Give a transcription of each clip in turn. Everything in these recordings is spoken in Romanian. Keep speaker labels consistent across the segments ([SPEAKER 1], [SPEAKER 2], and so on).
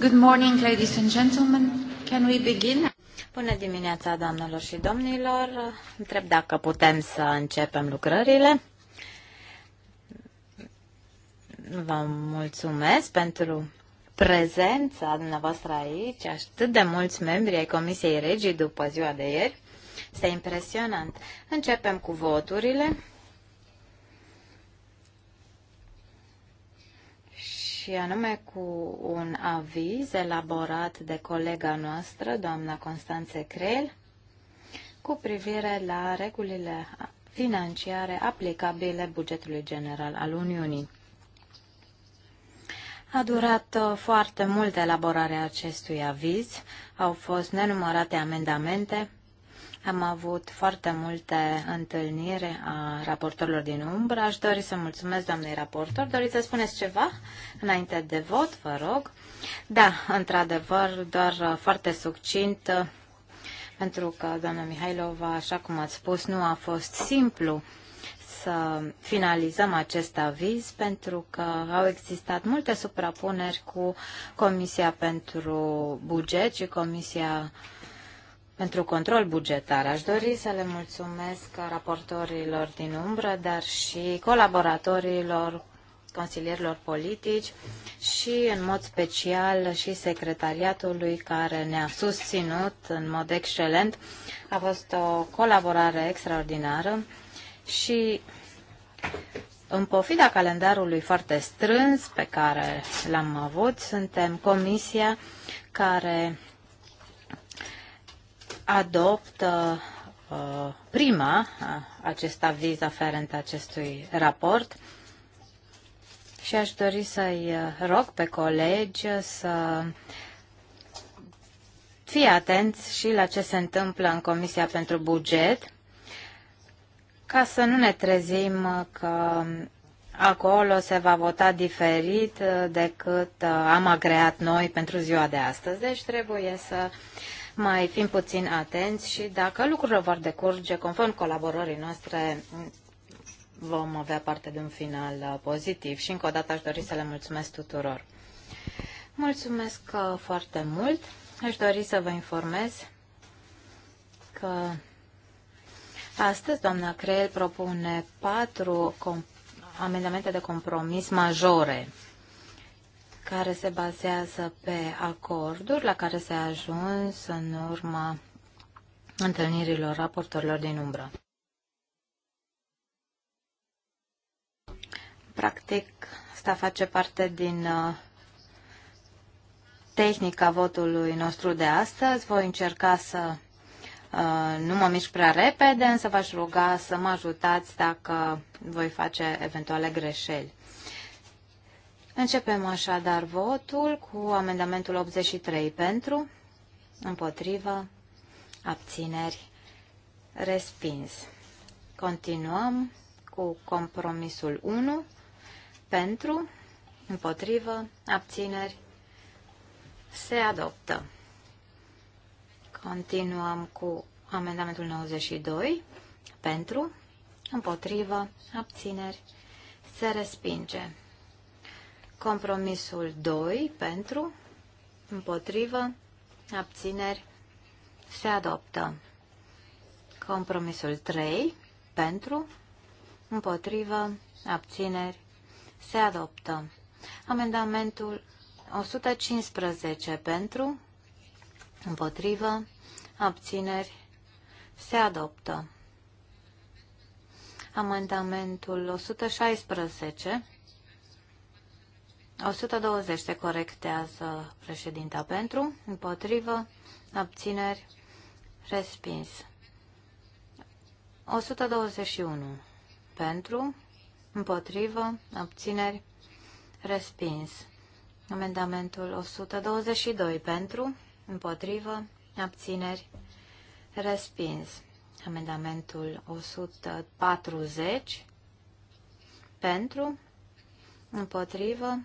[SPEAKER 1] Good morning, ladies and gentlemen. Can we begin? Bună dimineața, doamnelor și domnilor. Întreb dacă putem să începem lucrările. Vă mulțumesc pentru prezența dumneavoastră aici, atât de mulți membri ai Comisiei Regii după ziua de ieri. Este impresionant. Începem cu voturile. și anume cu un aviz elaborat de colega noastră, doamna Constanțe Crel, cu privire la regulile financiare aplicabile bugetului general al Uniunii. A durat uh, foarte mult elaborarea acestui aviz, au fost nenumărate amendamente am avut foarte multe întâlniri a raportorilor din umbră. Aș dori să mulțumesc doamnei raportor. Doriți să spuneți ceva înainte de vot, vă rog? Da, într-adevăr, doar foarte succint, pentru că doamna Mihailova, așa cum ați spus, nu a fost simplu să finalizăm acest aviz pentru că au existat multe suprapuneri cu Comisia pentru Buget și Comisia uh, pentru control bugetar. Aș dori să le mulțumesc raportorilor din umbră, dar și colaboratorilor, consilierilor politici și, în mod special, și secretariatului care ne-a susținut în mod excelent. A fost o colaborare extraordinară și, în pofida calendarului foarte strâns pe care l-am avut, suntem comisia care adoptă uh, prima uh, acest aviz aferent acestui raport și aș dori să-i uh, rog pe colegi să fie atenți și la ce se întâmplă în Comisia pentru Buget ca să nu ne trezim că acolo se va vota diferit decât am agreat noi pentru ziua de astăzi. Deci trebuie să uh, mai fim puțin atenți și dacă lucrurile vor decurge conform colaborării noastre, vom avea parte de un final uh, pozitiv și încă o dată aș dori să le mulțumesc tuturor. Mulțumesc uh, foarte mult. Aș dori să vă informez că astăzi doamna Creel propune patru amendamente de compromis majore care se bazează pe acorduri la care s-a ajuns în urma întâlnirilor raportorilor din umbră.
[SPEAKER 2] Practic,
[SPEAKER 1] asta face parte din uh, tehnica votului nostru de astăzi. Voi încerca să uh, nu mă mișc prea repede, însă v-aș ruga să mă ajutați dacă voi face eventuale greșeli. Începem așadar votul cu amendamentul 83 pentru, împotrivă, abțineri, respins. Continuăm cu compromisul 1 pentru, împotrivă, abțineri, se adoptă. Continuăm cu amendamentul 92 pentru, împotrivă, abțineri, se respinge. Compromisul 2 pentru, împotrivă, abțineri, se adoptă. Compromisul 3 pentru, împotrivă, abțineri, se adoptă. Amendamentul 115 pentru, împotrivă, abțineri, se adoptă. Amendamentul 116 120 se corectează președinta pentru, împotrivă, abțineri, respins. 121 pentru, împotrivă, abțineri, respins. Amendamentul 122 pentru, împotrivă, abțineri, respins. Amendamentul 140 pentru, împotrivă,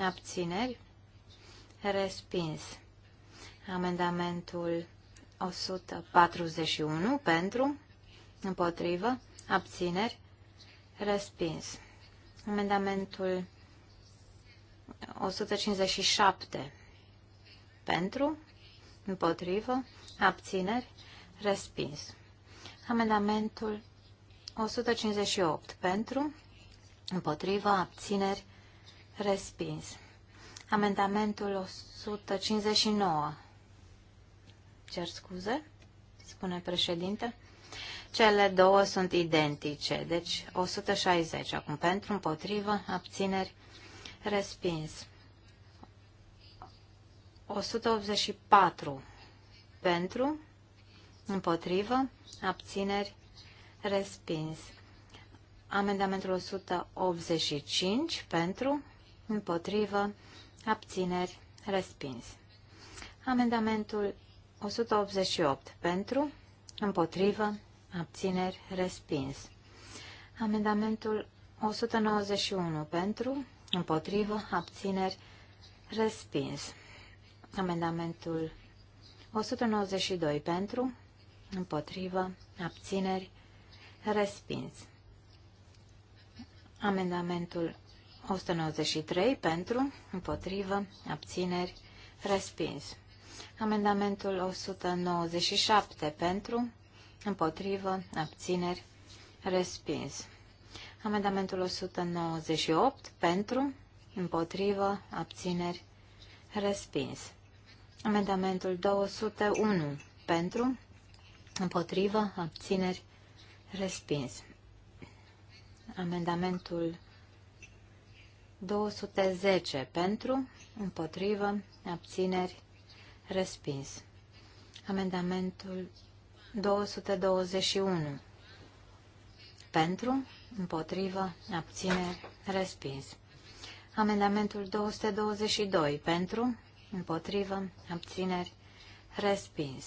[SPEAKER 1] abțineri, respins. Amendamentul 141 pentru, împotrivă, abțineri, respins. Amendamentul 157 pentru, împotrivă, abțineri, respins. Amendamentul 158 pentru, împotrivă, abțineri, Respins. Amendamentul 159. Cer scuze, spune președinte. Cele două sunt identice, deci 160. Acum pentru, împotrivă, abțineri, respins. 184 pentru, împotrivă, abțineri, respins. Amendamentul 185 pentru, împotrivă, abțineri, respins. Amendamentul 188 pentru, împotrivă, abțineri, respins. Amendamentul 191 pentru, împotrivă, abțineri, respins. Amendamentul 192 pentru, împotrivă, abțineri, respins. Amendamentul 193 pentru, împotrivă, abțineri, respins. Amendamentul 197 pentru, împotrivă, abțineri, respins. Amendamentul 198 pentru, împotrivă, abțineri, respins. Amendamentul 201 pentru, împotrivă, abțineri, respins. Amendamentul 210 pentru, împotrivă, abțineri, respins. Amendamentul 221 pentru, împotrivă, abțineri, respins. Amendamentul 222 pentru, împotrivă, abțineri, respins.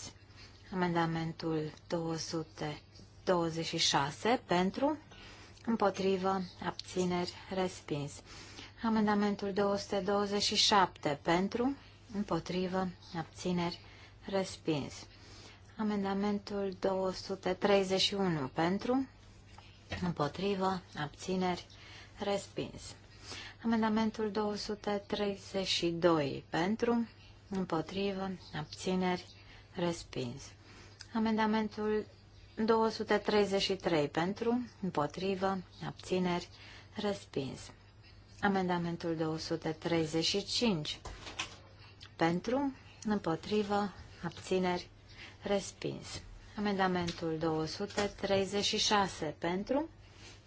[SPEAKER 1] Amendamentul 226 pentru, împotrivă, abțineri, respins. Amendamentul 227 pentru, împotrivă, abțineri, respins. Amendamentul 231 pentru, împotrivă, abțineri, respins. Amendamentul 232 pentru, împotrivă, abțineri, respins. Amendamentul 233 pentru, împotrivă, abțineri, respins. Amendamentul 235. Pentru, împotrivă, abțineri, respins. Amendamentul 236. Pentru,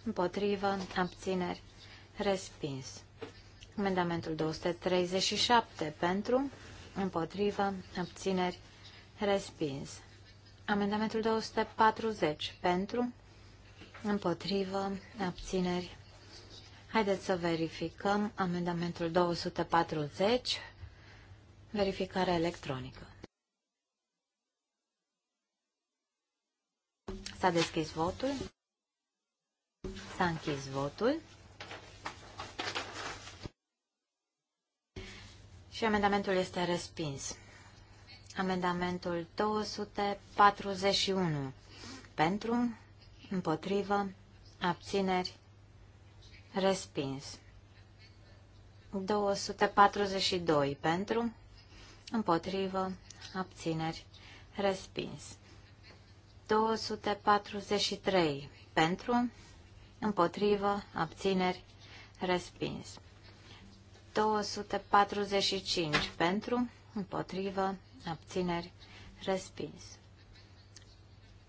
[SPEAKER 1] împotrivă, abțineri, respins. Amendamentul 237. Pentru, împotrivă, abțineri, respins. Amendamentul 240. Pentru, împotrivă, abțineri, Haideți să verificăm amendamentul 240, verificare electronică. S-a deschis votul. S-a închis votul. Și amendamentul este respins. Amendamentul 241. Pentru, împotrivă, abțineri, Respins. 242 pentru, împotrivă, abțineri, respins. 243 pentru, împotrivă, abțineri, respins. 245 pentru, împotrivă, abțineri, respins.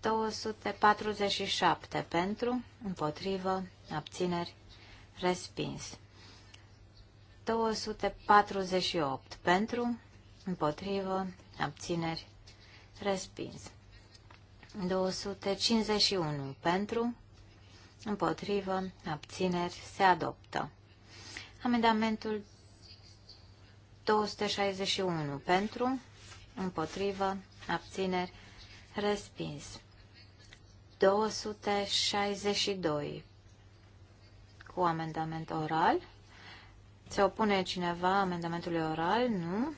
[SPEAKER 1] 247 pentru, împotrivă, abțineri, respins. 248 pentru, împotrivă, abțineri, respins. 251 pentru, împotrivă, abțineri, se adoptă. Amendamentul 261 pentru, împotrivă, abțineri, respins. 262 cu amendament oral. Se opune cineva amendamentului oral? Nu.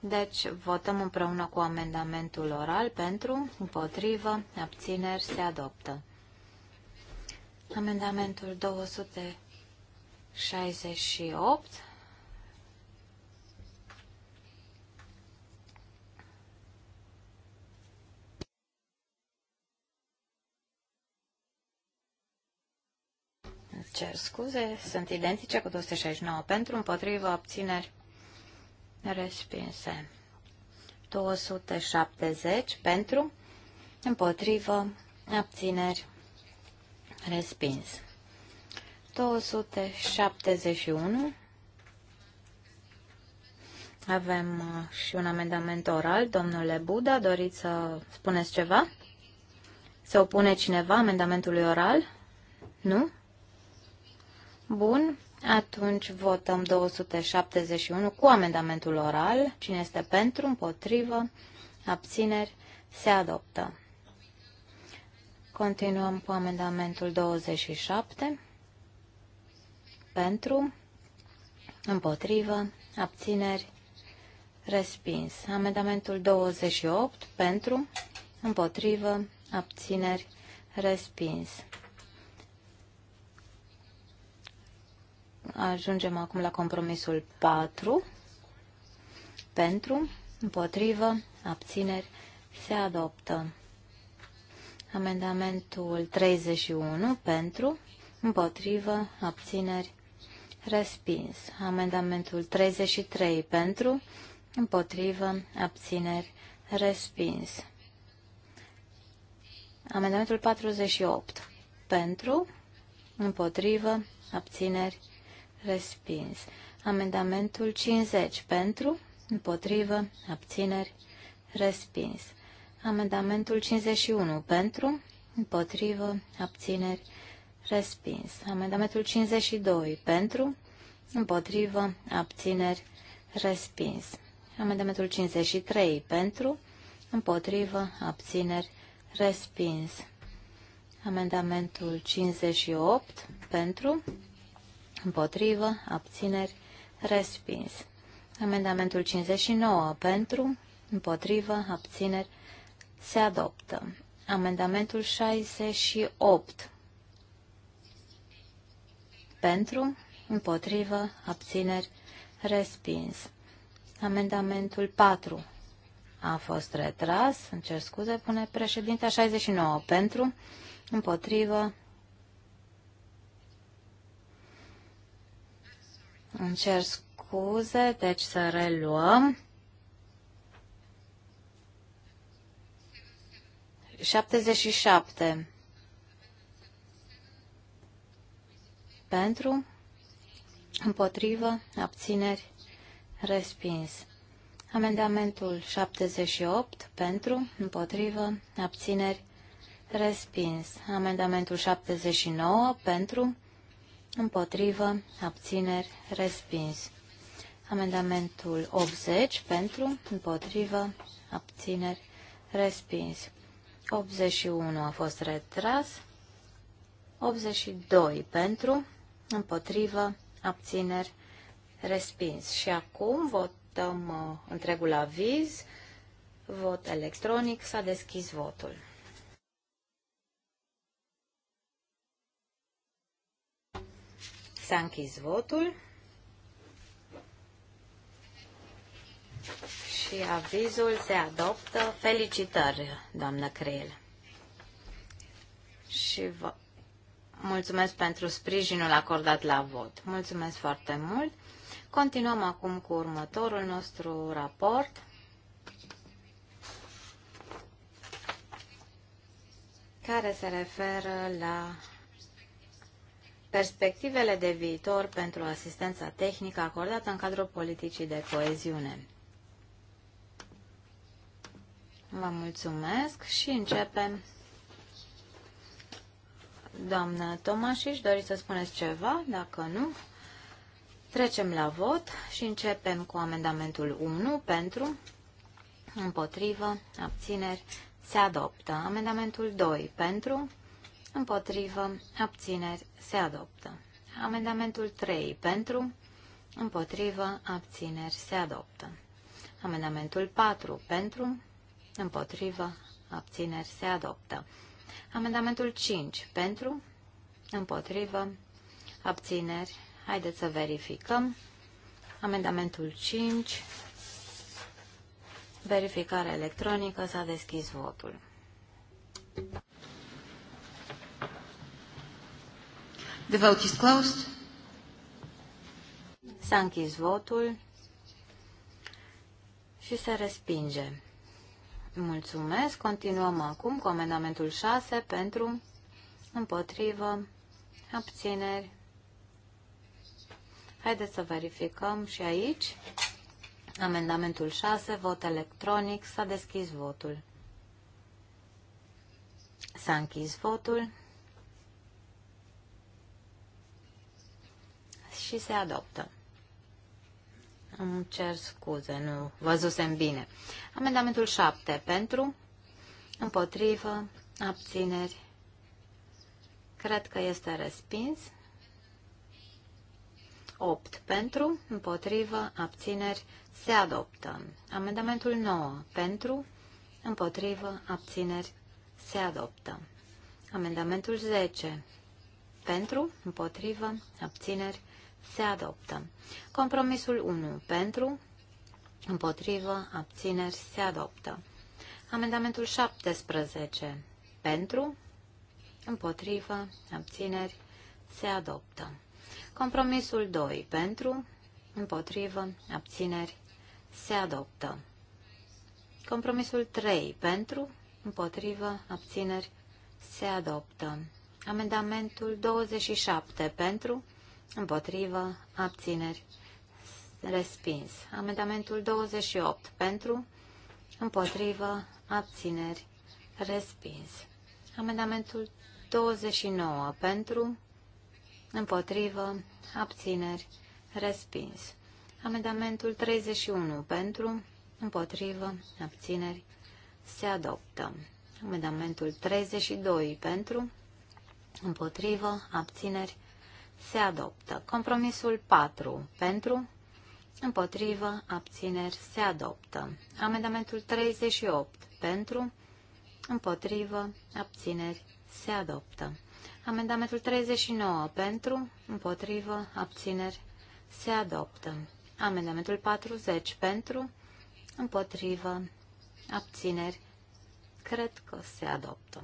[SPEAKER 1] Deci votăm împreună cu amendamentul oral pentru, împotrivă, abțineri, se adoptă. Amendamentul 268 cer scuze, sunt identice cu 269 pentru, împotrivă, abțineri, respinse. 270 pentru, împotrivă, abțineri, respins. 271 avem uh, și un amendament oral. Domnule Buda, doriți să spuneți ceva? Se opune cineva amendamentului oral? Nu? Bun, atunci votăm 271 cu amendamentul oral. Cine este pentru, împotrivă, abțineri, se adoptă. Continuăm cu amendamentul 27. Pentru, împotrivă, abțineri, respins. Amendamentul 28. Pentru, împotrivă, abțineri, respins. Ajungem acum la compromisul 4. Pentru, împotrivă, abțineri, se adoptă. Amendamentul 31 pentru, împotrivă, abțineri, respins. Amendamentul 33 pentru, împotrivă, abțineri, respins. Amendamentul 48 pentru, împotrivă, abțineri, Respins. Amendamentul 50 pentru, împotrivă, abțineri, respins. Amendamentul 51 pentru, împotrivă, abțineri, respins. Amendamentul 52 pentru, împotrivă, abțineri, respins. Amendamentul 53 pentru, împotrivă, abțineri, respins. Amendamentul 58 pentru, Împotrivă. Abțineri. Respins. Amendamentul 59. Pentru. Împotrivă. Abțineri. Se adoptă. Amendamentul 68. Pentru. Împotrivă. Abțineri. Respins. Amendamentul 4 a fost retras, îmi cer scuze, pune președinte, 69 pentru, împotrivă, Îmi cer scuze, deci să reluăm. 77. Pentru, împotrivă, abțineri, respins. Amendamentul 78 pentru, împotrivă, abțineri, respins. Amendamentul 79 pentru, împotrivă, abțineri, respins. Amendamentul 80 pentru, împotrivă, abțineri, respins. 81 a fost retras. 82 pentru, împotrivă, abțineri, respins. Și acum votăm uh, întregul aviz. Vot electronic. S-a deschis votul. S-a închis votul. Și avizul se adoptă. Felicitări, doamnă Creel. Și vă mulțumesc pentru sprijinul acordat la vot. Mulțumesc foarte mult. Continuăm acum cu următorul nostru raport. care se referă la perspectivele de viitor pentru asistența tehnică acordată în cadrul politicii de coeziune. Vă mulțumesc și începem. Doamnă Tomașiș, doriți să spuneți ceva? Dacă nu, trecem la vot și începem cu amendamentul 1 pentru, împotrivă, abțineri, se adoptă. Amendamentul 2 pentru, împotrivă, abțineri, se adoptă. Amendamentul 3 pentru, împotrivă, abțineri, se adoptă. Amendamentul 4 pentru, împotrivă, abțineri, se adoptă. Amendamentul 5 pentru, împotrivă, abțineri, haideți să verificăm. Amendamentul 5, verificare electronică, s-a deschis votul. The vote is closed. S-a închis votul și se respinge. Mulțumesc. Continuăm acum cu amendamentul 6 pentru împotrivă abțineri. Haideți să verificăm și aici. Amendamentul 6, vot electronic, s-a deschis votul. S-a închis votul. și se adoptă. Îmi cer scuze, nu văzusem bine. Amendamentul 7 pentru, împotrivă, abțineri. Cred că este respins. 8 pentru, împotrivă, abțineri, se adoptă. Amendamentul 9 pentru, împotrivă, abțineri, se adoptă. Amendamentul 10 pentru, împotrivă, abțineri, se adoptă. Compromisul 1 pentru, împotrivă, abțineri, se adoptă. Amendamentul 17 pentru, împotrivă, abțineri, se adoptă. Compromisul 2 pentru, împotrivă, abțineri, se adoptă. Compromisul 3 pentru, împotrivă, abțineri, se adoptă. Amendamentul 27 pentru, împotrivă, abțineri, respins. Amendamentul 28 pentru, împotrivă, abțineri, respins. Amendamentul 29 pentru, împotrivă, abțineri, respins. Amendamentul 31 pentru, împotrivă, abțineri, se adoptă. Amendamentul 32 pentru, împotrivă, abțineri, se adoptă. Compromisul 4 pentru, împotrivă, abțineri, se adoptă. Amendamentul 38 pentru, împotrivă, abțineri, se adoptă. Amendamentul 39 pentru, împotrivă, abțineri, se adoptă. Amendamentul 40 pentru, împotrivă, abțineri, cred că se adoptă.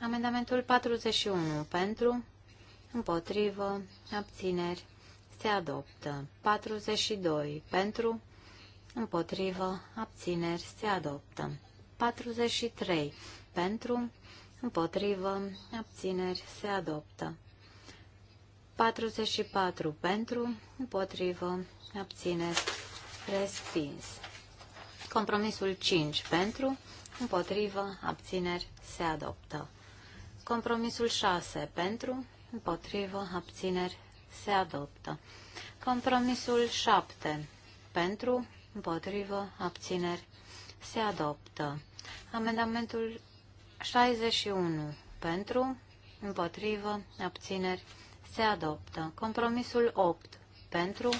[SPEAKER 1] Amendamentul 41 pentru, împotrivă, abțineri, se adoptă. 42 pentru, împotrivă, abțineri, se adoptă. 43 pentru, împotrivă, abțineri, se adoptă. 44 pentru, împotrivă, abțineri, respins. Compromisul 5 pentru, împotrivă, abțineri, se adoptă. Compromisul 6 pentru, împotrivă, abțineri, se adoptă. Compromisul 7. Pentru, împotrivă, abțineri, se adoptă. Amendamentul 61. Pentru, împotrivă, abțineri, se adoptă. Compromisul 8. Pentru,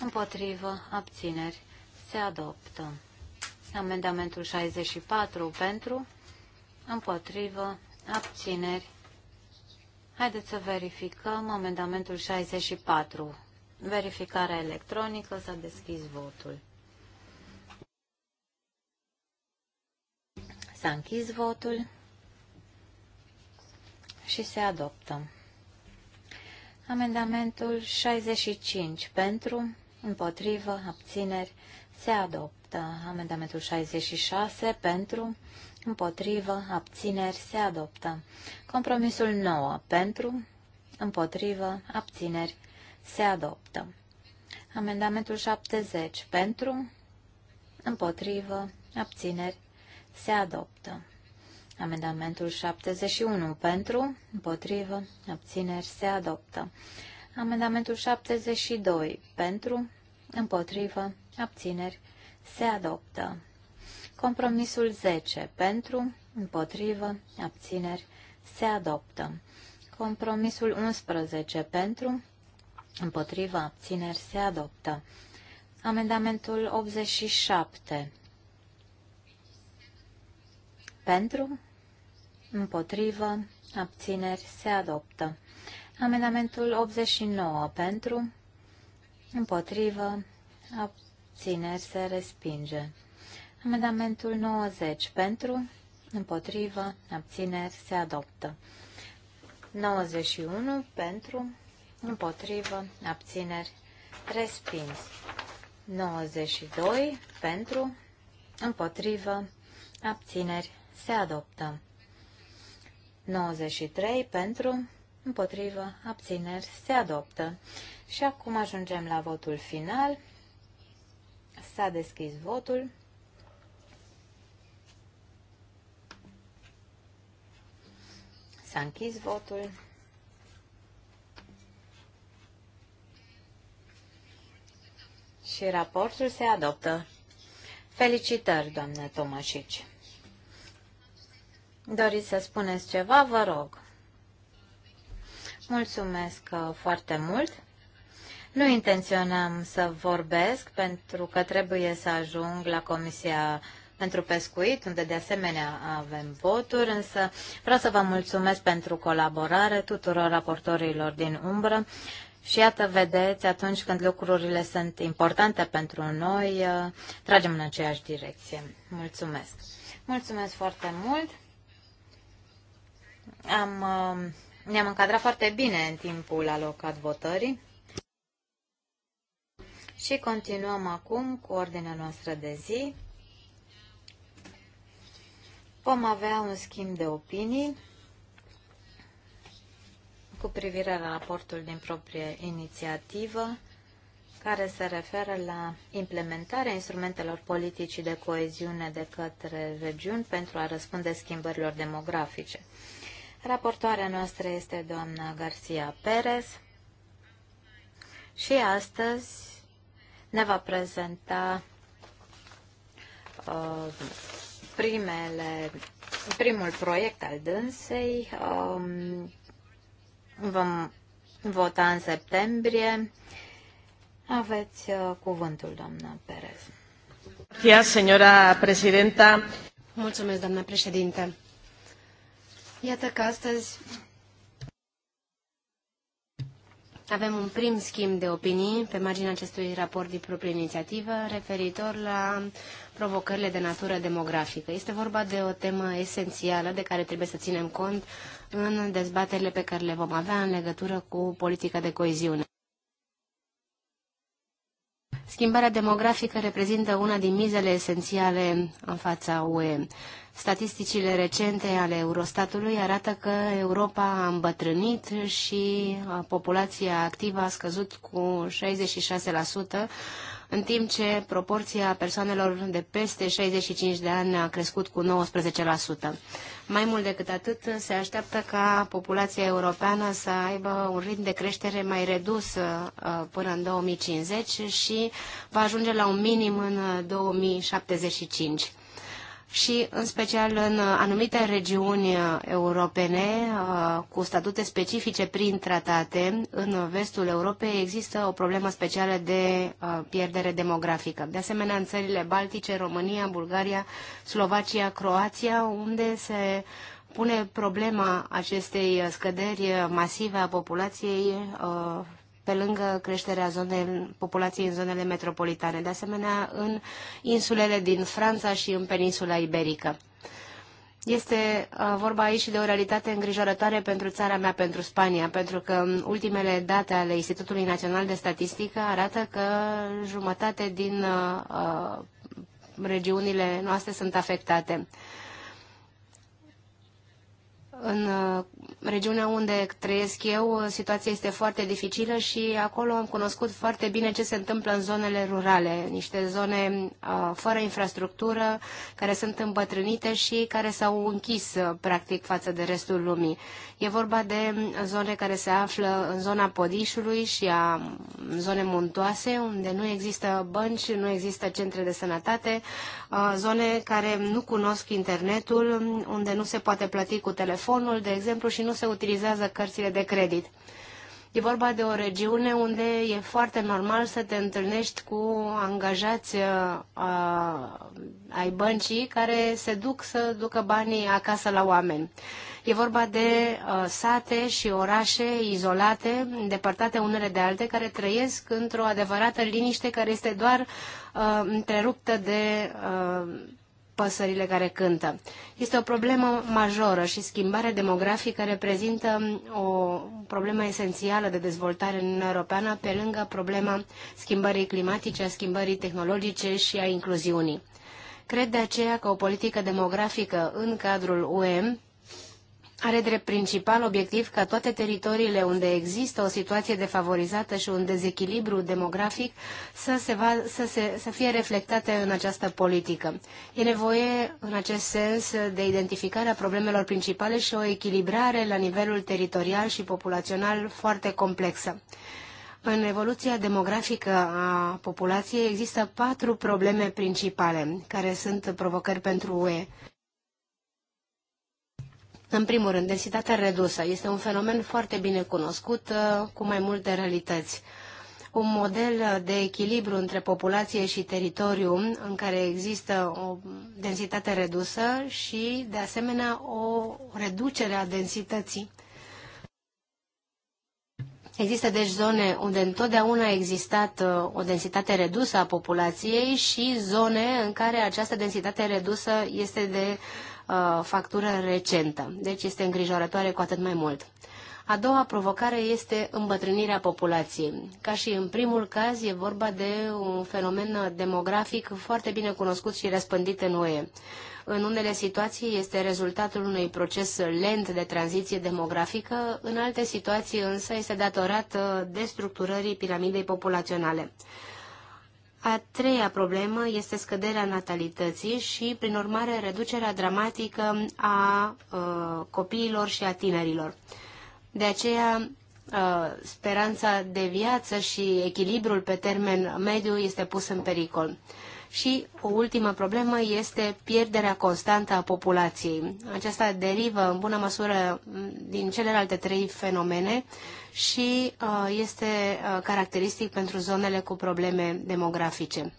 [SPEAKER 1] împotrivă, abțineri, se adoptă. Amendamentul 64. Pentru, împotrivă, abțineri, Haideți să verificăm amendamentul 64. Verificarea electronică, s-a deschis votul. S-a închis votul și se adoptă. Amendamentul 65 pentru, împotrivă, abțineri, se adoptă amendamentul 66 pentru, împotrivă, abțineri se adoptă. Compromisul 9 pentru, împotrivă, abțineri se adoptă. Amendamentul 70 pentru, împotrivă, abțineri se adoptă. Amendamentul 71 pentru, împotrivă, abțineri se adoptă. Amendamentul 72 pentru, împotrivă, abțineri se se adoptă. Compromisul 10 pentru, împotrivă, abțineri, se adoptă. Compromisul 11 pentru, împotrivă, abțineri, se adoptă. Amendamentul 87 pentru, împotrivă, abțineri, se adoptă. Amendamentul 89 pentru, împotrivă, abțineri, abțineri se respinge. Amendamentul 90 pentru, împotrivă, abțineri se adoptă. 91 pentru, împotrivă, abțineri, respins. 92 pentru, împotrivă, abțineri, se adoptă. 93 pentru, împotrivă, abțineri, se adoptă. Și acum ajungem la votul final. S-a deschis votul. S-a închis votul. Și raportul se adoptă. Felicitări, doamne Tomașici. Doriți să spuneți ceva, vă rog. Mulțumesc uh, foarte mult. Nu intenționam să vorbesc pentru că trebuie să ajung la Comisia pentru pescuit, unde de asemenea avem voturi, însă vreau să vă mulțumesc pentru colaborare tuturor raportorilor din umbră și iată, vedeți, atunci când lucrurile sunt importante pentru noi, tragem în aceeași direcție. Mulțumesc! Mulțumesc foarte mult! Am, ne-am încadrat foarte bine în timpul alocat votării. Și continuăm acum cu ordinea noastră de zi. Vom avea un schimb de opinii cu privire la raportul din proprie inițiativă care se referă la implementarea instrumentelor politicii de coeziune de către regiuni pentru a răspunde schimbărilor demografice. Raportoarea noastră este doamna Garcia Perez și astăzi ne va prezenta uh, primele, primul proiect al dânsei. Um, vom vota în septembrie. Aveți uh, cuvântul, doamna Perez.
[SPEAKER 2] señora presidenta. Mulțumesc, doamna președinte. Iată că astăzi avem un prim schimb de opinii pe marginea acestui raport din proprie inițiativă referitor la provocările de natură demografică. Este vorba de o temă esențială de care trebuie să ținem cont în dezbaterile pe care le vom avea în legătură cu politica de coeziune. Schimbarea demografică reprezintă una din mizele esențiale în fața UE. Statisticile recente ale Eurostatului arată că Europa a îmbătrânit și uh, populația activă a scăzut cu 66% în timp ce proporția persoanelor de peste 65 de ani a crescut cu 19%. Mai mult decât atât, se așteaptă ca populația europeană să aibă un ritm de creștere mai redus uh, până în 2050 și va ajunge la un minim în 2075 și în special în anumite regiuni europene uh, cu statute specifice prin tratate, în vestul Europei există o problemă specială de uh, pierdere demografică. De asemenea, în țările Baltice, România, Bulgaria, Slovacia, Croația, unde se pune problema acestei scăderi masive a populației uh, pe lângă creșterea zonei, populației în zonele metropolitane, de asemenea în insulele din Franța și în peninsula iberică. Este uh, vorba aici și de o realitate îngrijorătoare pentru țara mea, pentru Spania, pentru că ultimele date ale Institutului Național de Statistică arată că jumătate din uh, uh regiunile noastre sunt afectate. În uh, regiunea unde trăiesc eu, situația este foarte dificilă și acolo am cunoscut foarte bine ce se întâmplă în zonele rurale, niște zone uh, fără infrastructură, care sunt îmbătrânite și care s-au închis, uh, practic, față de restul lumii. E vorba de zone care se află în zona Podișului și a mm, zone muntoase, unde nu există bănci, nu există centre de sănătate, uh, zone care nu cunosc internetul, unde nu se poate plăti cu telefonul, de exemplu, și nu se utilizează cărțile de credit. E vorba de o regiune unde e foarte normal să te întâlnești cu angajați uh, uh, ai băncii care se duc să ducă banii acasă la oameni. E vorba de uh, sate și orașe izolate, îndepărtate unele de alte, care trăiesc într-o adevărată liniște care este doar uh, întreruptă de uh, păsările care cântă. Este o problemă majoră și schimbarea demografică reprezintă um, o problemă esențială de dezvoltare în Uniunea Europeană, pe lângă problema schimbării climatice, a schimbării tehnologice și a incluziunii. Cred de aceea că o politică demografică în cadrul UE are drept principal obiectiv ca toate teritoriile unde există o situație defavorizată și un dezechilibru demografic să, se va, să, se, să fie reflectate în această politică. E nevoie, în acest sens, de identificarea problemelor principale și o echilibrare la nivelul teritorial și populațional foarte complexă. În evoluția demografică a populației există patru probleme principale, care sunt provocări pentru UE. În primul rând, densitatea redusă este un fenomen foarte bine cunoscut, uh, cu mai multe realități. Un model de echilibru între populație și teritoriu, în care există o densitate redusă și, de asemenea, o reducere a densității. Există deci zone unde întotdeauna a existat uh, o densitate redusă a populației și zone în care această densitate redusă este de uh, Uh, factură recentă. Deci este îngrijorătoare cu atât mai mult. A doua provocare este îmbătrânirea populației. Ca și în primul caz, e vorba de un fenomen demografic foarte bine cunoscut și răspândit în UE. În unele situații este rezultatul unui proces lent de tranziție demografică, în alte situații însă este datorat uh, destructurării piramidei populaționale. A treia problemă este scăderea natalității și, prin urmare, reducerea dramatică a uh, copiilor și a tinerilor. De aceea, uh, speranța de viață și echilibrul pe termen mediu este pus în pericol. Și o ultimă problemă este pierderea constantă a populației. Aceasta derivă în bună măsură mm, din celelalte trei fenomene și uh, este uh, caracteristic pentru zonele cu probleme demografice.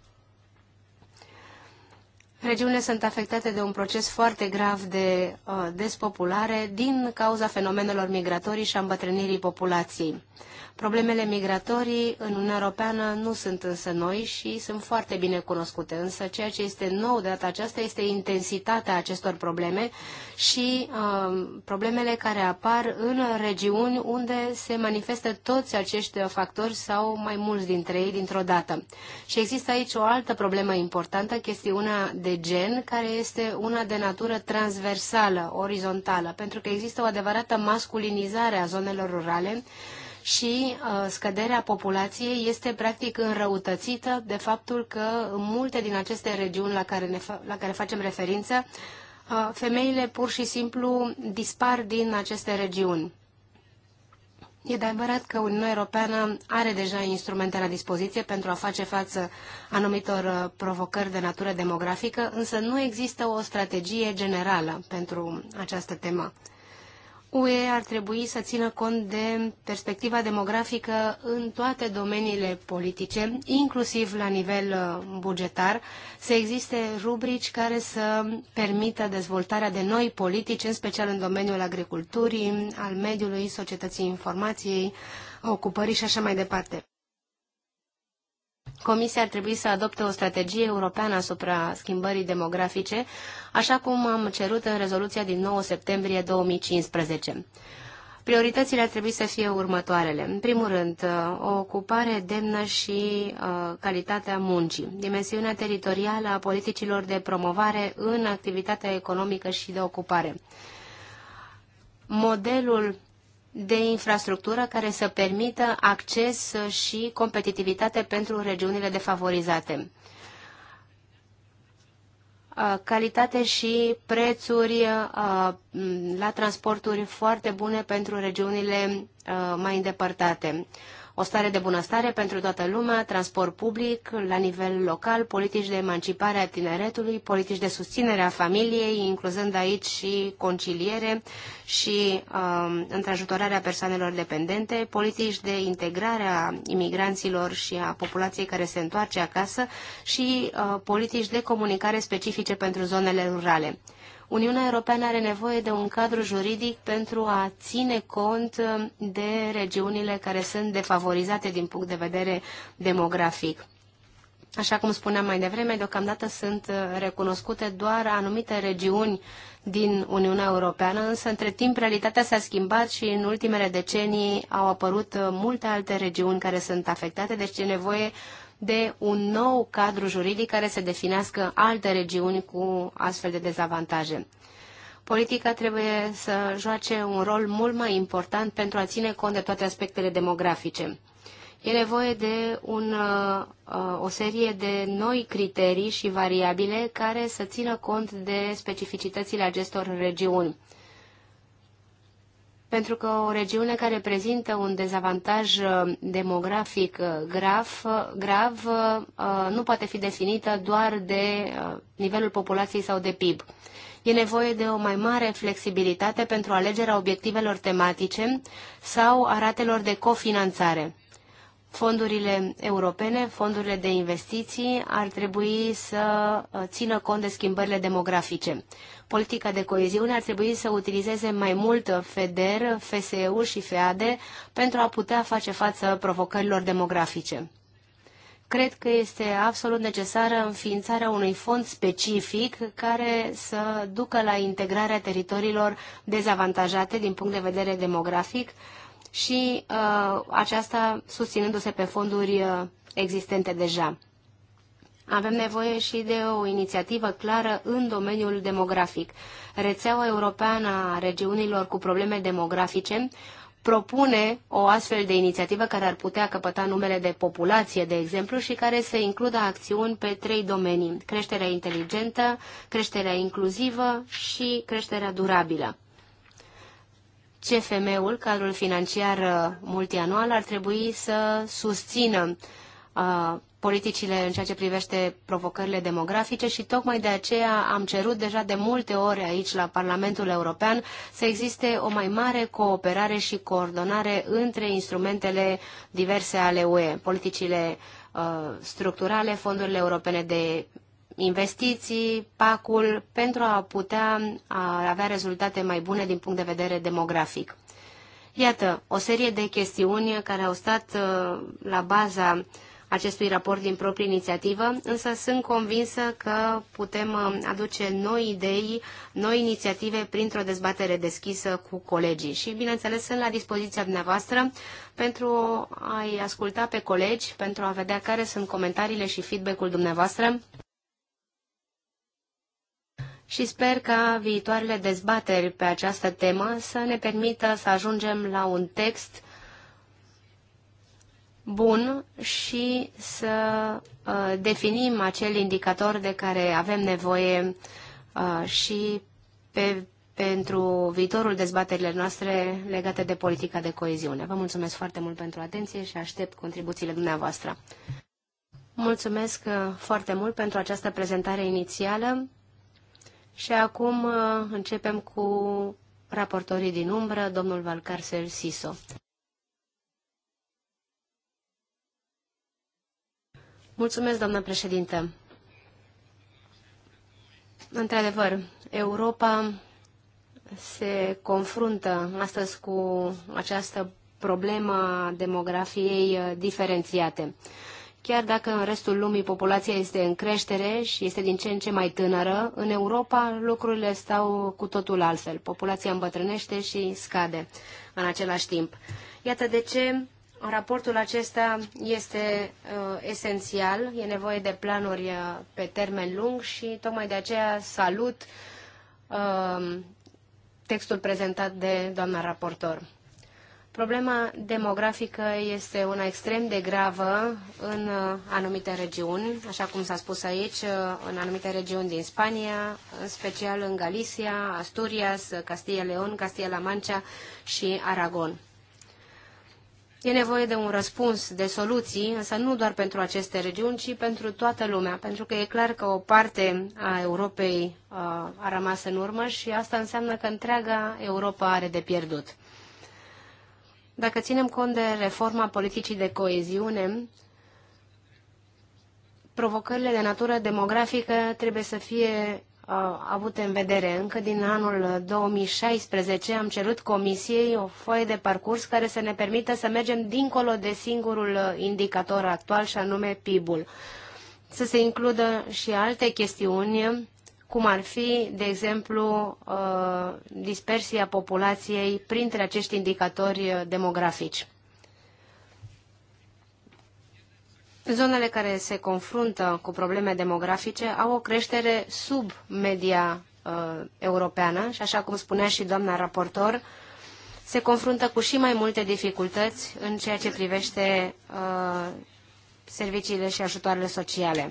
[SPEAKER 2] Regiunile sunt afectate de un proces foarte grav de uh, despopulare din cauza fenomenelor migratorii și a îmbătrânirii populației. Problemele migratorii în Uniunea Europeană nu sunt însă noi și sunt foarte bine cunoscute, însă ceea ce este nou de data aceasta este intensitatea acestor probleme și uh, problemele care apar în regiuni unde se manifestă toți acești factori sau mai mulți dintre ei dintr-o dată. Și există aici o altă problemă importantă, chestiunea de gen, care este una de natură transversală, orizontală, pentru că există o adevărată masculinizare a zonelor rurale, și uh, scăderea populației este practic înrăutățită de faptul că în multe din aceste regiuni la care, ne fa- la care facem referință, uh, femeile pur și simplu dispar din aceste regiuni. E de adevărat că Uniunea Europeană are deja instrumente la dispoziție pentru a face față anumitor uh, provocări de natură demografică, însă nu există o strategie generală pentru această temă. UE ar trebui să țină cont de perspectiva demografică în toate domeniile politice, inclusiv la nivel uh, bugetar, să existe rubrici care să permită dezvoltarea de noi politici, în special în domeniul agriculturii, al mediului, societății informației, ocupării și așa mai departe. Comisia ar trebui să adopte o strategie europeană asupra schimbării demografice, așa cum am cerut în rezoluția din 9 septembrie 2015. Prioritățile ar trebui să fie următoarele. În primul rând, o uh, ocupare demnă și uh, calitatea muncii, dimensiunea teritorială a politicilor de promovare în activitatea economică și de ocupare. Modelul de infrastructură care să permită acces și competitivitate pentru regiunile defavorizate. Uh, calitate și prețuri uh, la transporturi foarte bune pentru regiunile uh, mai îndepărtate o stare de bunăstare pentru toată lumea, transport public la nivel local, politici de emancipare a tineretului, politici de susținere a familiei, incluzând aici și conciliere și uh, întrajutorarea persoanelor dependente, politici de integrare a imigranților și a populației care se întoarce acasă și uh, politici de comunicare specifice pentru zonele rurale. Uniunea Europeană are nevoie de un cadru juridic pentru a ține cont um, de regiunile care sunt defavorizate din punct de vedere demografic. Așa cum spuneam mai devreme, deocamdată sunt uh, recunoscute doar anumite regiuni din Uniunea Europeană, însă între timp realitatea s-a schimbat și în ultimele decenii au apărut uh, multe alte regiuni care sunt afectate, deci e nevoie de un nou cadru juridic care să definească alte regiuni cu astfel de dezavantaje. Politica trebuie să joace un rol mult mai important pentru a ține cont de toate aspectele demografice. E nevoie de un, uh, o serie de noi criterii și variabile care să țină cont de specificitățile acestor regiuni pentru că o regiune care prezintă un dezavantaj uh, demografic uh, uh, grav, grav nu poate fi definită doar de nivelul populației sau de PIB. E nevoie de o mai mare flexibilitate pentru alegerea obiectivelor tematice sau a ratelor de cofinanțare fondurile europene, fondurile de investiții ar trebui să uh, țină cont de schimbările demografice. Politica de coeziune ar trebui să utilizeze mai mult FEDER, FSEU și FEADE pentru a putea face față provocărilor demografice. Cred că este absolut necesară înființarea unui fond specific care să ducă la integrarea teritoriilor dezavantajate din punct de vedere demografic, și uh, aceasta susținându-se pe fonduri uh, existente deja. Avem nevoie și de o inițiativă clară în domeniul demografic. Rețeaua europeană a regiunilor cu probleme demografice propune o astfel de inițiativă care ar putea căpăta numele de populație, de exemplu, și care să includă acțiuni pe trei domenii, creșterea inteligentă, creșterea inclusivă și creșterea durabilă. CFM-ul, cadrul financiar uh, multianual, ar trebui să susțină uh, politicile în ceea ce privește provocările demografice și tocmai de aceea am cerut deja de multe ori aici la Parlamentul European să existe o mai mare cooperare și coordonare între instrumentele diverse ale UE, politicile uh, structurale, fondurile europene de investiții, pacul, pentru a putea a avea rezultate mai bune din punct de vedere demografic. Iată, o serie de chestiuni care au stat uh, la baza acestui raport din proprie inițiativă, însă sunt convinsă că putem uh, aduce noi idei, noi inițiative printr-o dezbatere deschisă cu colegii. Și, bineînțeles, sunt la dispoziția dumneavoastră pentru a-i asculta pe colegi, pentru a vedea care sunt comentariile și feedback-ul dumneavoastră și sper ca viitoarele dezbateri pe această temă să ne permită să ajungem la un text bun și să uh, definim acel indicator de care avem nevoie uh, și pe, pentru viitorul dezbaterile noastre legate de politica de coeziune. Vă mulțumesc foarte mult pentru atenție și aștept contribuțiile dumneavoastră. Mulțumesc uh, foarte mult pentru această prezentare inițială. Și acum uh, începem cu raportorii din umbră, domnul Valcarcel Siso. Mulțumesc, doamnă președintă. Într-adevăr, Europa se confruntă astăzi cu această problemă a demografiei uh, diferențiate. Chiar dacă în restul lumii populația este în creștere și este din ce în ce mai tânără, în Europa lucrurile stau cu totul altfel. Populația îmbătrânește și scade în același timp. Iată de ce raportul acesta este uh, esențial, e nevoie de planuri uh, pe termen lung și tocmai de aceea salut uh, textul prezentat de doamna raportor. Problema demografică este una extrem de gravă în uh, anumite regiuni, așa cum s-a spus aici, uh, în anumite regiuni din Spania, în special în Galicia, Asturias, uh, Castilla León, Castilla-La Mancha și Aragon. E nevoie de un răspuns, de soluții, însă nu doar pentru aceste regiuni, ci pentru toată lumea, pentru că e clar că o parte a Europei a rămas în urmă și asta înseamnă că întreaga Europa are de pierdut. Dacă ținem cont de reforma politicii de coeziune, provocările de natură demografică trebuie să fie uh, avute în vedere. Încă din anul 2016 am cerut Comisiei o foaie de parcurs care să ne permită să mergem dincolo de singurul indicator actual și anume PIB-ul. Să se includă și alte chestiuni cum ar fi, de exemplu, uh, dispersia populației printre acești indicatori uh, demografici. Zonele care se confruntă cu probleme demografice au o creștere sub media uh, europeană și, așa cum spunea și doamna raportor, se confruntă cu și mai multe dificultăți în ceea ce privește uh, serviciile și ajutoarele sociale.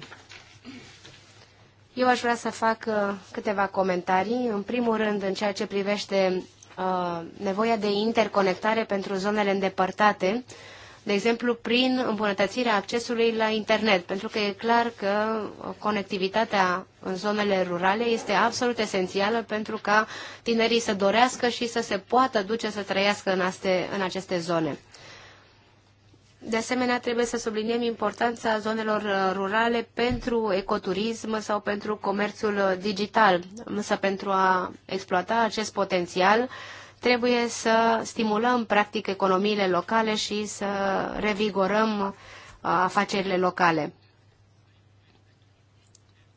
[SPEAKER 2] Eu aș vrea să fac uh, câteva comentarii. În primul rând, în ceea ce privește uh, nevoia de interconectare pentru zonele îndepărtate, de exemplu, prin îmbunătățirea accesului la internet, pentru că e clar că conectivitatea în zonele rurale este absolut esențială pentru ca tinerii să dorească și să se poată duce să trăiască în, în aceste zone. De asemenea, trebuie să subliniem importanța zonelor uh, rurale pentru ecoturism sau pentru comerțul uh, digital. Însă pentru a exploata acest potențial, trebuie să stimulăm practic economiile locale și să revigorăm uh, afacerile locale.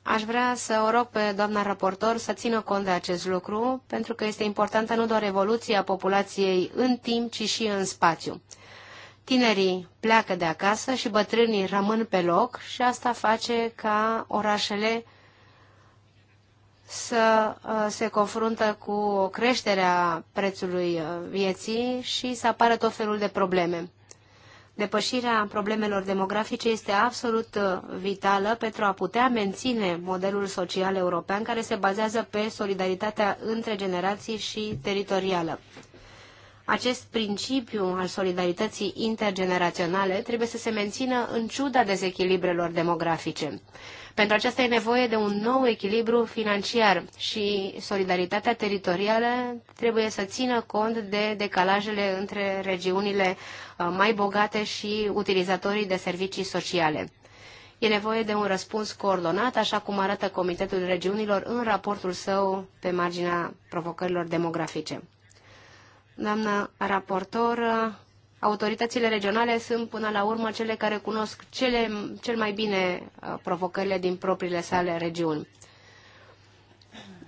[SPEAKER 2] Aș vrea să o rog pe doamna raportor să țină cont de acest lucru, pentru că este importantă nu doar evoluția populației în timp, ci și în spațiu. Tinerii pleacă de acasă și bătrânii rămân pe loc și asta face ca orașele să uh, se confruntă cu o creștere a prețului uh, vieții și să apară tot felul de probleme. Depășirea problemelor demografice este absolut uh, vitală pentru a putea menține modelul social european care se bazează pe solidaritatea între generații și teritorială. Acest principiu al solidarității intergeneraționale trebuie să se mențină în ciuda dezechilibrelor demografice. Pentru aceasta e nevoie de un nou echilibru financiar și solidaritatea teritorială trebuie să țină cont de decalajele între regiunile uh, mai bogate și utilizatorii de servicii sociale. E nevoie de un răspuns coordonat, așa cum arată Comitetul Regiunilor în raportul său pe marginea provocărilor demografice doamnă raportor, autoritățile regionale sunt până la urmă cele care cunosc cele, cel mai bine uh, provocările din propriile sale regiuni.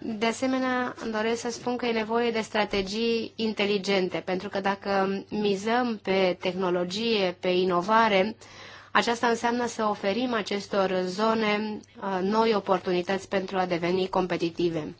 [SPEAKER 2] De asemenea, doresc să spun că e nevoie de strategii inteligente, pentru că dacă mizăm pe tehnologie, pe inovare, aceasta înseamnă să oferim acestor zone uh, noi oportunități pentru a deveni competitive.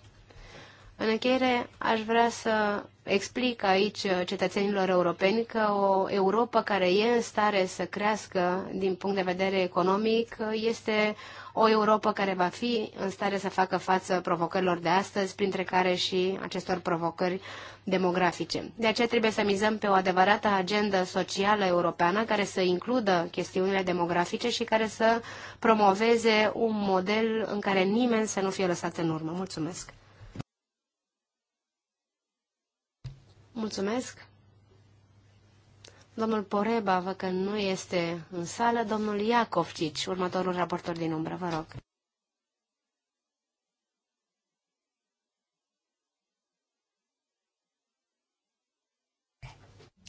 [SPEAKER 2] În încheiere, aș vrea să explic aici cetățenilor europeni că o Europa care e în stare să crească din punct de vedere economic este o Europa care va fi în stare să facă față provocărilor de astăzi, printre care și acestor provocări demografice. De aceea trebuie să mizăm pe o adevărată agendă socială europeană care să includă chestiunile demografice și care să promoveze un model în care nimeni să nu fie lăsat în urmă. Mulțumesc! Mulțumesc. Domnul Poreba, văd că nu este în sală. Domnul Iacovcici, următorul raportor din umbră, vă rog.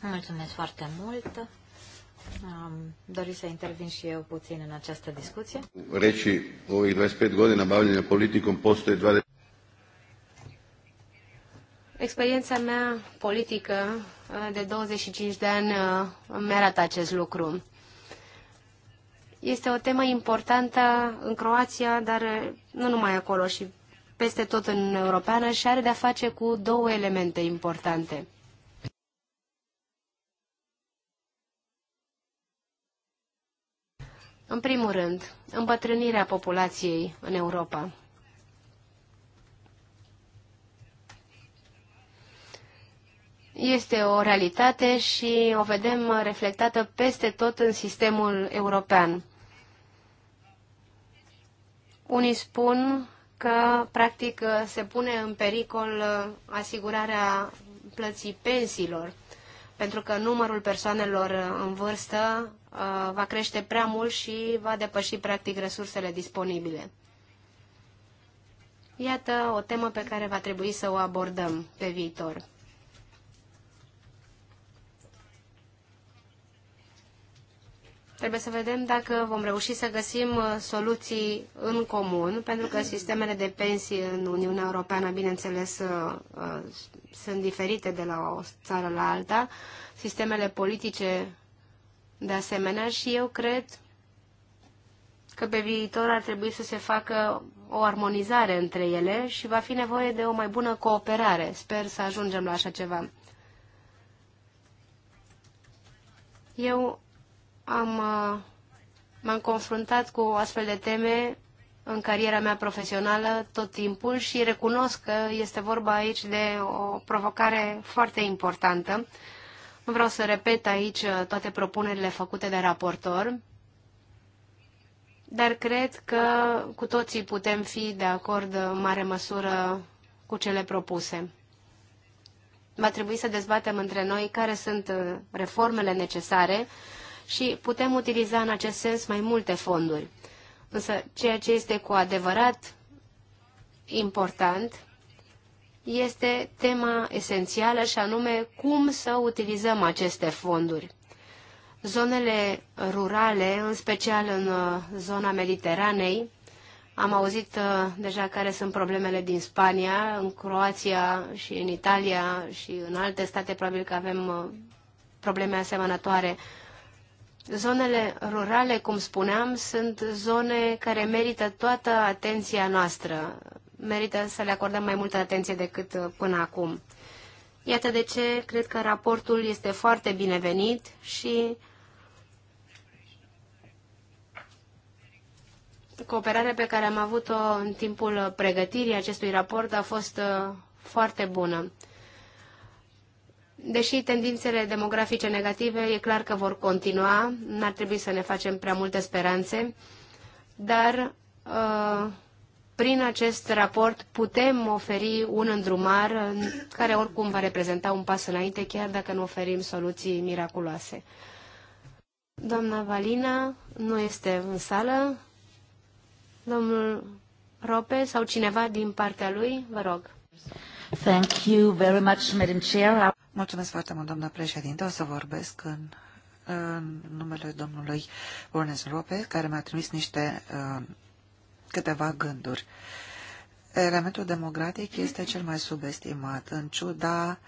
[SPEAKER 2] Mulțumesc foarte
[SPEAKER 1] mult. Am dorit să intervin și eu puțin în această discuție. Reci, o 25 godina bavljenja politikom postoje 20...
[SPEAKER 2] Experiența mea politică uh, de 25 de ani uh, mi arată acest lucru. Este o temă importantă în Croația, dar uh, nu numai acolo, și peste tot în Uniunea Europeană și are de-a face cu două elemente importante. În primul rând, îmbătrânirea populației în Europa. este o realitate și o vedem reflectată peste tot în sistemul european. Unii spun că, practic, se pune în pericol asigurarea plății pensiilor, pentru că numărul persoanelor în vârstă uh, va crește prea mult și va depăși, practic, resursele disponibile. Iată o temă pe care va trebui să o abordăm pe viitor. Trebuie să vedem dacă vom reuși să găsim uh, soluții în comun, pentru că sistemele de pensii în Uniunea Europeană, bineînțeles, uh, uh, sunt diferite de la o țară la alta, sistemele politice de asemenea și eu cred că pe viitor ar trebui să se facă o armonizare între ele și va fi nevoie de o mai bună cooperare. Sper să ajungem la așa ceva. Eu am, uh, m-am confruntat cu astfel de teme în cariera mea profesională tot timpul și recunosc că este vorba aici de o provocare foarte importantă. Nu vreau să repet aici uh, toate propunerile făcute de raportor, dar cred că cu toții putem fi de acord în mare măsură cu cele propuse. Va trebui să dezbatem între noi care sunt uh, reformele necesare și putem utiliza în acest sens mai multe fonduri. Însă ceea ce este cu adevărat important este tema esențială și anume cum să utilizăm aceste fonduri. Zonele rurale, în special în uh, zona Mediteranei, am auzit uh, deja care sunt problemele din Spania, în Croația și în Italia și în alte state, probabil că avem uh, probleme asemănătoare Zonele rurale, cum spuneam, sunt zone care merită toată atenția noastră. Merită să le acordăm mai multă atenție decât uh, până acum. Iată de ce cred că raportul este foarte binevenit și cooperarea pe care am avut-o în timpul pregătirii acestui raport a fost uh, foarte bună. Deși tendințele demografice negative e clar că vor continua, n-ar trebui să ne facem prea multe speranțe, dar uh, prin acest raport putem oferi un îndrumar care oricum va reprezenta un pas înainte, chiar dacă nu oferim soluții miraculoase. Doamna Valina nu este în sală. Domnul Rope sau cineva din partea lui, vă rog.
[SPEAKER 3] Thank you very much, Madam Chair. Mulțumesc foarte mult, doamnă președinte. O să vorbesc în, în numele domnului Bornes Rope, care mi-a trimis niște uh, câteva gânduri. Elementul democratic este cel mai subestimat, în ciuda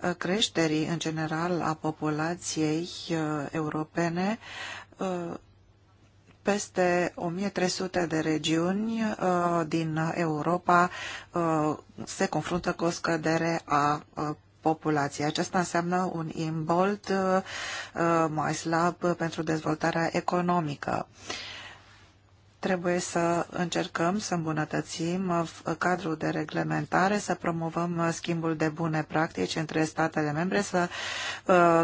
[SPEAKER 3] uh, creșterii în general a populației uh, europene, peste 1300 de regiuni uh, din Europa uh, se confruntă cu o scădere a uh, populației. Aceasta înseamnă un imbold mai slab pentru dezvoltarea economică. Trebuie să încercăm să îmbunătățim uh, uh, cadrul de reglementare, să promovăm uh, schimbul de bune practici între statele membre, să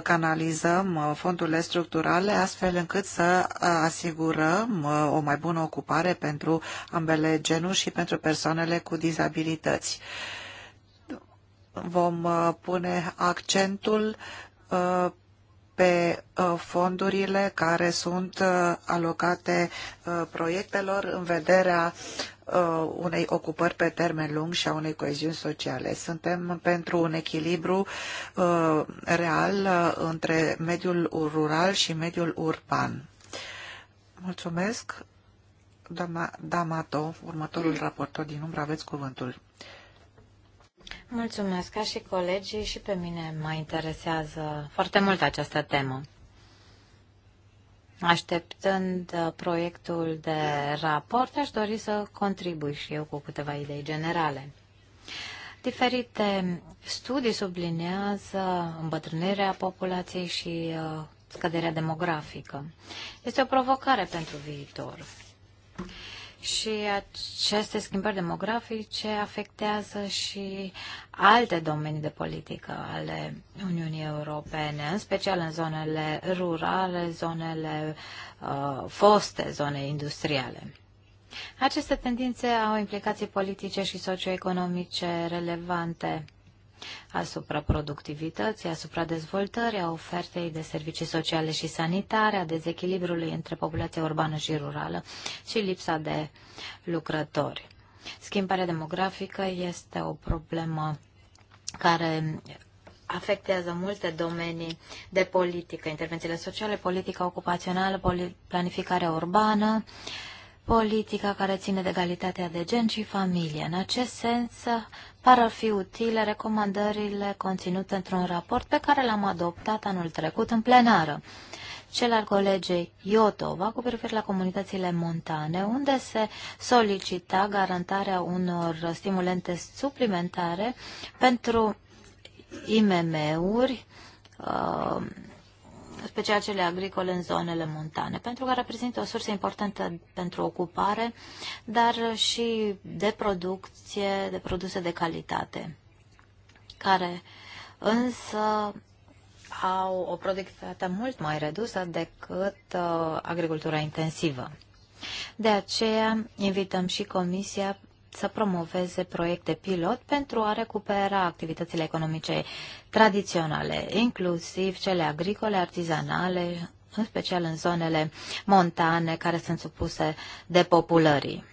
[SPEAKER 3] canalizăm fondurile structurale astfel încât să asigurăm o mai bună ocupare pentru ambele genuri și pentru persoanele cu dizabilități. Vom pune accentul pe uh, fondurile care sunt uh, alocate uh, proiectelor în vederea unei ocupări pe termen lung și a unei coeziuni sociale. Suntem pentru un echilibru real între mediul rural și mediul urban. Mulțumesc, doamna Damato, următorul raportor din umbră, aveți cuvântul.
[SPEAKER 1] Mulțumesc, ca și colegii, și pe mine mă interesează foarte mult
[SPEAKER 3] această temă.
[SPEAKER 1] Așteptând uh, proiectul de raport, aș dori să contribui și eu cu câteva idei generale. Diferite studii sublinează îmbătrânirea populației și uh, scăderea demografică. Este o provocare pentru viitor și aceste schimbări demografice afectează și alte domenii de politică ale Uniunii Europene, în special în zonele rurale, zonele uh, foste, zone industriale. Aceste tendințe au implicații politice și socioeconomice relevante asupra productivității, asupra dezvoltării, a ofertei de servicii sociale și sanitare, a dezechilibrului între populația urbană și rurală și lipsa de lucrători. Schimbarea demografică este o problemă care afectează multe domenii de politică, intervențiile sociale, politica ocupațională, planificarea urbană, politica care ține de egalitatea de gen și familie. În acest sens, par a fi utile recomandările conținute într-un raport pe care l-am adoptat anul trecut în plenară cel al colegei Iotova cu privire la comunitățile montane, unde se solicita garantarea unor stimulente suplimentare pentru IMM-uri, uh, special cele agricole în zonele montane, pentru că reprezintă o sursă importantă pentru ocupare, dar și de producție, de produse de calitate, care însă au o productivitate mult mai redusă decât uh, agricultura intensivă. De aceea invităm și Comisia să promoveze proiecte pilot pentru a recupera activitățile economice tradiționale, inclusiv cele agricole, artizanale, în special în zonele montane care sunt supuse depopulării.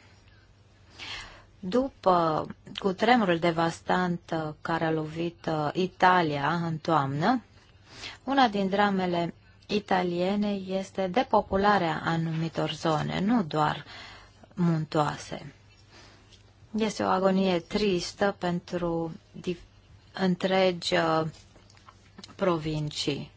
[SPEAKER 1] După cutremurul devastant care a lovit uh, Italia în toamnă, una din dramele italiene este depopularea anumitor zone, nu doar muntoase. Este o agonie tristă pentru întregi uh, provincii.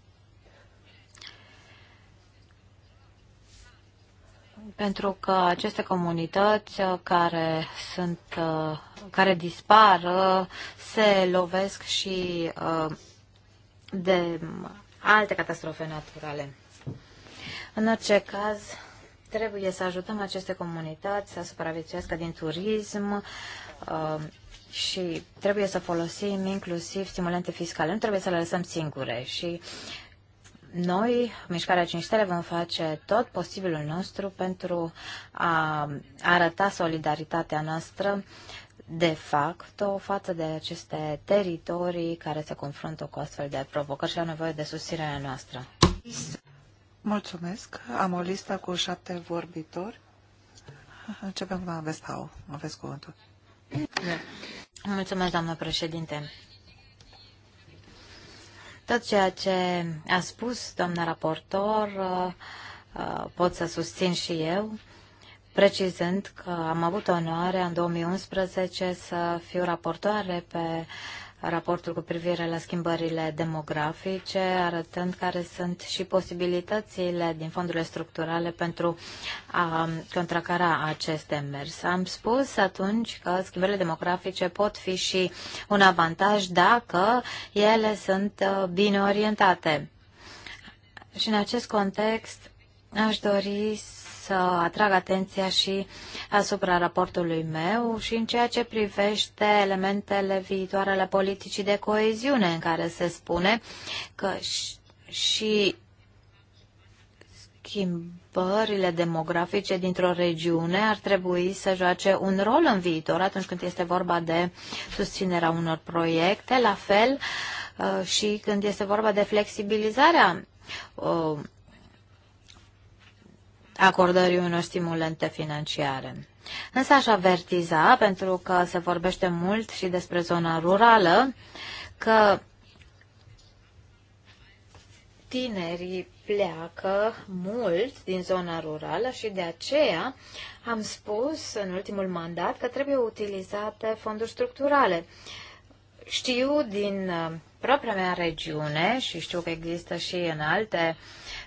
[SPEAKER 1] Pentru că aceste comunități uh, care sunt uh, care dispar se lovesc și de alte catastrofe naturale. În orice caz, Trebuie să ajutăm aceste comunități să supraviețuiască din turism uh, și trebuie să folosim inclusiv stimulente fiscale. Nu trebuie să le lăsăm singure și noi, Mișcarea Cinștele, vom face tot posibilul nostru pentru a arăta solidaritatea noastră de o față de aceste teritorii care se confruntă cu astfel de provocări și au nevoie de susținerea noastră.
[SPEAKER 3] Mulțumesc. Am o listă cu șapte vorbitori. Începem cu aveți pau. Aveți cuvântul. Mulțumesc, doamnă președinte.
[SPEAKER 1] Tot ceea ce a spus doamna raportor uh, uh, pot să susțin și eu, precizând că am avut onoarea în 2011 să fiu raportoare pe raportul cu privire la schimbările demografice, arătând care sunt și posibilitățile din fondurile structurale pentru a contracara acest demers. Am spus atunci că schimbările demografice pot fi și un avantaj dacă ele sunt uh, bine orientate. Și în acest context aș dori să să atrag atenția și asupra raportului meu și în ceea ce privește elementele viitoare ale politicii de coeziune, în care se spune că și schimbările demografice dintr-o regiune ar trebui să joace un rol în viitor atunci când este vorba de susținerea unor proiecte, la fel uh, și când este vorba de flexibilizarea uh, acordării unor stimulente financiare. Însă aș avertiza, pentru că se vorbește mult și despre zona rurală, că tinerii pleacă mult din zona rurală și de aceea am spus în ultimul mandat că trebuie utilizate fonduri structurale. Uh, știu din uh, propria mea regiune și știu că există și în alte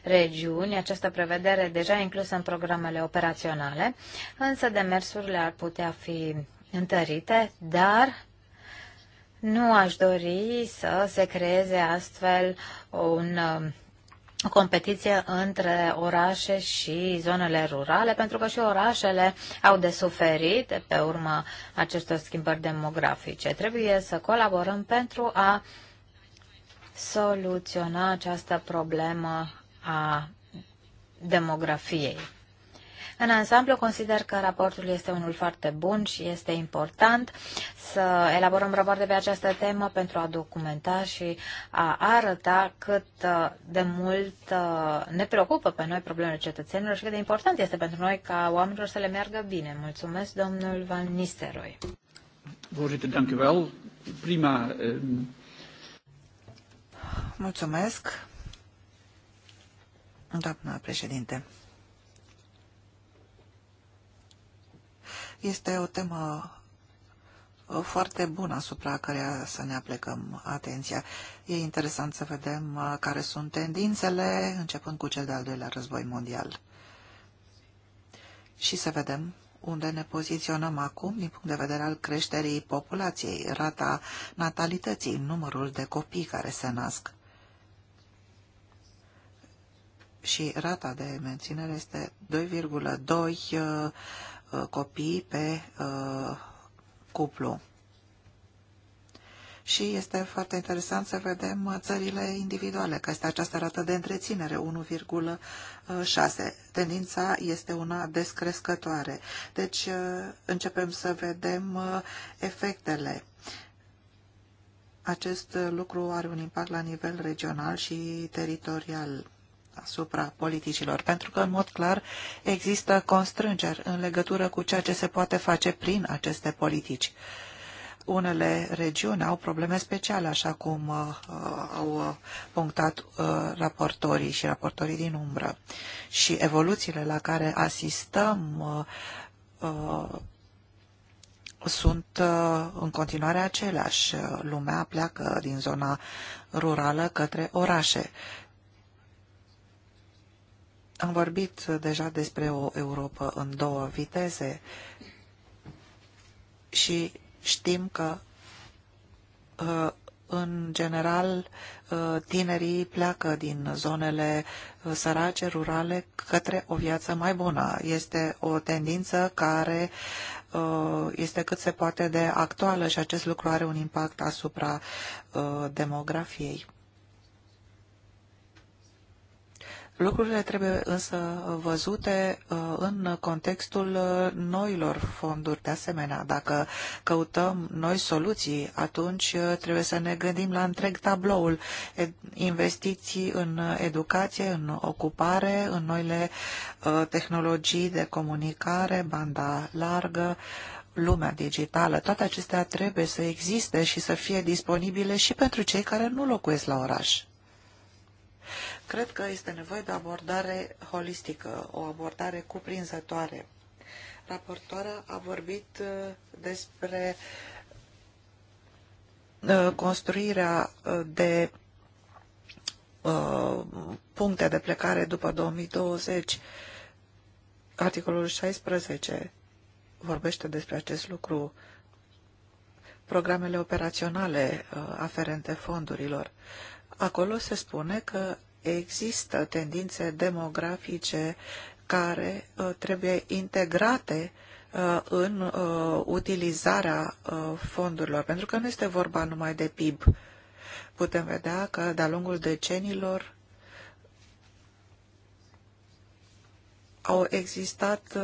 [SPEAKER 1] regiuni această prevedere deja inclusă în programele operaționale, însă demersurile ar putea fi întărite, dar nu aș dori să se creeze astfel un uh, o competiție între orașe și zonele rurale, pentru că și orașele au de suferit pe urma acestor schimbări demografice. Trebuie să colaborăm pentru a soluționa această problemă a demografiei. În ansamblu, consider că raportul este unul foarte bun și este important să elaborăm rapoarte pe această temă pentru a documenta și a arăta cât uh, de mult uh, ne preocupă pe noi problemele cetățenilor și cât de important este pentru noi ca oamenilor să le meargă bine. Mulțumesc, domnul Van Nisteroi.
[SPEAKER 3] Voorzitter, dank u wel. Prima. Ehm, Mulțumesc, doamna președinte. Este o temă uh, foarte bună asupra care să ne aplecăm atenția. E interesant să vedem uh, care sunt tendințele, începând cu cel de-al doilea război mondial. Și să vedem unde ne poziționăm acum din punct de vedere al creșterii populației, rata natalității, numărul de copii care se nasc. Și rata de menținere este 2,2 Uh, copii pe uh, cuplu. Și este foarte interesant să vedem uh, țările individuale, că este această rată de întreținere, 1,6. Tendința este una descrescătoare. Deci începem să vedem efectele. Acest lucru are un impact la nivel regional și teritorial asupra politicilor, pentru că, în mod clar, există constrângeri în legătură cu ceea ce se poate face prin aceste politici. Unele regiuni au probleme speciale, așa cum uh, uh au punctat uh, raportorii și raportorii din umbră. Și evoluțiile la care asistăm uh, uh, sunt uh, în continuare aceleași. Lumea pleacă din zona rurală către orașe am vorbit deja despre o Europa în două viteze și știm că uh, în general uh, tinerii pleacă din zonele uh, sărace, rurale, către o viață mai bună. Este o tendință care este cât se poate de actuală și acest lucru are un impact asupra demografiei. Lucrurile trebuie însă văzute uh, în contextul uh, noilor fonduri de asemenea. Dacă căutăm noi soluții, atunci uh, trebuie să ne gândim la întreg tabloul. Investiții în educație, în ocupare, în noile tehnologii de comunicare, banda largă, lumea digitală, toate acestea trebuie să existe și să fie disponibile și pentru cei care nu locuiesc la oraș. Cred că este nevoie de o abordare holistică, o abordare cuprinzătoare. Raportoarea a vorbit uh, despre uh, construirea uh, de puncte de plecare după 2020. Articolul 16 vorbește despre acest lucru programele operaționale aferente fondurilor. Acolo se spune că există tendințe demografice care uh, trebuie integrate uh, în uh, utilizarea fondurilor, pentru că nu este vorba numai de PIB. Putem vedea că de-a lungul decenilor au existat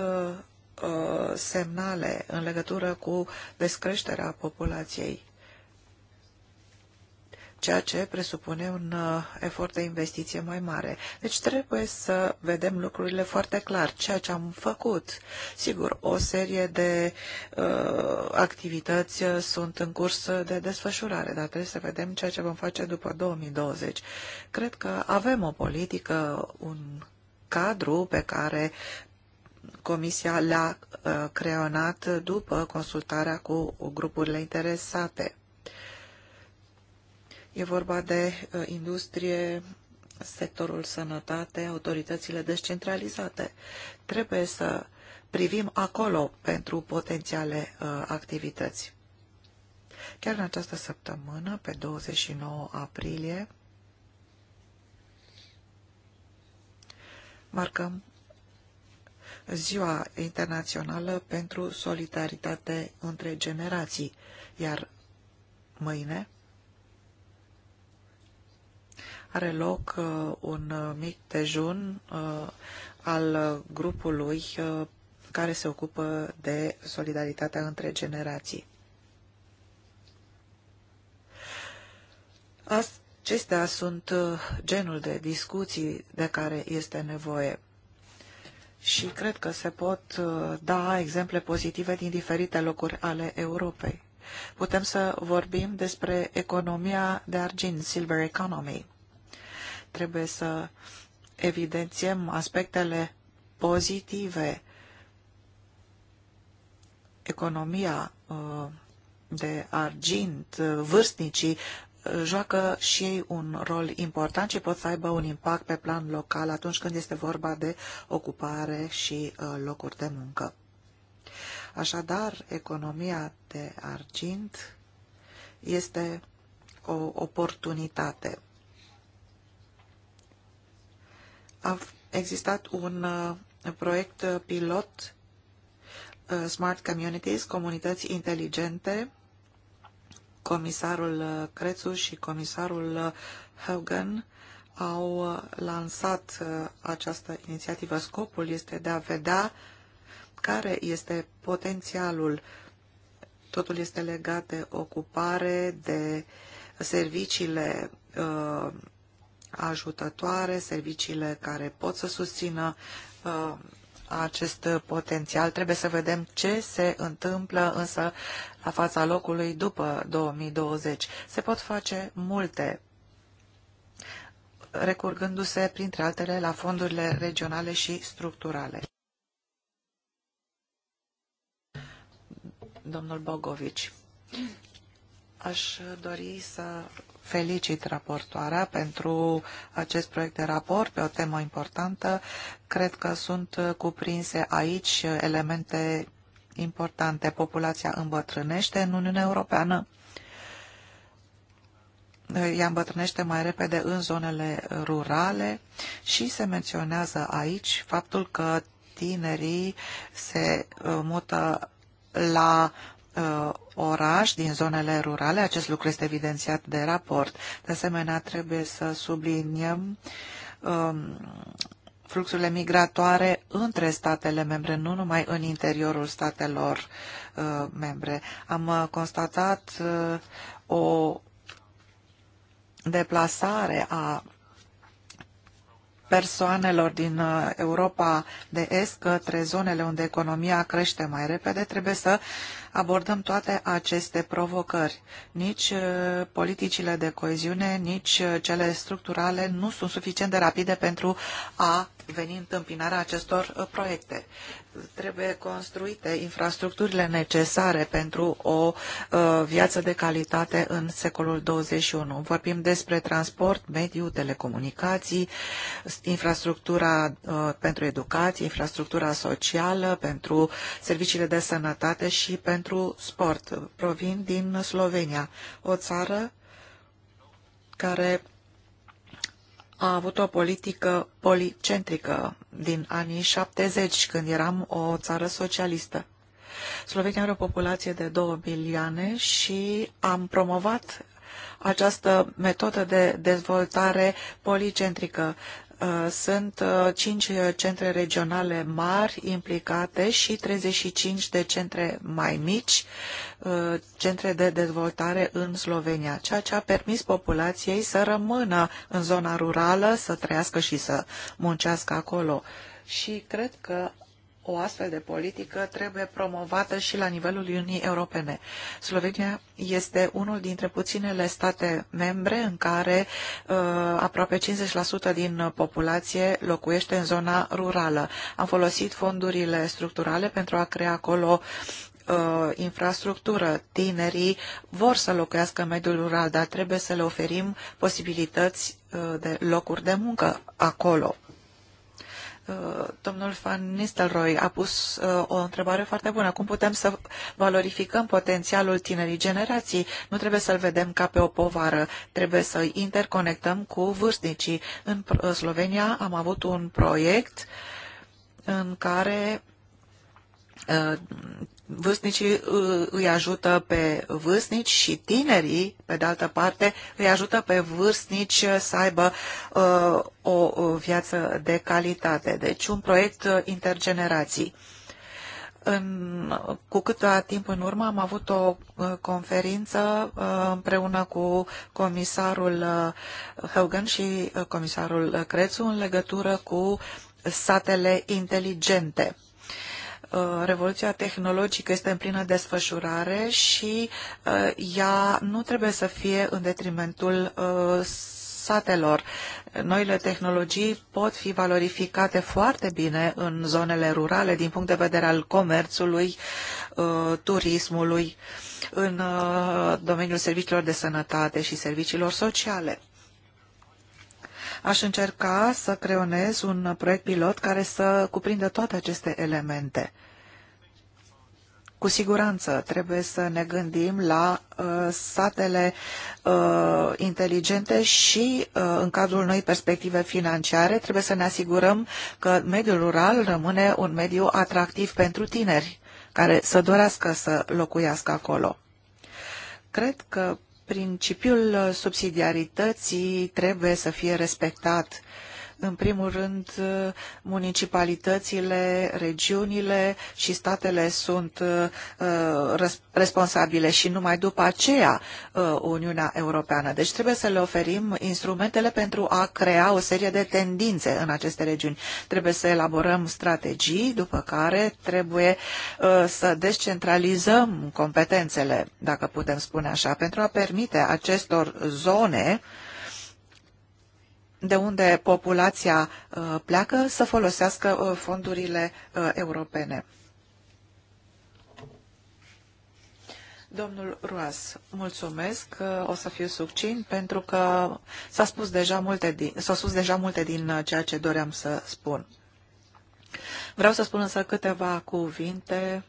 [SPEAKER 3] semnale în legătură cu descreșterea populației ceea ce presupune un uh, efort de investiție mai mare. Deci trebuie să vedem lucrurile foarte clar, ceea ce am făcut. Sigur, o serie de uh, activități uh, sunt în curs de desfășurare, dar trebuie să vedem ceea ce vom face după 2020. Cred că avem o politică, un cadru pe care Comisia l-a uh, creonat după consultarea cu grupurile interesate. E vorba de uh, industrie, sectorul sănătate, autoritățile descentralizate. Trebuie să privim acolo pentru potențiale uh, activități. Chiar în această săptămână, pe 29 aprilie, marcăm Ziua Internațională pentru Solidaritate între Generații, iar mâine are loc uh, un uh, mic dejun uh, al grupului care se ocupă de solidaritatea între generații. Acestea sunt genul de discuții de care este nevoie. Și cred că se pot da exemple pozitive din diferite locuri ale Europei. Putem să vorbim despre economia de argint, silver economy. Trebuie să evidențiem aspectele pozitive. Economia uh, de argint, uh, vârstnicii uh, joacă și ei un rol important și pot să aibă un impact pe plan local atunci când este vorba de ocupare și locuri de muncă. Așadar, economia de argint este o oportunitate a existat un uh, proiect uh, pilot uh, Smart Communities, comunități inteligente. Comisarul Crețu și comisarul Hogan au lansat această inițiativă. Scopul este de a vedea care este potențialul. Totul este legat de ocupare, de serviciile ajutătoare, serviciile care pot să susțină uh, acest potențial. Trebuie să vedem ce se întâmplă însă la fața locului după 2020. Se pot face multe recurgându-se, printre altele, la fondurile regionale și structurale. Domnul Bogovici, aș dori să Felicit raportoarea pentru acest proiect de raport pe o temă importantă. Cred că sunt cuprinse aici elemente importante. Populația îmbătrânește în Uniunea Europeană ea îmbătrânește mai repede în zonele rurale și se menționează aici faptul că tinerii se mută la Uh, oraș, din zonele rurale. Acest lucru este evidențiat de raport. De asemenea, trebuie să subliniem um, fluxurile migratoare între statele membre, nu numai în interiorul statelor uh, membre. Am uh, constatat o deplasare a persoanelor din uh, Europa de Est către zonele unde economia crește mai repede, trebuie să abordăm toate aceste provocări. Nici uh, politicile de coeziune, nici uh, cele structurale nu sunt suficient de rapide pentru a veni întâmpinarea acestor proiecte trebuie construite infrastructurile necesare pentru o uh, viață de calitate în secolul 21. Vorbim despre transport, mediu, telecomunicații, infrastructura uh, pentru educație, infrastructura socială, pentru serviciile de sănătate și pentru sport. Provin din Slovenia, o țară care a avut o politică policentrică din anii 70, când eram o țară socialistă. Slovenia are o populație de 2 milioane și am promovat această metodă de dezvoltare policentrică. Uh, sunt uh, cinci uh, centre regionale mari implicate și 35 de centre mai mici, centre de dezvoltare în Slovenia, ceea ce a permis populației să rămână în zona rurală, să trăiască și să muncească acolo. Și cred că o astfel de politică trebuie promovată și la nivelul Uniunii Europene. Slovenia este unul dintre puținele state membre în care uh, aproape 50% din populație locuiește în zona rurală. Am folosit fondurile structurale pentru a crea acolo uh, infrastructură. Tinerii vor să locuiască în mediul rural, dar trebuie să le oferim posibilități uh, de locuri de muncă acolo Uh, domnul Van Nistelrooy a pus uh, o întrebare foarte bună. Cum putem să valorificăm potențialul tinerii generații? Nu trebuie să-l vedem ca pe o povară. Trebuie să-i interconectăm cu vârstnicii. În Slovenia am avut un proiect în care uh, vârstnicii îi ajută pe vârstnici și tinerii, pe de altă parte, îi ajută pe vârstnici să aibă uh, o viață de calitate. Deci un proiect uh, intergenerații. În, cu câtva timp în urmă am avut o uh, conferință împreună cu comisarul Hogan și comisarul Crețu în legătură cu satele inteligente Uh, revoluția tehnologică este în plină desfășurare și uh, ea nu trebuie să fie în detrimentul uh, satelor. Noile tehnologii pot fi valorificate foarte bine în zonele rurale din punct de vedere al comerțului, turismului, în domeniul serviciilor de sănătate și serviciilor sociale. Aș încerca să creionez un proiect pilot care să cuprindă toate aceste elemente. Cu siguranță trebuie să ne gândim la uh, satele uh, inteligente și uh, în cadrul noi perspective financiare trebuie să ne asigurăm că mediul rural rămâne un mediu atractiv pentru tineri care să dorească să locuiască acolo. Cred că principiul subsidiarității trebuie să fie respectat în primul rând, uh, municipalitățile, regiunile și statele sunt uh, responsabile și numai după aceea uh, Uniunea Europeană. Deci trebuie să le oferim instrumentele pentru a crea o serie de tendințe în aceste regiuni. Trebuie să elaborăm strategii, după care trebuie să descentralizăm competențele, dacă putem spune așa, pentru a permite acestor zone de unde populația uh, pleacă să folosească uh, fondurile uh, europene. Domnul Ruas, mulțumesc, o să fiu succint pentru că s-a spus deja multe din, spus deja multe din ceea ce doream să spun. Vreau să spun însă câteva cuvinte.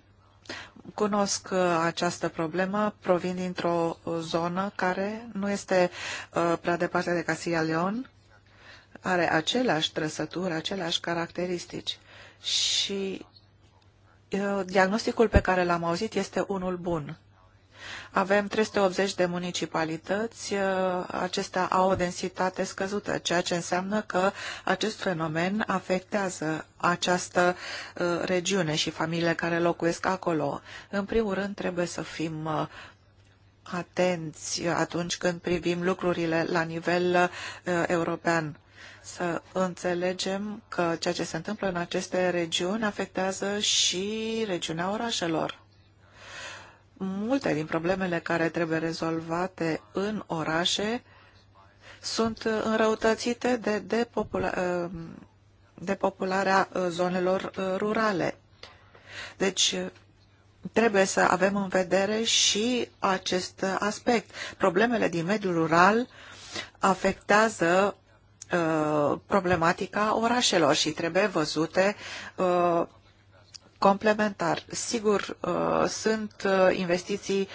[SPEAKER 3] Cunosc această problemă, provin dintr-o zonă care nu este prea departe de Castilla Leon, are aceleași trăsături, aceleași caracteristici și diagnosticul pe care l-am auzit este unul bun. Avem 380 de municipalități, acestea au o densitate scăzută, ceea ce înseamnă că acest fenomen afectează această regiune și familiile care locuiesc acolo. În primul rând trebuie să fim atenți atunci când privim lucrurile la nivel european să înțelegem că ceea ce se întâmplă în aceste regiuni afectează și regiunea orașelor. Multe din problemele care trebuie rezolvate în orașe sunt înrăutățite de depopula eh, depopularea eh, zonelor eh, rurale. Deci, trebuie să avem în vedere și acest aspect. Problemele din mediul rural afectează Uh, problematica orașelor și trebuie văzute uh, complementar. Sigur, uh, sunt investiții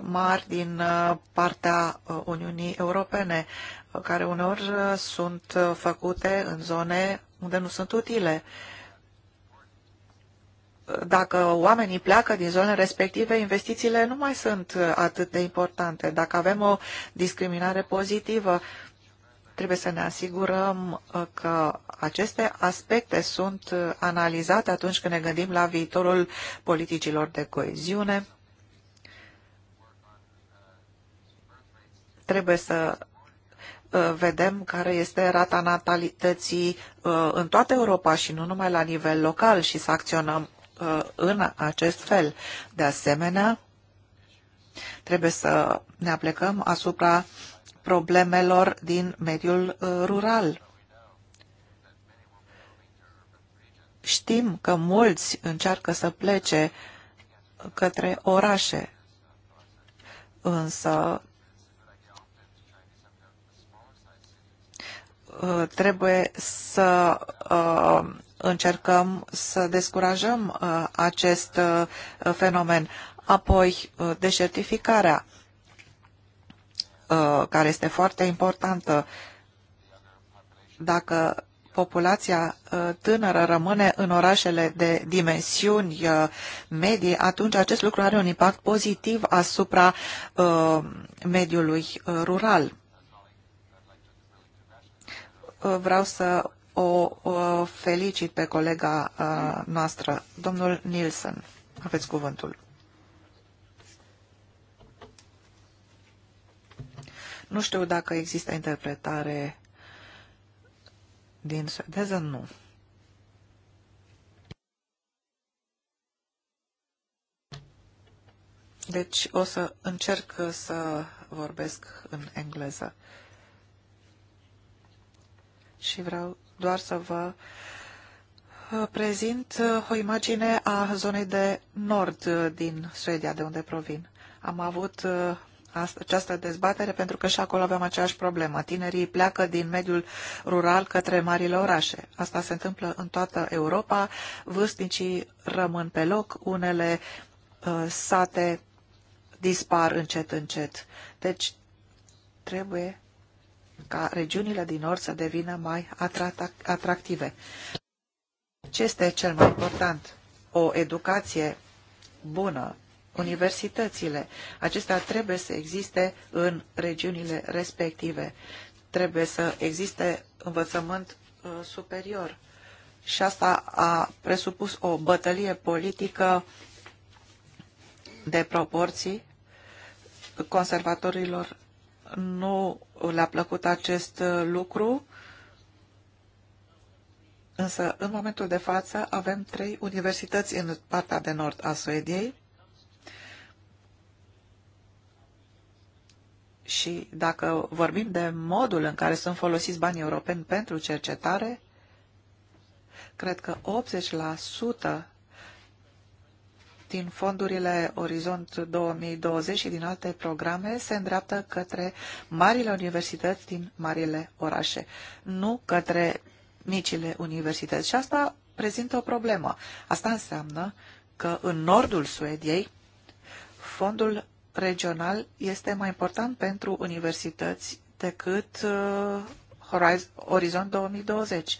[SPEAKER 3] mari din partea Uniunii Europene, care uneori sunt făcute în zone unde nu sunt utile. Dacă oamenii pleacă din zonele respective, investițiile nu mai sunt atât de importante. Dacă avem o discriminare pozitivă, Trebuie să ne asigurăm uh, că aceste aspecte sunt uh, analizate atunci când ne gândim la viitorul politicilor de coeziune. Trebuie să uh, vedem care este rata natalității în toată Europa și nu numai la nivel local și să acționăm în acest fel. De asemenea, trebuie să ne aplecăm asupra problemelor din mediul uh, rural. Știm că mulți încearcă să plece către orașe, însă uh, trebuie să uh, încercăm să descurajăm acest fenomen. Apoi, deșertificarea. Uh, care este foarte importantă. Dacă populația uh, tânără rămâne în orașele de dimensiuni uh, medii, atunci acest lucru are un impact pozitiv asupra mediului rural. Vreau să o felicit pe colega noastră, domnul Nilsson. Aveți cuvântul. Nu știu dacă există interpretare din suedeză, nu. Deci o să încerc să vorbesc în engleză. Și vreau doar să vă uh, prezint uh, o imagine a zonei de nord uh, din Suedia, de unde provin. Am avut această dezbatere pentru că și acolo avem aceeași problemă. Tinerii pleacă din mediul rural către marile orașe. Asta se întâmplă în toată Europa. Vârstnicii rămân pe loc, unele uh, sate dispar încet, încet. Deci trebuie ca regiunile din nord să devină mai atractive. Ce este cel mai important? O educație bună universitățile. Acestea trebuie să existe în regiunile respective. Trebuie să existe învățământ uh, superior. Și asta a presupus o bătălie politică de proporții. Conservatorilor nu le-a plăcut acest uh, lucru, însă în momentul de față avem trei universități în partea de nord a Suediei, Și dacă vorbim de modul în care sunt folosiți banii europeni pentru cercetare, cred că 80% din fondurile Orizont 2020 și din alte programe se îndreaptă către marile universități din marile orașe, nu către micile universități. Și asta prezintă o problemă. Asta înseamnă că în nordul Suediei, fondul regional este mai important pentru universități decât uh, Horizon 2020,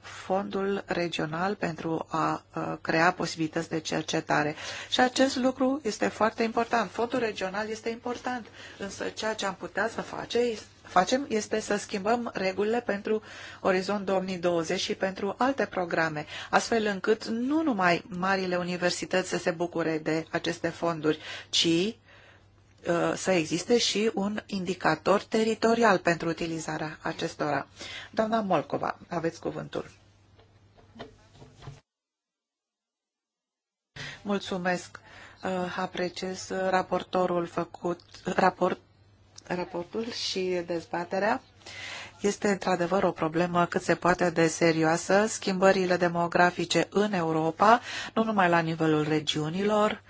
[SPEAKER 3] fondul regional pentru a uh, crea posibilități de cercetare. Și acest lucru este foarte important. Fondul regional este important, însă ceea ce am putea să face, facem este să schimbăm regulile pentru Orizont 2020 și pentru alte programe, astfel încât nu numai marile universități să se bucure de aceste fonduri, ci Uh, să existe și un indicator teritorial pentru utilizarea acestora. Doamna Molcova, aveți cuvântul. Mulțumesc. Uh, apreciez raportorul făcut, raport, raportul și dezbaterea. Este într-adevăr o problemă cât se poate de serioasă. Schimbările demografice în Europa, nu numai la nivelul regiunilor,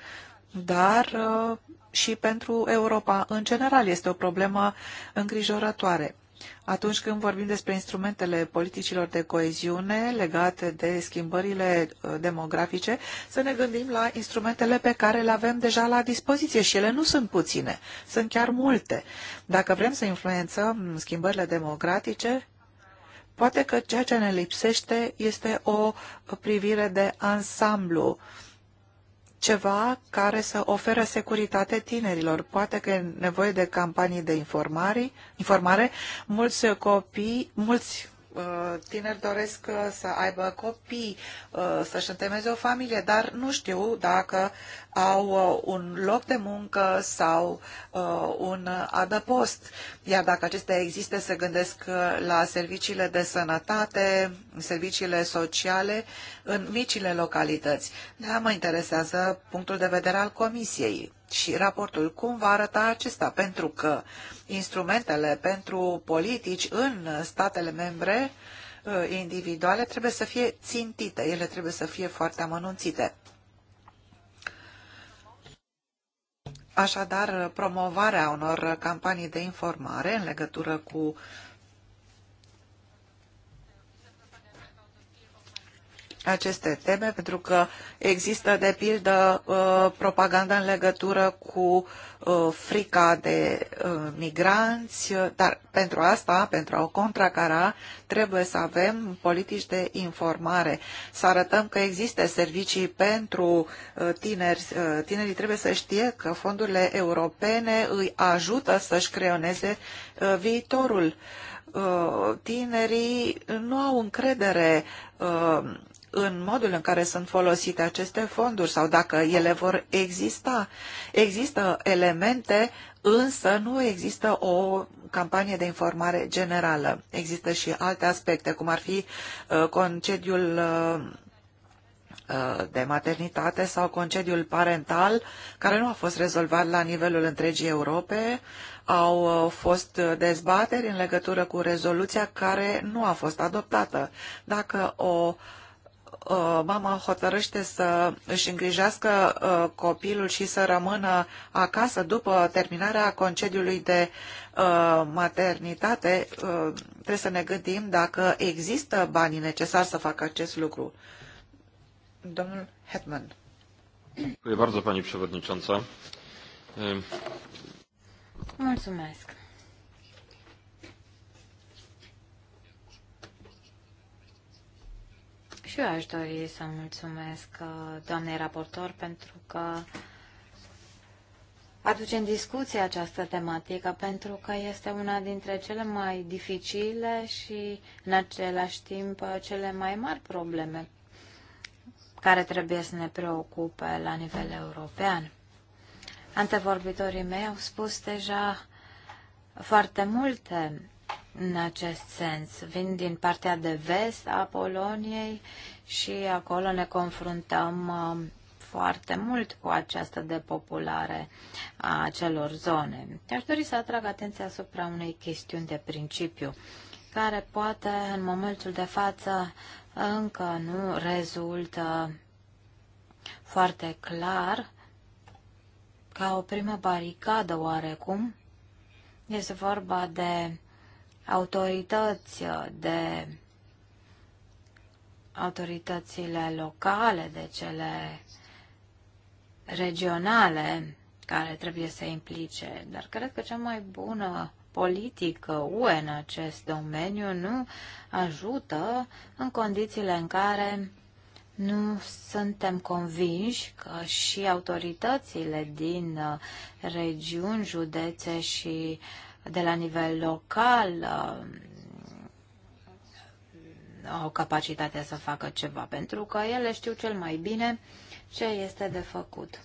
[SPEAKER 3] dar uh, și pentru Europa în general este o problemă îngrijorătoare. Atunci când vorbim despre instrumentele politicilor de coeziune legate de schimbările uh, demografice, să ne gândim la instrumentele pe care le avem deja la dispoziție și ele nu sunt puține, sunt chiar multe. Dacă vrem să influențăm schimbările demografice, poate că ceea ce ne lipsește este o privire de ansamblu ceva care să ofere securitate tinerilor. Poate că e nevoie de campanii de informare. informare. Mulți copii, mulți Uh, tineri doresc uh, să aibă copii, uh, să-și întemeze o familie, dar nu știu dacă au un loc de muncă sau un adăpost. Iar dacă acestea există, se gândesc la serviciile de sănătate, serviciile sociale în micile localități. Da, mă interesează punctul de vedere al Comisiei și raportul cum va arăta acesta, pentru că instrumentele pentru politici în statele membre uh, individuale trebuie să fie țintite, ele trebuie să fie foarte amănunțite. Așadar, promovarea unor campanii de informare în legătură cu aceste teme, pentru că există, de pildă, uh, propaganda în legătură cu uh, frica de uh, migranți, dar pentru asta, pentru a o contracara, trebuie să avem politici de informare, să arătăm că există servicii pentru tineri. Tinerii trebuie să știe că fondurile europene îi ajută să-și creioneze viitorul. Tinerii nu au încredere în modul în care sunt folosite aceste fonduri sau dacă ele vor exista. Există elemente, însă nu există o campanie de informare generală. Există și alte aspecte, cum ar fi uh, concediul uh, uh, de maternitate sau concediul parental, care nu a fost rezolvat la nivelul întregii Europe. Au fost dezbateri în legătură cu rezoluția care nu a fost adoptată. Dacă o uh, Uh, mama hotărăște să își îngrijească uh, copilul și să rămână acasă după terminarea concediului de uh, maternitate, trebuie să ne gândim dacă există banii necesari să facă acest lucru. Domnul Hetman. Pani
[SPEAKER 1] Mulțumesc. Și eu aș dori să mulțumesc uh, doamnei raportor pentru că aduce în discuție această tematică pentru că este una dintre cele mai dificile și în același timp uh, cele mai mari probleme care trebuie să ne preocupe la nivel european. Antevorbitorii mei au spus deja foarte multe în acest sens. Vin din partea de vest a Poloniei și acolo ne confruntăm uh, foarte mult cu această depopulare a celor zone. Aș dori să atrag atenția asupra unei chestiuni de principiu care poate în momentul de față încă nu rezultă foarte clar ca o primă baricadă oarecum. Este vorba de autorități uh, de autoritățile locale, de cele regionale care trebuie să implice. Dar cred că cea mai bună politică UE în acest domeniu nu ajută în condițiile în care nu suntem convinși că și autoritățile din uh, regiuni, județe și uh, de la nivel local uh, au capacitatea să facă ceva, pentru că ele știu cel mai bine ce este de făcut.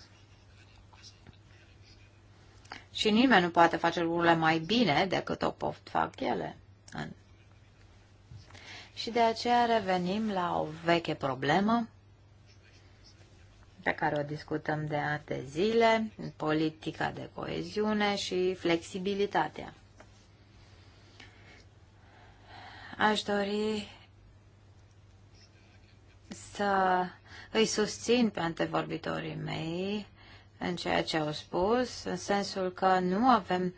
[SPEAKER 1] Și nimeni nu poate face lucrurile mai bine decât o poft fac ele. Și de aceea revenim la o veche problemă pe care o discutăm de ate zile, politica de coeziune și flexibilitatea. Aș dori să îi susțin pe antevorbitorii mei în ceea ce au spus, în sensul că nu avem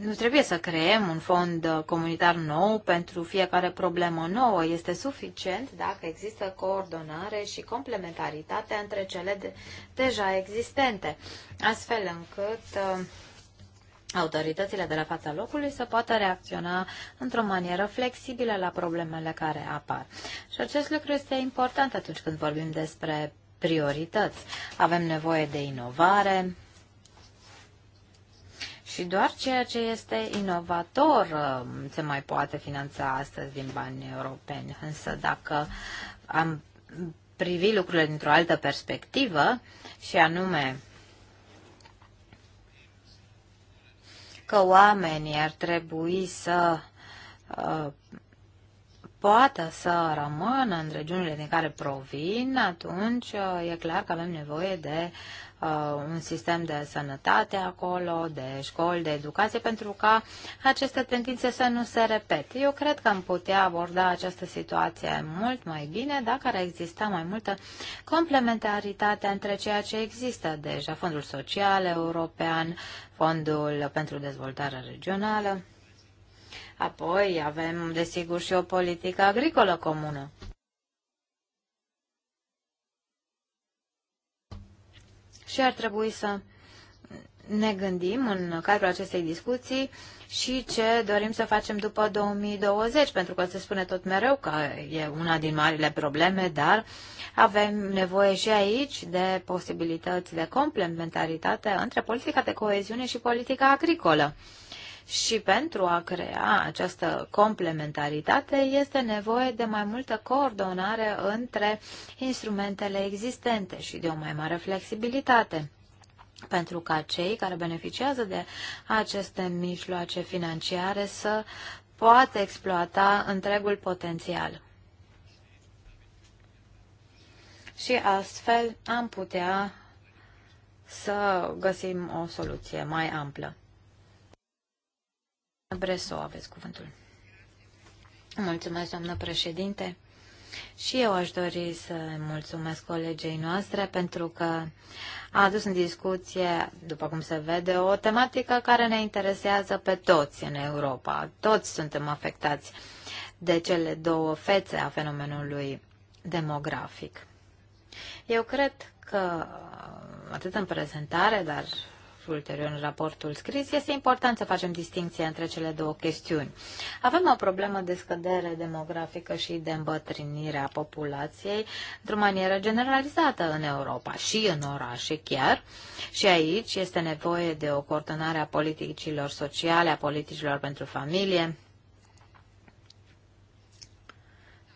[SPEAKER 1] nu trebuie să creăm un fond uh, comunitar nou pentru fiecare problemă nouă. Este suficient dacă există coordonare și complementaritate între cele de, deja existente, astfel încât uh, autoritățile de la fața locului să poată reacționa într-o manieră flexibilă la problemele care apar. Și acest lucru este important atunci când vorbim despre priorități. Avem nevoie de inovare, și doar ceea ce este inovator um, se mai poate finanța astăzi din bani europeni. Însă dacă am privi lucrurile dintr-o altă perspectivă, și anume că oamenii ar trebui să uh, poată să rămână în regiunile din care provin, atunci uh, e clar că avem nevoie de uh, un sistem de sănătate acolo, de școli, de educație, pentru ca aceste tendințe să nu se repete. Eu cred că am putea aborda această situație mult mai bine dacă ar exista mai multă complementaritate între ceea ce există deja, Fondul Social European, Fondul pentru Dezvoltare Regională. Apoi avem, desigur, și o politică agricolă comună. și ar trebui să ne gândim în cadrul acestei discuții și ce dorim să facem după 2020, pentru că se spune tot mereu că e una din marile probleme, dar avem nevoie și aici de posibilități de complementaritate între politica de coeziune și politica agricolă. Și pentru a crea această complementaritate este nevoie de mai multă coordonare între instrumentele existente și de o mai mare flexibilitate pentru ca cei care beneficiază de aceste mijloace financiare să poată exploata întregul potențial. Și astfel am putea să găsim o soluție mai amplă. Breso, aveți cuvântul. Mulțumesc, doamnă președinte. Și eu aș dori să mulțumesc colegei noastre pentru că a adus în discuție, după cum se vede, o tematică care ne interesează pe toți în Europa. Toți suntem afectați de cele două fețe a fenomenului demografic. Eu cred că, atât în prezentare, dar ulterior în raportul scris, este important să facem distinția între cele două chestiuni. Avem o problemă de scădere demografică și de îmbătrânire a populației într-o manieră generalizată în Europa și în orașe chiar. Și aici este nevoie de o coordonare a politicilor sociale, a politicilor pentru familie,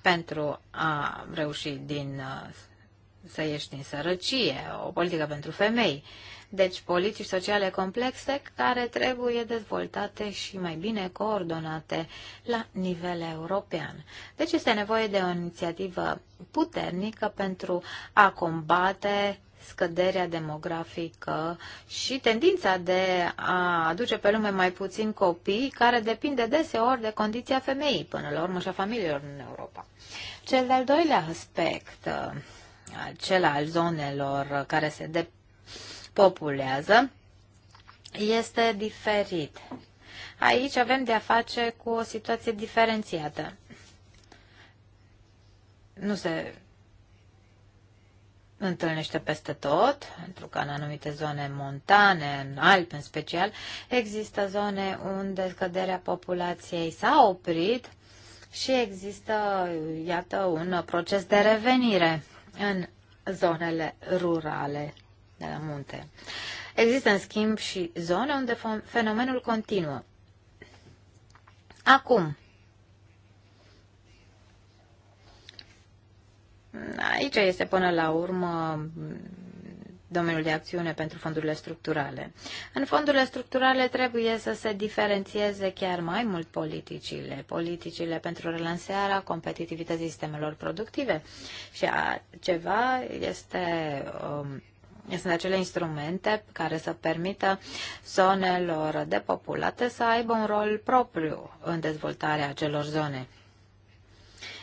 [SPEAKER 1] pentru a reuși din, să ieși din sărăcie, o politică pentru femei. Deci politici sociale complexe care trebuie dezvoltate și mai bine coordonate la nivel european. Deci este nevoie de o inițiativă puternică pentru a combate scăderea demografică și tendința de a aduce pe lume mai puțin copii, care depinde deseori de condiția femeii, până la urmă, și a familiilor în Europa. Cel de-al doilea aspect, cel al zonelor care se de populează este diferit. Aici avem de a face cu o situație diferențiată. Nu se întâlnește peste tot, pentru că în anumite zone montane, în Alpi în special, există zone unde scăderea populației s-a oprit și există, iată, un proces de revenire în zonele rurale de la munte. Există, în schimb, și zone unde fenomenul continuă. Acum, aici este până la urmă domeniul de acțiune pentru fondurile structurale. În fondurile structurale trebuie să se diferențieze chiar mai mult politicile, politicile pentru relansarea competitivității sistemelor productive. Și a, ceva este um, sunt acele instrumente care să permită zonelor depopulate să aibă un rol propriu în dezvoltarea acelor zone.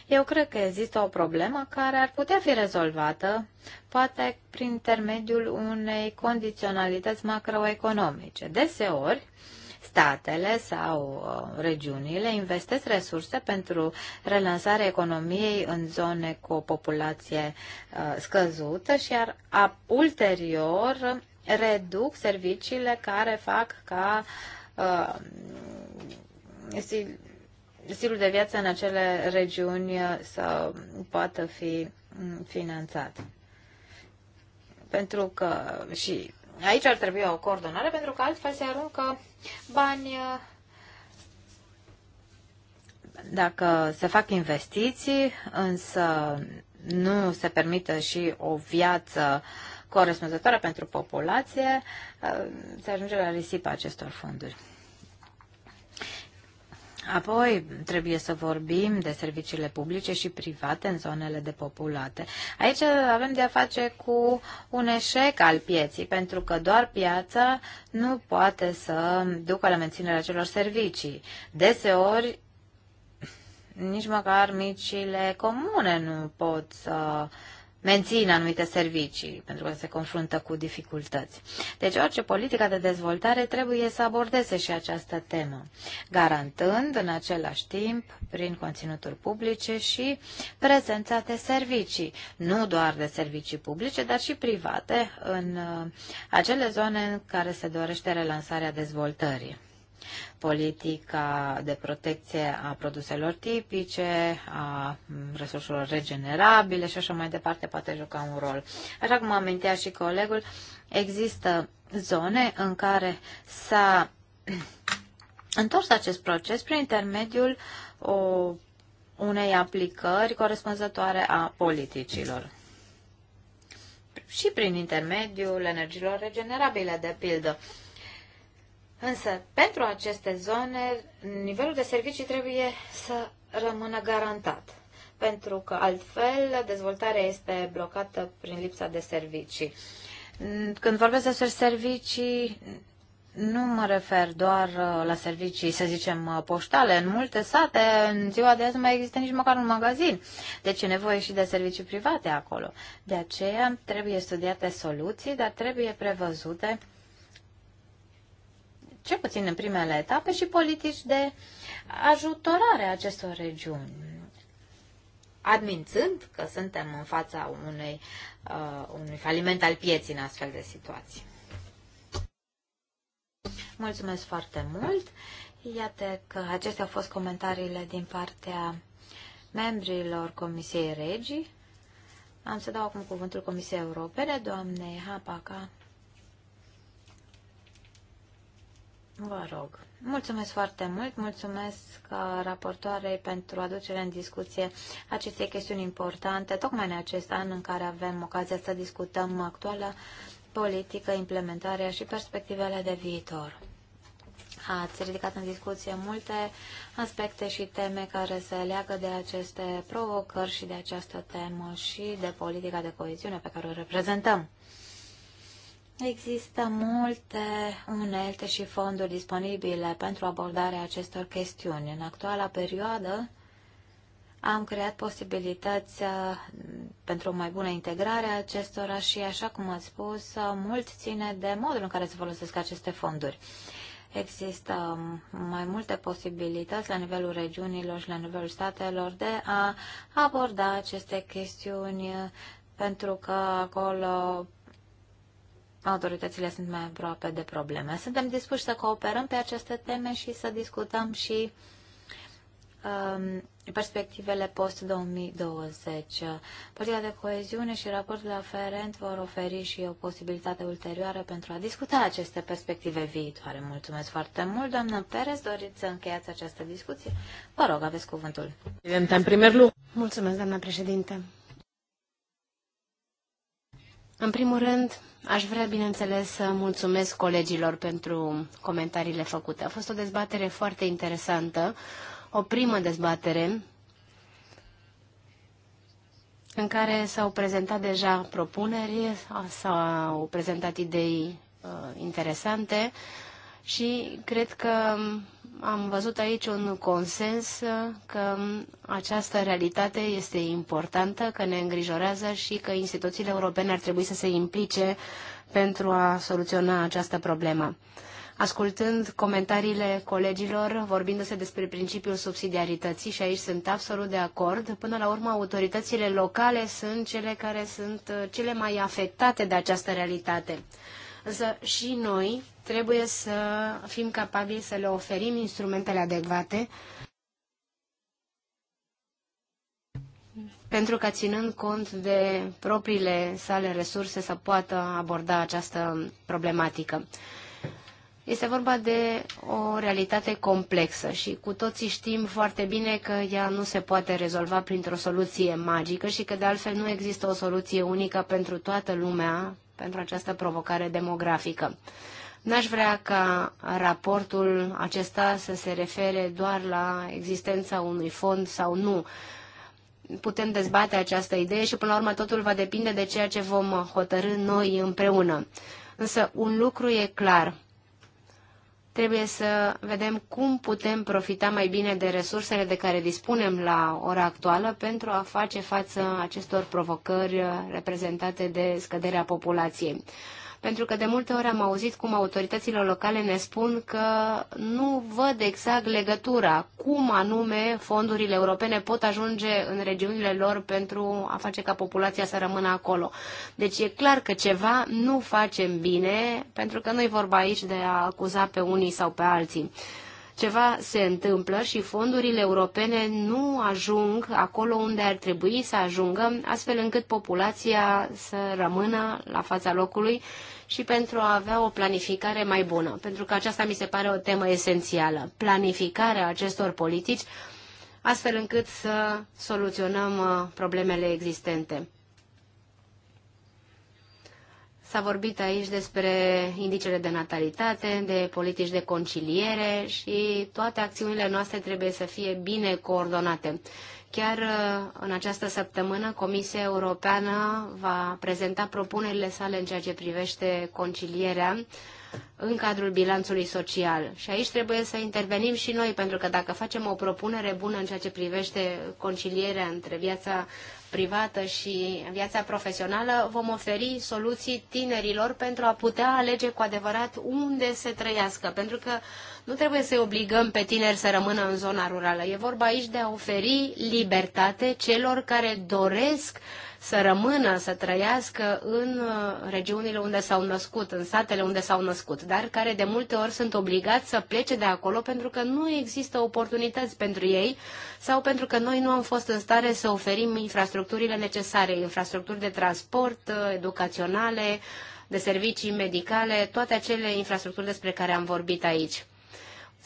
[SPEAKER 1] Eu cred că există o problemă care ar putea fi rezolvată, poate prin intermediul unei condiționalități macroeconomice. Deseori, uh, statele sau uh, regiunile investesc resurse pentru relansarea economiei în zone cu o populație uh, scăzută și ar, ulterior reduc serviciile care fac ca uh, stilul de viață în acele regiuni să poată fi mm, finanțat. Pentru că și Aici ar trebui o coordonare pentru că altfel se aruncă bani uh, dacă se fac investiții, însă nu se permite și o viață corespunzătoare pentru populație, uh, se ajunge la risipa acestor fonduri. Apoi trebuie să vorbim de serviciile publice și private în zonele depopulate. Aici avem de a face cu un eșec al pieții, pentru că doar piața nu poate să ducă la menținerea celor servicii. Deseori, nici măcar micile comune nu pot să uh, mențin anumite servicii pentru că se confruntă cu dificultăți. Deci orice politică de dezvoltare trebuie să abordeze și această temă, garantând în același timp, prin conținuturi publice și prezența de servicii, nu doar de servicii publice, dar și private în uh, acele zone în care se dorește relansarea dezvoltării politica de protecție a produselor tipice, a resurselor regenerabile și așa mai departe poate juca un rol. Așa cum amintea și colegul, există zone în care s-a întors acest proces prin intermediul o, unei aplicări corespunzătoare a politicilor și prin intermediul energiilor regenerabile, de pildă. Uh, Însă, pentru aceste zone, nivelul de servicii trebuie să rămână garantat, pentru că altfel dezvoltarea este blocată prin lipsa de servicii. Când vorbesc despre servicii, nu mă refer doar uh, la servicii, să zicem, uh, poștale. În multe sate, în ziua de azi, nu mai există nici măcar un magazin. Deci e nevoie și de servicii private acolo. De aceea trebuie studiate soluții, dar trebuie prevăzute cel puțin în primele etape, și politici de ajutorare a acestor regiuni. Admințând că suntem în fața unei, uh, unui faliment al pieții în astfel de situații. Mulțumesc foarte mult! Iată că acestea au fost comentariile din partea membrilor Comisiei Regii. Am să dau acum cuvântul Comisiei Europene, doamnei Hapaca Vă rog. Mulțumesc foarte mult, mulțumesc uh, raportoarei pentru aducerea în discuție acestei chestiuni importante, tocmai în acest an în care avem ocazia să discutăm actuala politică, implementarea și perspectivele de viitor. Ați ridicat în discuție multe aspecte și teme care se leagă de aceste provocări și de această temă și de politica de coeziune pe care o reprezentăm. Există multe unelte și fonduri disponibile pentru abordarea acestor chestiuni. În actuala perioadă am creat posibilități uh, pentru o mai bună integrare a acestora și, așa cum ați spus, uh, mult ține de modul în care se folosesc aceste fonduri. Există um, mai multe posibilități la nivelul regiunilor și la nivelul statelor de a aborda aceste chestiuni uh, pentru că acolo autoritățile sunt mai aproape de probleme. Suntem dispuși să cooperăm pe aceste teme și să discutăm și um, perspectivele post-2020. Politica de coeziune și raportul aferent vor oferi și o posibilitate ulterioară pentru a discuta aceste perspective viitoare. Mulțumesc foarte mult, doamnă Perez. Doriți să încheiați această discuție? Vă rog, aveți cuvântul.
[SPEAKER 2] În Mulțumesc, doamna președinte. În primul rând, Aș vrea, bineînțeles, să mulțumesc colegilor pentru comentariile făcute. A fost o dezbatere foarte interesantă, o primă dezbatere în care s-au prezentat deja propuneri, s-au prezentat idei uh, interesante și cred că am văzut aici un consens că această realitate este importantă, că ne îngrijorează și că instituțiile europene ar trebui să se implice pentru a soluționa această problemă. Ascultând comentariile colegilor, vorbindu-se despre principiul subsidiarității, și aici sunt absolut de acord, până la urmă autoritățile locale sunt cele care sunt uh, cele mai afectate de această realitate. Însă și noi, Trebuie să fim capabili să le oferim instrumentele adecvate pentru ca ținând cont de propriile sale resurse să poată aborda această problematică. Este vorba de o realitate complexă și cu toții știm foarte bine că ea nu se poate rezolva printr-o soluție magică și că de altfel nu există o soluție unică pentru toată lumea pentru această provocare demografică. N-aș vrea ca raportul acesta să se refere doar la existența unui fond sau nu. Putem dezbate această idee și până la urmă totul va depinde de ceea ce vom hotărâ noi împreună. Însă un lucru e clar. Trebuie să vedem cum putem profita mai bine de resursele de care dispunem la ora actuală pentru a face față acestor provocări reprezentate de scăderea populației. Pentru că de multe ori am auzit cum autoritățile locale ne spun că nu văd exact legătura, cum anume fondurile europene pot ajunge în regiunile lor pentru a face ca populația să rămână acolo. Deci e clar că ceva nu facem bine, pentru că nu e vorba aici de a acuza pe unii sau pe alții. Ceva se întâmplă și fondurile europene nu ajung acolo unde ar trebui să ajungă, astfel încât populația să rămână la fața locului și pentru a avea o planificare mai bună, pentru că aceasta mi se pare o temă esențială. Planificarea acestor politici astfel încât să soluționăm uh, problemele existente. S-a vorbit aici despre indicele de natalitate, de politici de conciliere și toate acțiunile noastre trebuie să fie bine coordonate. Chiar uh, în această săptămână, Comisia Europeană va prezenta propunerile sale în ceea ce privește concilierea în cadrul bilanțului social. Și aici trebuie să intervenim și noi, pentru că dacă facem o propunere bună în ceea ce privește concilierea între viața privată și în viața profesională, vom oferi soluții tinerilor pentru a putea alege cu adevărat unde se trăiască, pentru că nu trebuie să-i obligăm pe tineri să rămână în zona rurală. E vorba aici de a oferi libertate celor care doresc uh, să rămână, să trăiască în uh, regiunile unde s-au născut, în satele unde s-au născut, dar care de multe ori sunt obligați să plece de acolo pentru că nu există oportunități pentru ei sau pentru că noi nu am fost în stare să oferim infrastructurile necesare, infrastructuri de transport, uh, educaționale, de servicii medicale, toate acele infrastructuri despre care am vorbit aici.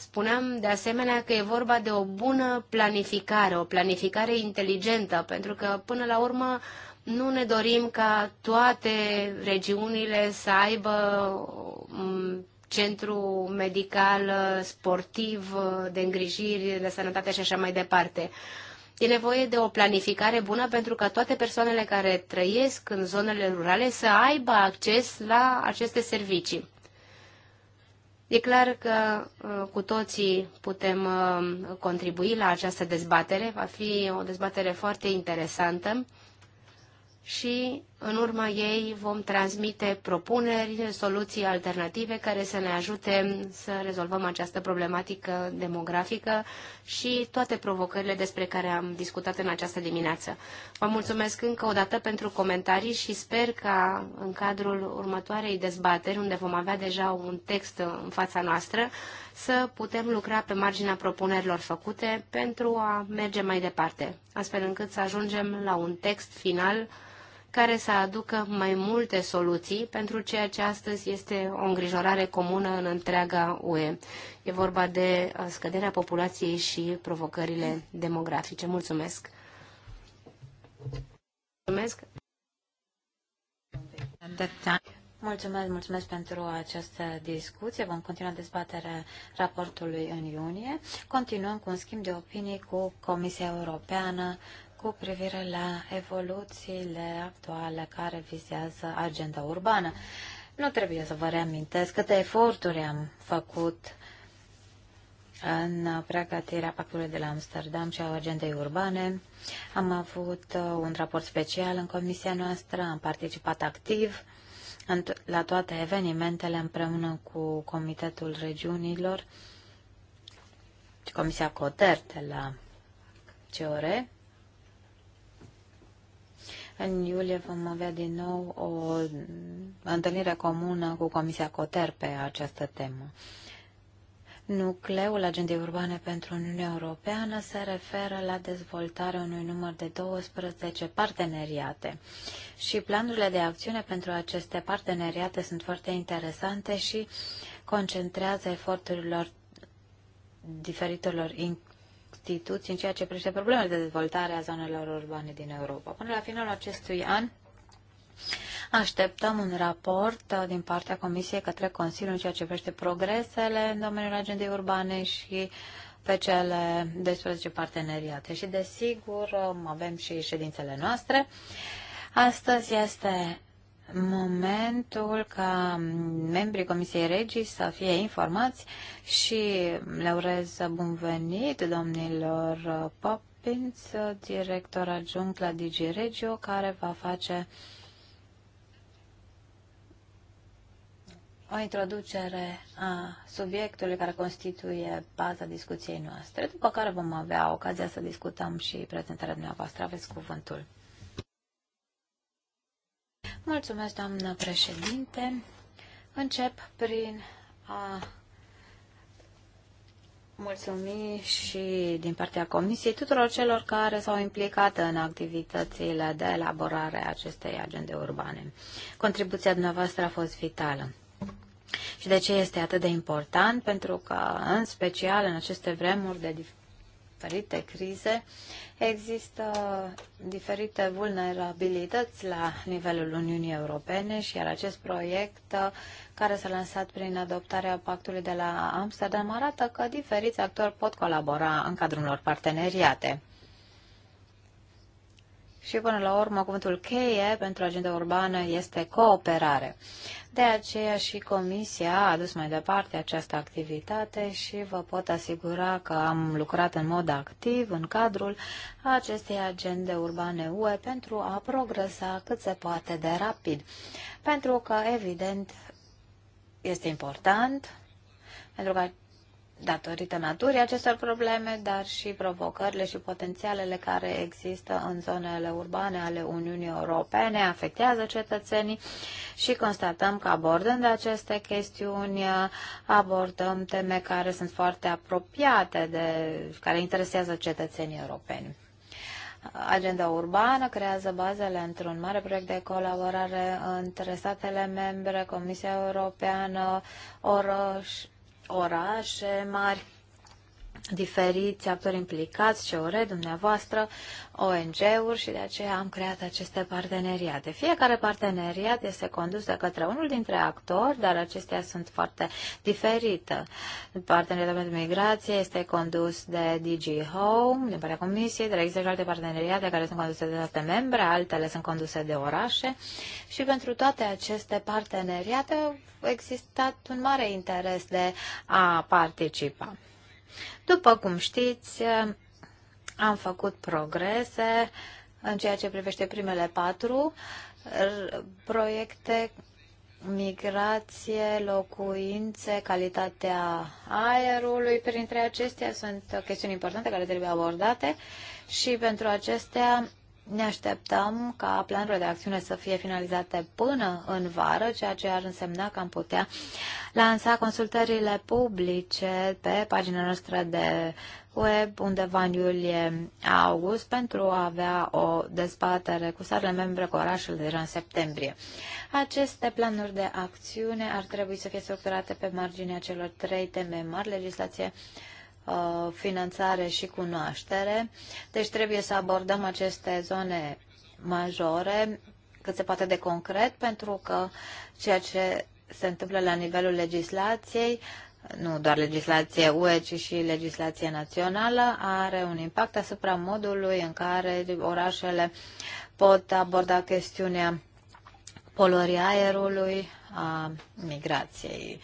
[SPEAKER 2] Spuneam de asemenea că e vorba de o bună planificare, o planificare inteligentă, pentru că până la urmă nu ne dorim ca toate regiunile să aibă um, centru medical, uh, sportiv, uh, de îngrijiri, de sănătate și așa mai departe. E nevoie de o planificare bună pentru ca toate persoanele care trăiesc în zonele rurale să aibă acces la aceste servicii. E clar că uh, cu toții putem uh, contribui la această dezbatere. Va fi o dezbatere foarte interesantă și în urma ei vom transmite propuneri, soluții alternative care să ne ajute să rezolvăm această problematică demografică și toate provocările despre care am discutat în această dimineață. Vă mulțumesc încă o dată pentru comentarii și sper ca în cadrul următoarei dezbateri, unde vom avea deja un text în fața noastră, să putem lucra pe marginea propunerilor făcute pentru a merge mai departe, astfel încât să ajungem la un text final care să aducă mai multe soluții pentru ceea ce astăzi este o îngrijorare comună în întreaga UE. E vorba de scăderea populației și provocările demografice. Mulțumesc! Mulțumesc!
[SPEAKER 1] Mulțumesc, mulțumesc pentru această discuție. Vom continua dezbaterea raportului în iunie. Continuăm cu un schimb de opinii cu Comisia Europeană cu privire la evoluțiile actuale care vizează agenda urbană. Nu trebuie să vă reamintesc câte eforturi am făcut în pregătirea pactului de la Amsterdam și a agendei urbane. Am avut uh, un raport special în comisia noastră, am participat activ la toate evenimentele împreună cu Comitetul Regiunilor și Comisia Coter de la CEORE. În iulie vom avea din nou o întâlnire comună cu Comisia Coter pe această temă. Nucleul agendei urbane pentru Uniunea Europeană se referă la dezvoltarea unui număr de 12 parteneriate și planurile de acțiune pentru aceste parteneriate sunt foarte interesante și concentrează eforturilor diferitelor instituții în ceea ce privește problemele de dezvoltare a zonelor urbane din Europa. Până la finalul acestui an, Așteptăm un raport uh, din partea Comisiei către Consiliul în ceea ce privește progresele în domeniul agendei urbane și pe cele 12 parteneriate. Și desigur um, avem și ședințele noastre. Astăzi este momentul ca membrii Comisiei Regii să fie informați și le urez bun venit domnilor Poppins, director adjunct la DigiRegio, care va face o introducere a subiectului care constituie baza discuției noastre, după care vom avea ocazia să discutăm și prezentarea dumneavoastră. Aveți cuvântul. Mulțumesc, doamnă președinte. Încep prin a mulțumi și din partea Comisiei tuturor celor care s-au implicat în activitățile de elaborare a acestei agende urbane. Contribuția dumneavoastră a fost vitală. Și de ce este atât de important? Pentru că, în special, în aceste vremuri de diferite crize, există diferite vulnerabilități la nivelul Uniunii Europene și iar acest proiect uh, care s-a lansat prin adoptarea pactului de la Amsterdam arată că diferiți actori pot colabora în cadrul unor parteneriate. Și până la urmă, cuvântul cheie pentru agenda urbană este cooperare. De aceea și Comisia a adus mai departe această activitate și vă pot asigura că am lucrat în mod activ în cadrul acestei agende urbane UE pentru a progresa cât se poate de rapid. Pentru că, evident, este important pentru că datorită naturii acestor probleme, dar și provocările și potențialele care există în zonele urbane ale Uniunii Europene, afectează cetățenii și constatăm că abordând aceste chestiuni, abordăm teme care sunt foarte apropiate de care interesează cetățenii europeni. Agenda urbană creează bazele într-un mare proiect de colaborare între statele membre, Comisia Europeană, oraș orașe mari diferiți actori implicați, COR, dumneavoastră, ONG-uri și de aceea am creat aceste parteneriate. Fiecare parteneriat este condus de către unul dintre actori, dar acestea sunt foarte diferite. Parteneriatul pentru migrație este condus de DG Home, din partea Comisiei, dar există și alte parteneriate care sunt conduse de state membre, altele sunt conduse de orașe și pentru toate aceste parteneriate a existat un mare interes de a participa. După cum știți, am făcut progrese în ceea ce privește primele patru proiecte migrație, locuințe, calitatea aerului. Printre acestea sunt chestiuni importante care trebuie abordate și pentru acestea ne așteptăm ca planurile de acțiune să fie finalizate până în vară, ceea ce ar însemna că am putea lansa consultările publice pe pagina noastră de web undeva în iulie-august pentru a avea o dezbatere cu sarele membre cu orașul deja în septembrie. Aceste planuri de acțiune ar trebui să fie structurate pe marginea celor trei teme mari, legislație Uh, finanțare și cunoaștere. Deci trebuie să abordăm aceste zone majore cât se poate de concret, pentru că ceea ce se întâmplă la nivelul legislației, nu doar legislație UE, ci și legislație națională, are un impact asupra modului în care orașele pot aborda chestiunea poluării aerului, a migrației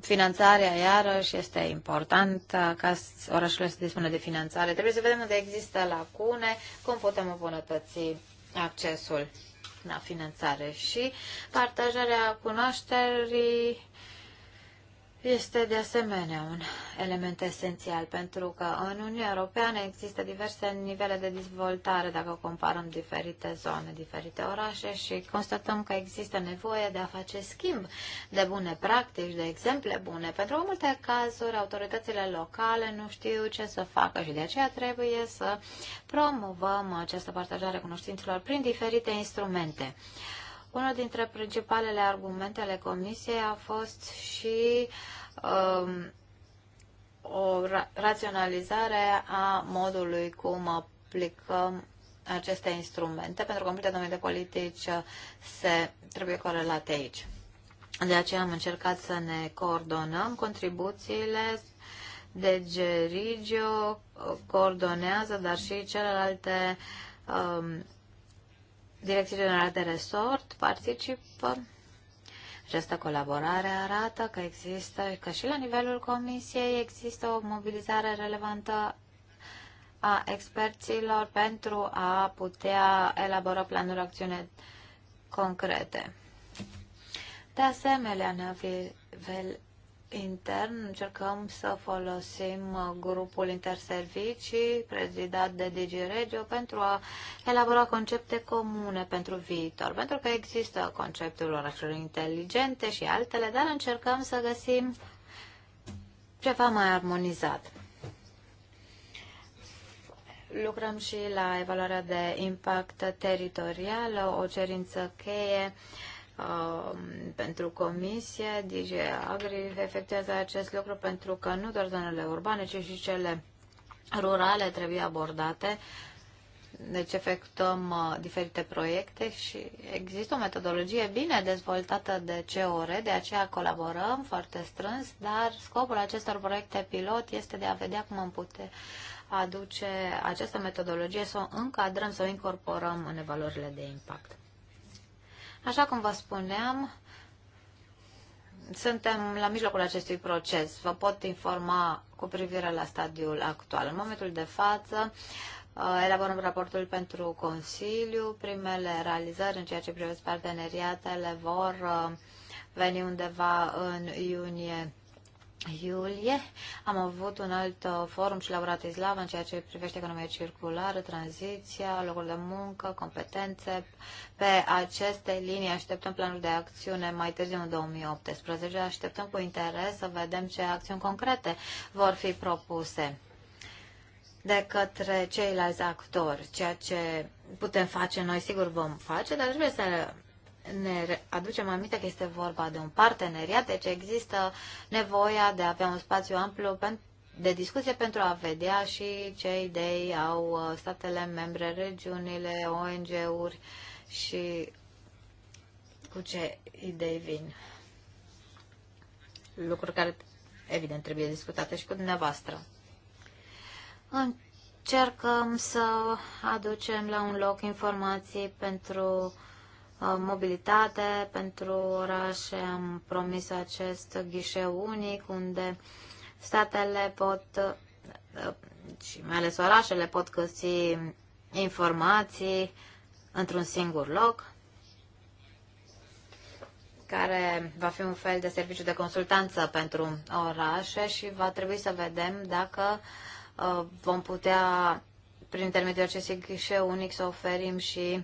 [SPEAKER 1] Finanțarea, iarăși, este importantă ca orașele să dispună de finanțare. Trebuie să vedem unde există lacune, cum putem îmbunătăți accesul la finanțare și partajarea cunoașterii este de asemenea un element esențial, pentru că în Uniunea Europeană există diverse nivele de dezvoltare dacă comparăm diferite zone, diferite orașe și constatăm că există nevoie de a face schimb de bune practici, de exemple bune. Pentru că multe cazuri, autoritățile locale nu știu ce să facă și de aceea trebuie să promovăm această partajare cunoștințelor prin diferite instrumente. Uh, unul dintre principalele argumente ale Comisiei a fost și um, o ra- raționalizare a modului cum aplicăm aceste instrumente, pentru că multe domenii de politici se trebuie corelate aici. De aceea am încercat să ne coordonăm contribuțiile de Gerigio coordonează, dar și celelalte um, Direcția Generală de Resort participă. Această colaborare arată că există, că și la nivelul Comisiei există o mobilizare relevantă a experților pentru a putea elabora planuri acțiune concrete. De asemenea, ne intern încercăm să folosim uh, grupul interservicii prezidat de DigiRegio pentru a elabora concepte comune pentru viitor, pentru că există conceptul orașului inteligente și altele, dar încercăm să găsim ceva mai armonizat. Lucrăm și la evaluarea de impact teritorial, o cerință cheie uh, Um, pentru comisie, DG Agri efectuează acest lucru pentru că nu doar zonele urbane, ci și cele rurale trebuie abordate. Deci efectuăm uh, diferite proiecte și există o metodologie bine dezvoltată de COR, de aceea colaborăm foarte strâns, dar scopul acestor proiecte pilot este de a vedea cum am putea aduce această metodologie, să o încadrăm, să o incorporăm în evaluările de impact. Așa cum vă spuneam, suntem la mijlocul acestui proces. Vă pot informa cu privire la stadiul actual. În momentul de față, uh, elaborăm raportul pentru Consiliu. Primele realizări în ceea ce privește parteneriatele vor uh, veni undeva în iunie iulie am avut un alt uh, forum și la Bratislava în ceea ce privește economia circulară, tranziția, locuri de muncă, competențe. Pe aceste linii așteptăm planul de acțiune mai târziu în 2018. Așteptăm cu interes să vedem ce acțiuni concrete vor fi propuse de către ceilalți actori. Ceea ce putem face noi, sigur vom face, dar trebuie să ne aducem aminte că este vorba de un parteneriat, deci există nevoia de a avea un spațiu amplu de discuție pentru a vedea și ce idei au uh, statele membre, regiunile, ONG-uri și cu ce idei vin. Lucruri care, evident, trebuie discutate și cu dumneavoastră. Încercăm să aducem la un loc informații pentru Uh, mobilitate pentru orașe. Am promis acest ghișeu unic unde statele pot uh, și mai ales orașele pot găsi informații într-un singur loc care va fi un fel de serviciu de consultanță pentru orașe și va trebui să vedem dacă uh, vom putea, prin intermediul acestui ghișeu unic, să oferim și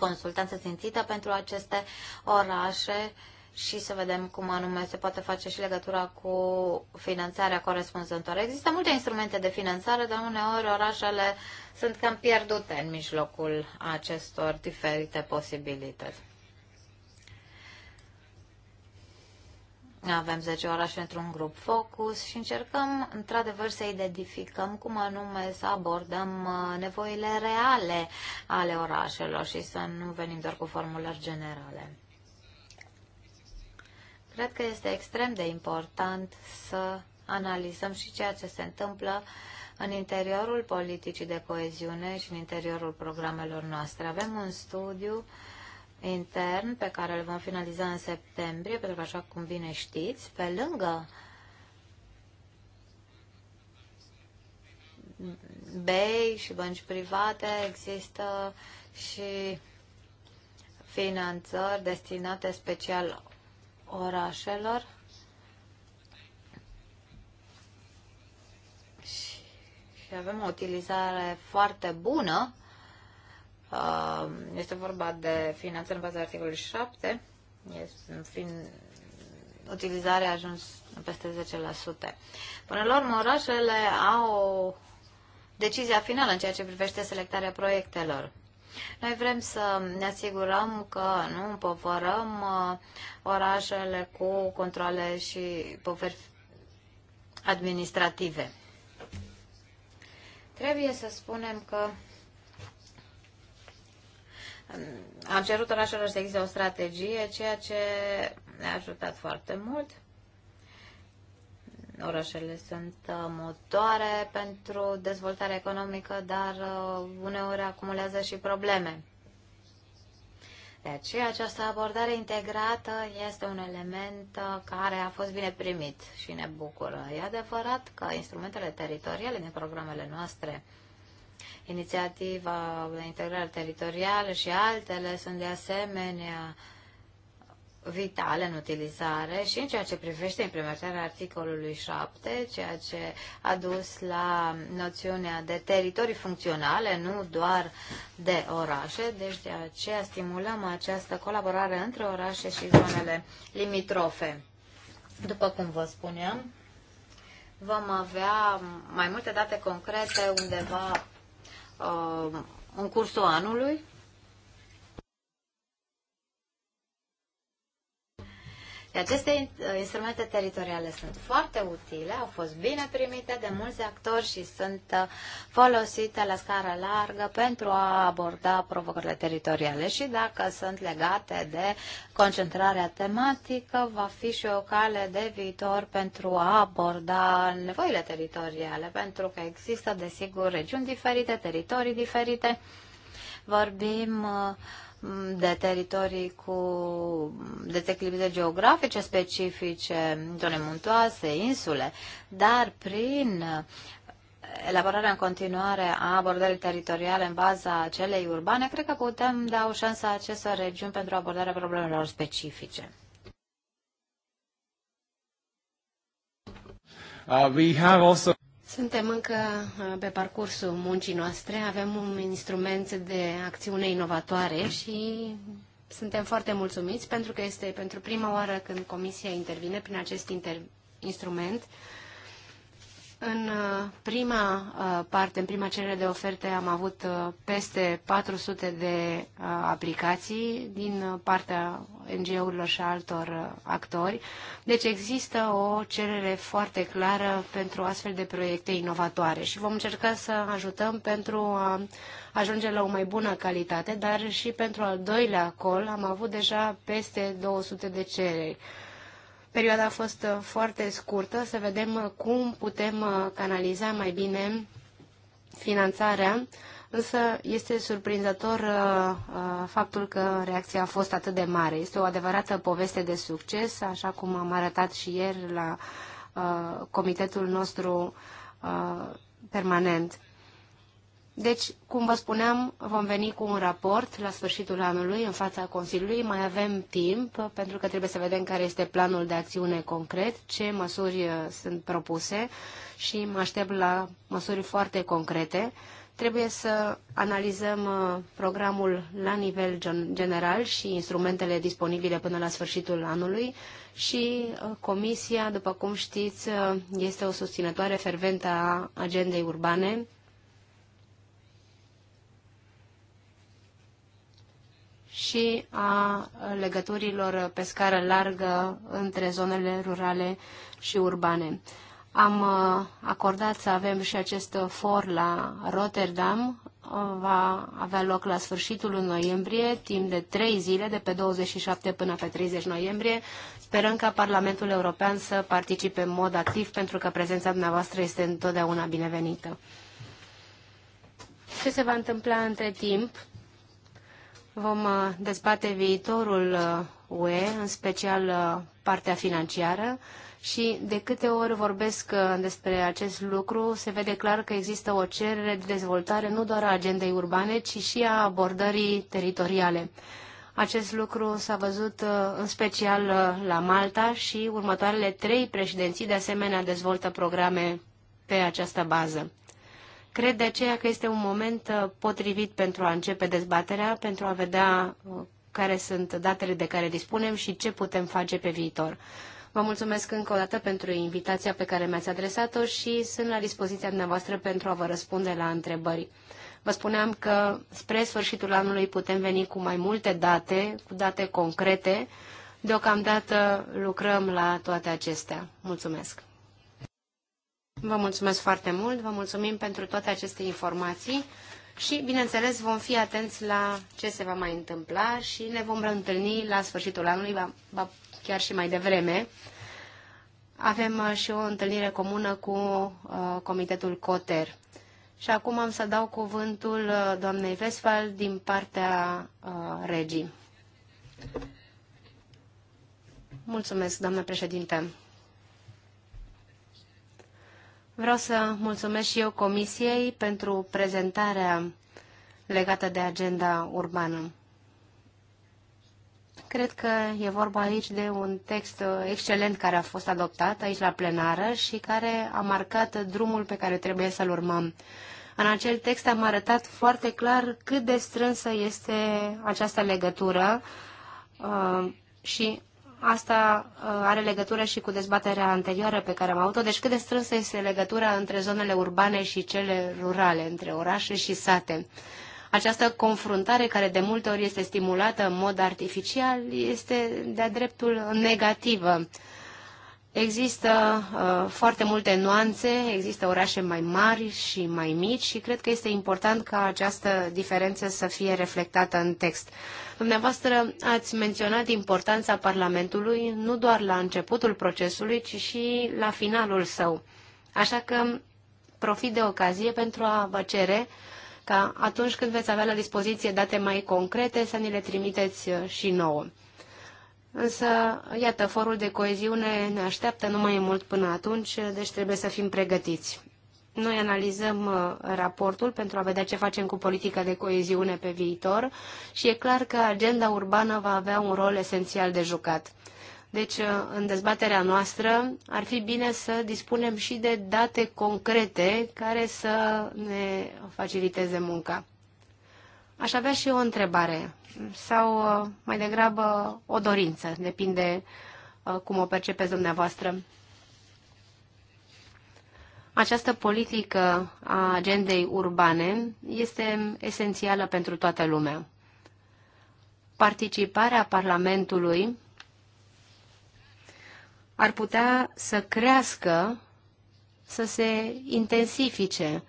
[SPEAKER 1] consultanță simțită pentru aceste orașe și să vedem cum anume se poate face și legătura cu finanțarea corespunzătoare. Există multe instrumente de finanțare, dar uneori orașele sunt cam pierdute în mijlocul acestor diferite posibilități. avem 10 orașe într-un grup focus și încercăm într-adevăr să identificăm cum anume să abordăm uh, nevoile reale ale orașelor și să nu venim doar cu formulări generale. Cred că este extrem de important să analizăm și ceea ce se întâmplă în interiorul politicii de coeziune și în interiorul programelor noastre. Avem un studiu uh, intern pe care îl vom finaliza în septembrie, pentru că așa cum bine știți, pe lângă bei și bănci private există și finanțări destinate special orașelor și avem o utilizare foarte bună Um, este vorba de finanțări în baza articolului 7, este, fiind utilizarea a ajuns peste 10%. Până la urmă, orașele au o decizia finală în ceea ce privește selectarea proiectelor. Noi vrem să ne asigurăm că nu împovărăm uh, orașele cu controle și poveri administrative. Trebuie să spunem că am cerut orașelor să existe o strategie, ceea ce ne-a ajutat foarte mult. Orașele sunt uh, motoare pentru dezvoltarea economică, dar uh, uneori acumulează și probleme. De aceea, această abordare integrată este un element uh, care a fost bine primit și ne bucură. E adevărat că instrumentele teritoriale din programele noastre inițiativa de integrare teritorială și altele sunt de asemenea vitale în utilizare și în ceea ce privește implementarea articolului 7, ceea ce a dus la noțiunea de teritorii funcționale, nu doar de orașe, deci de aceea stimulăm această colaborare între orașe și zonele limitrofe. După cum vă spuneam, vom avea mai multe date concrete undeva Uh, în cursul anului Aceste uh, instrumente teritoriale sunt foarte utile, au fost bine primite de mulți actori și sunt uh, folosite la scară largă pentru a aborda provocările teritoriale și dacă sunt legate de concentrarea tematică, va fi și o cale de viitor pentru a aborda nevoile teritoriale, pentru că există, desigur, regiuni diferite, teritorii diferite. Vorbim uh, de teritorii cu dezechilibre geografice specifice, zone muntoase, insule, dar prin elaborarea în continuare a abordării teritoriale în baza celei urbane, cred că putem da o șansă acestor regiuni pentru abordarea problemelor specifice.
[SPEAKER 3] Uh, we have also...
[SPEAKER 2] Suntem încă uh, pe parcursul muncii noastre, avem un instrument de acțiune inovatoare și suntem foarte mulțumiți pentru că este pentru prima oară când Comisia intervine prin acest inter- instrument în uh, prima uh, parte, în prima cerere de oferte, am avut uh, peste 400 de aplicații din partea NGO-urilor și altor actori. Deci există o cerere foarte clară pentru astfel de proiecte inovatoare și vom încerca să ajutăm pentru a ajunge la o mai bună calitate, dar și pentru al doilea col am avut deja peste 200 de cereri. Perioada a fost uh, foarte scurtă, să vedem uh, cum putem uh, canaliza mai bine finanțarea, însă este surprinzător faptul că reacția a fost atât de mare. Este o adevărată poveste de succes, așa cum am arătat și ieri la comitetul nostru permanent. Deci, cum vă spuneam, vom veni cu un raport la sfârșitul anului în fața Consiliului. Mai avem timp pentru că trebuie să vedem care este planul de acțiune concret, ce măsuri uh, sunt propuse și mă aștept la măsuri foarte concrete. Trebuie să analizăm uh, programul la nivel general și instrumentele disponibile până la sfârșitul anului și uh, Comisia, după cum știți, este o susținătoare ferventă a agendei urbane și a legăturilor pe scară largă între zonele rurale și urbane. Am uh, acordat să avem și acest for la Rotterdam. Uh, va avea loc la sfârșitul noiembrie, timp de trei zile, de pe 27 până pe 30 noiembrie. Sperăm ca Parlamentul European să participe în mod activ, pentru că prezența dumneavoastră este întotdeauna binevenită. Ce se va întâmpla între timp? Vom uh, dezbate viitorul uh, UE, în special uh, partea financiară, și de câte ori vorbesc despre acest lucru, se vede clar că există o cerere de dezvoltare nu doar a agendei urbane, ci și a abordării teritoriale. Acest lucru s-a văzut în special la Malta și următoarele trei președinții de asemenea dezvoltă programe pe această bază. Cred de aceea că este un moment uh, potrivit pentru a începe dezbaterea, pentru a vedea uh, care sunt datele de care dispunem și ce putem face pe viitor. Vă mulțumesc încă o dată pentru invitația pe care mi-ați adresat-o și sunt la dispoziția dumneavoastră pentru a vă răspunde la întrebări. Vă spuneam că spre sfârșitul anului putem veni cu mai multe date, cu date concrete. Deocamdată lucrăm la toate acestea. Mulțumesc! Vă mulțumesc foarte mult, vă mulțumim pentru toate aceste informații și, bineînțeles, vom fi atenți la ce se va mai întâmpla și ne vom întâlni la sfârșitul anului, ba, ba, chiar și mai devreme. Avem uh, și o întâlnire comună cu uh, Comitetul COTER. Și acum am să dau cuvântul uh, doamnei Vesfal din partea uh, regii. Mulțumesc, doamnă președinte. Vreau să mulțumesc și eu Comisiei pentru prezentarea legată de agenda urbană. Cred că e vorba aici de un text excelent care a fost adoptat aici la plenară și care a marcat drumul pe care trebuie să-l urmăm. În acel text am arătat foarte clar cât de strânsă este această legătură uh, și Asta uh, are legătură și cu dezbaterea anterioară pe care am avut-o. Deci cât de strânsă este legătura între zonele urbane și cele rurale, între orașe și sate. Această confruntare, care de multe ori este stimulată în mod artificial, este de-a dreptul negativă Există uh, foarte multe nuanțe, există orașe mai mari și mai mici și cred că este important ca această diferență să fie reflectată în text. Dumneavoastră ați menționat importanța Parlamentului nu doar la începutul procesului, ci și la finalul său. Așa că profit de ocazie pentru a vă cere ca atunci când veți avea la dispoziție date mai concrete să ni le trimiteți uh, și nouă. Însă, iată, forul de coeziune ne așteaptă, nu mai mult până atunci, deci trebuie să fim pregătiți. Noi analizăm uh, raportul pentru a vedea ce facem cu politica de coeziune pe viitor și e clar că agenda urbană va avea un rol esențial de jucat. Deci, uh, în dezbaterea noastră, ar fi bine să dispunem și de date concrete care să ne faciliteze munca. Aș avea și o întrebare sau uh, mai degrabă o dorință, depinde uh, cum o percepeți dumneavoastră. Această politică a agendei urbane este esențială pentru toată lumea. Participarea Parlamentului ar putea să crească, să se intensifice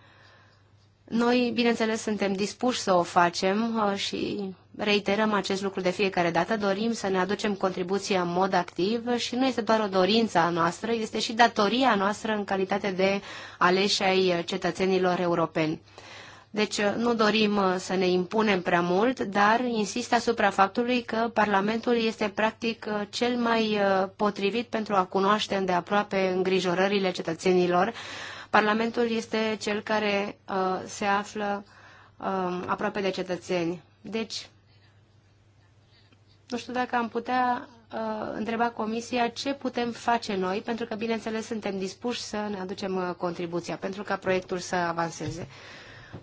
[SPEAKER 2] noi, bineînțeles, suntem dispuși să o facem uh, și reiterăm acest lucru de fiecare dată. Dorim să ne aducem contribuția în mod activ și nu este doar o dorință a noastră, este și datoria noastră în calitate de aleși ai uh, cetățenilor europeni. Deci uh, nu dorim să ne impunem prea mult, dar insist asupra faptului că Parlamentul este practic cel mai potrivit pentru a cunoaște îndeaproape îngrijorările cetățenilor Parlamentul este cel care uh, se află uh, aproape de cetățeni. Deci, nu știu dacă am putea uh, întreba Comisia ce putem face noi, pentru că, bineînțeles, suntem dispuși să ne aducem uh, contribuția pentru ca proiectul să avanseze.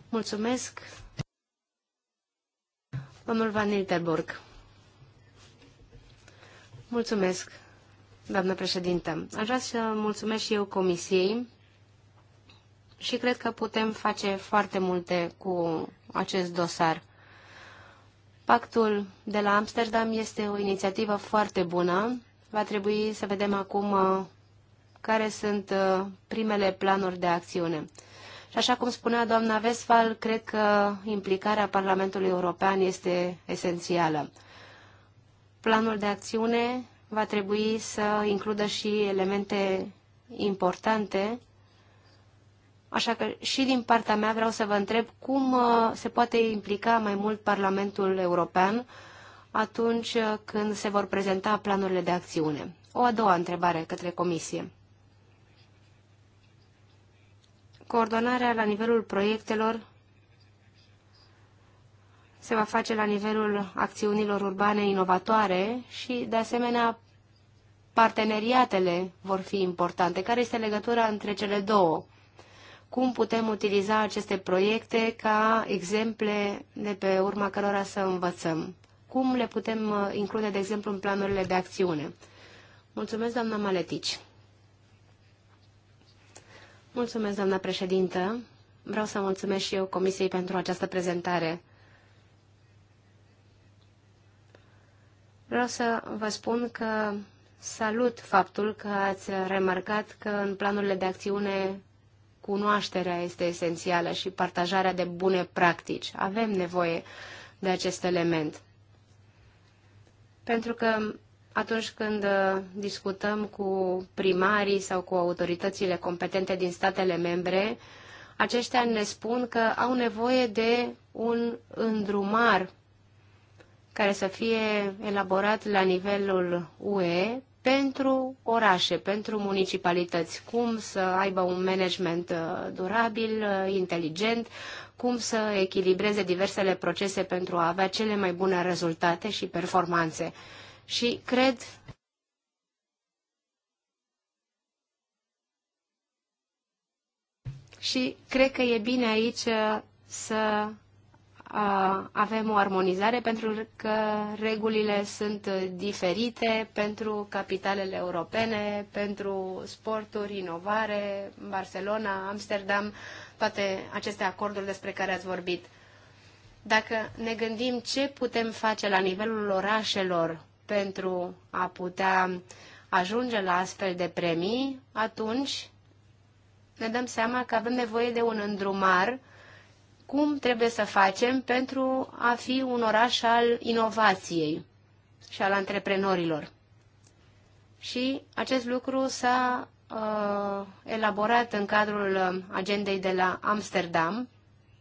[SPEAKER 2] Mulțumesc. Domnul Van Nilterburg. Mulțumesc, doamnă președintă. Aș vrea să mulțumesc și eu Comisiei și cred că putem face foarte multe cu acest dosar. Pactul de la Amsterdam este o inițiativă foarte bună. Va trebui să vedem acum uh, care sunt uh, primele planuri de acțiune. Și așa cum spunea doamna Vesfal, cred că implicarea Parlamentului European este esențială. Planul de acțiune va trebui să includă și elemente importante Așa că și din partea mea vreau să vă întreb cum uh, se poate implica mai mult Parlamentul European atunci uh, când se vor prezenta planurile de acțiune. O a doua întrebare către Comisie. Coordonarea la nivelul proiectelor se va face la nivelul acțiunilor urbane inovatoare și, de asemenea, parteneriatele vor fi importante. Care este legătura între cele două? cum putem utiliza aceste proiecte ca exemple de pe urma cărora să învățăm. Cum le putem uh, include, de exemplu, în planurile de acțiune. Mulțumesc, doamna Maletici. Mulțumesc, doamna președintă. Vreau să mulțumesc și eu Comisiei pentru această prezentare. Vreau să vă spun că salut faptul că ați remarcat că în planurile de acțiune cunoașterea este esențială și partajarea de bune practici. Avem nevoie de acest element. Pentru că atunci când uh, discutăm cu primarii sau cu autoritățile competente din statele membre, aceștia ne spun că au nevoie de un îndrumar care să fie elaborat la nivelul UE pentru orașe, pentru municipalități, cum să aibă un management uh, durabil, uh, inteligent, cum să echilibreze diversele procese pentru a avea cele mai bune rezultate și performanțe. Și cred și cred că e bine aici uh, să avem o armonizare pentru că regulile sunt diferite pentru capitalele europene, pentru sporturi, inovare, Barcelona, Amsterdam, toate aceste acorduri despre care ați vorbit. Dacă ne gândim ce putem face la nivelul orașelor pentru a putea ajunge la astfel de premii, atunci ne dăm seama că avem nevoie de un îndrumar uh, cum trebuie să facem pentru a fi un oraș al inovației și al antreprenorilor. Și acest lucru s-a uh, elaborat în cadrul uh, agendei de la Amsterdam,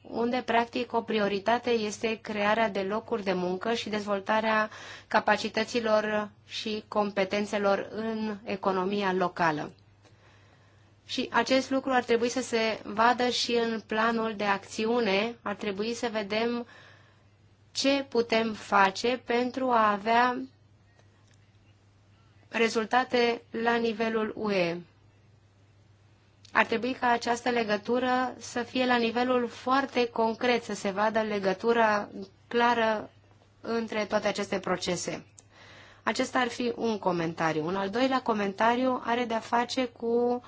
[SPEAKER 2] unde, practic, o prioritate este crearea de locuri de muncă și dezvoltarea capacităților și competențelor în economia locală. Și acest lucru ar trebui să se vadă și în planul de acțiune, ar trebui să vedem ce putem face pentru a avea rezultate la nivelul UE. Ar trebui ca această legătură să fie la nivelul foarte concret, să se vadă legătura clară între toate aceste procese. Acesta ar fi un comentariu. Un al doilea comentariu are de-a face cu uh,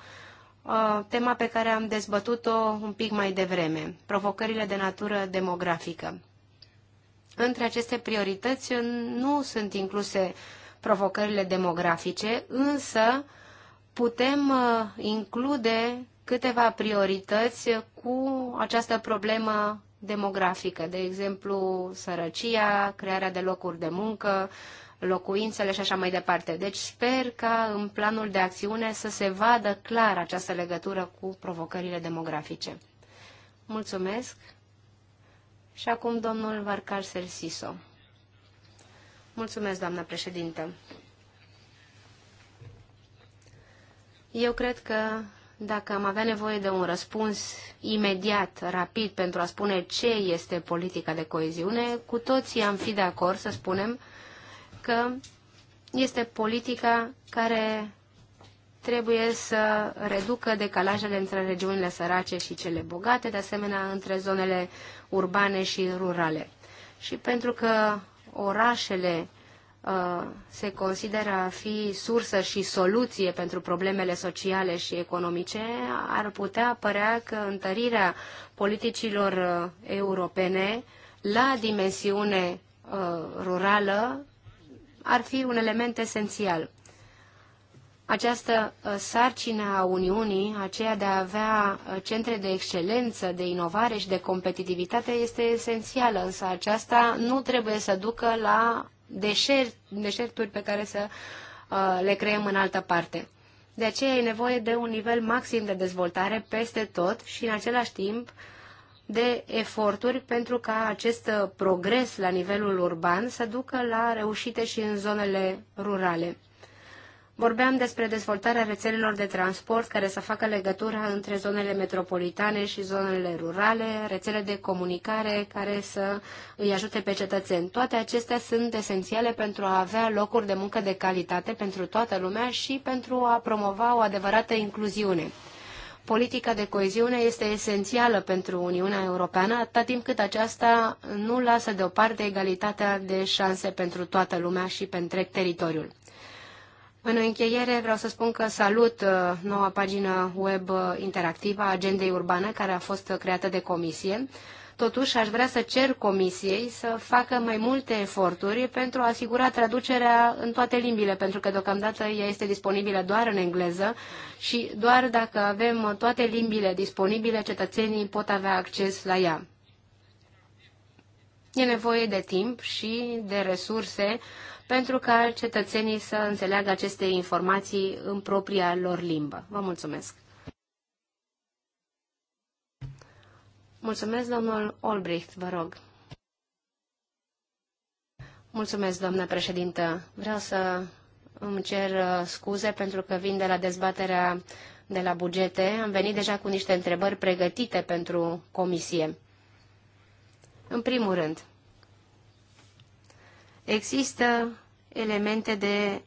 [SPEAKER 2] tema pe care am dezbătut-o un pic mai devreme, provocările de natură demografică. Între aceste priorități nu sunt incluse provocările demografice, însă putem uh, include câteva priorități cu această problemă demografică, de exemplu sărăcia, crearea de locuri de muncă, locuințele și așa mai departe. Deci sper ca în planul de acțiune să se vadă clar această legătură cu provocările demografice. Mulțumesc. Și acum domnul Varcar Sersiso. Mulțumesc, doamnă președintă. Eu cred că dacă am avea nevoie de un răspuns imediat, rapid, pentru a spune ce este politica de coeziune, cu toții am fi de acord să spunem că este politica care trebuie să reducă decalajele între regiunile sărace și cele bogate, de asemenea între zonele urbane și rurale. Și pentru că orașele uh, se consideră a fi sursă și soluție pentru problemele sociale și economice, ar putea părea că întărirea politicilor uh, europene la dimensiune uh, rurală ar fi un element esențial. Această uh, sarcină a Uniunii, aceea de a avea uh, centre de excelență, de inovare și de competitivitate, este esențială, însă aceasta nu trebuie să ducă la deșert, deșerturi pe care să uh, le creăm în altă parte. De aceea e nevoie de un nivel maxim de dezvoltare peste tot și, în același timp, uh, de eforturi pentru ca acest uh, progres la nivelul urban să ducă la reușite și în zonele rurale. Vorbeam despre dezvoltarea rețelelor de transport care să facă legătura între zonele metropolitane și zonele rurale, rețele de comunicare care să îi ajute pe cetățeni. Toate acestea sunt esențiale pentru a avea locuri de muncă de calitate pentru toată lumea și pentru a promova o adevărată incluziune politica de coeziune este esențială pentru Uniunea Europeană, atâta timp cât aceasta nu lasă deoparte egalitatea de șanse pentru toată lumea și pe întreg teritoriul. În încheiere vreau să spun că salut uh, noua pagină web uh, interactivă a agendei urbane care a fost creată de comisie. Totuși, aș vrea să cer Comisiei să facă mai multe eforturi pentru a asigura traducerea în toate limbile, pentru că deocamdată ea este disponibilă doar în engleză și doar dacă avem toate limbile disponibile, cetățenii pot avea acces la ea. E nevoie de timp și de resurse pentru ca cetățenii să înțeleagă aceste informații în propria lor limbă. Vă mulțumesc! Mulțumesc, domnul Olbricht, vă rog. Mulțumesc, doamnă președintă. Vreau să îmi cer uh, scuze pentru că vin de la dezbaterea de la bugete. Am venit deja cu niște întrebări pregătite pentru comisie. În primul rând, există elemente de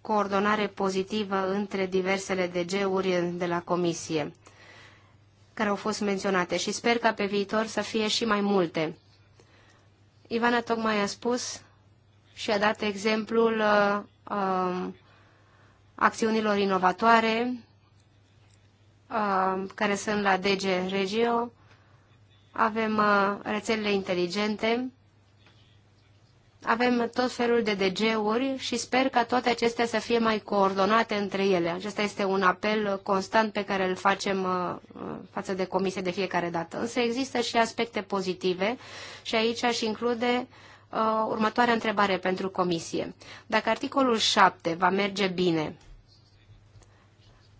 [SPEAKER 2] coordonare pozitivă între diversele DG-uri de la comisie care au fost menționate și sper ca pe viitor să fie și mai multe. Ivana tocmai a spus și a dat exemplul uh, uh, acțiunilor inovatoare uh, care sunt la DG Regio. Avem uh, rețelele inteligente avem tot felul de DG-uri și sper ca toate acestea să fie mai coordonate între ele. Acesta este un apel constant pe care îl facem uh, față de comisie de fiecare dată. Însă există și aspecte pozitive și aici aș include uh, următoarea întrebare pentru comisie. Dacă articolul 7 va merge bine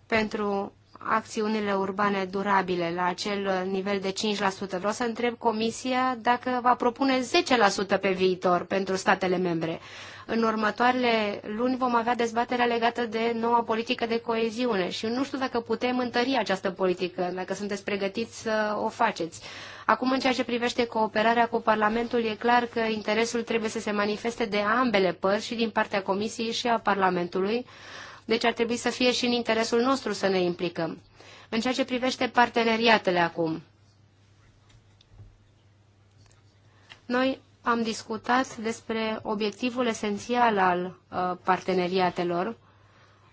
[SPEAKER 2] pentru acțiunile urbane durabile la acel nivel de 5%. Vreau să întreb Comisia dacă va propune 10% pe viitor pentru statele membre. În următoarele luni vom avea dezbaterea legată de noua politică de coeziune și nu știu dacă putem întări această politică, dacă sunteți pregătiți să o faceți. Acum, în ceea ce privește cooperarea cu Parlamentul, e clar că interesul trebuie să se manifeste de ambele părți și din partea Comisiei și a Parlamentului deci ar trebui să fie și în interesul nostru să ne implicăm. În ceea ce privește parteneriatele acum, noi am discutat despre obiectivul esențial al uh, parteneriatelor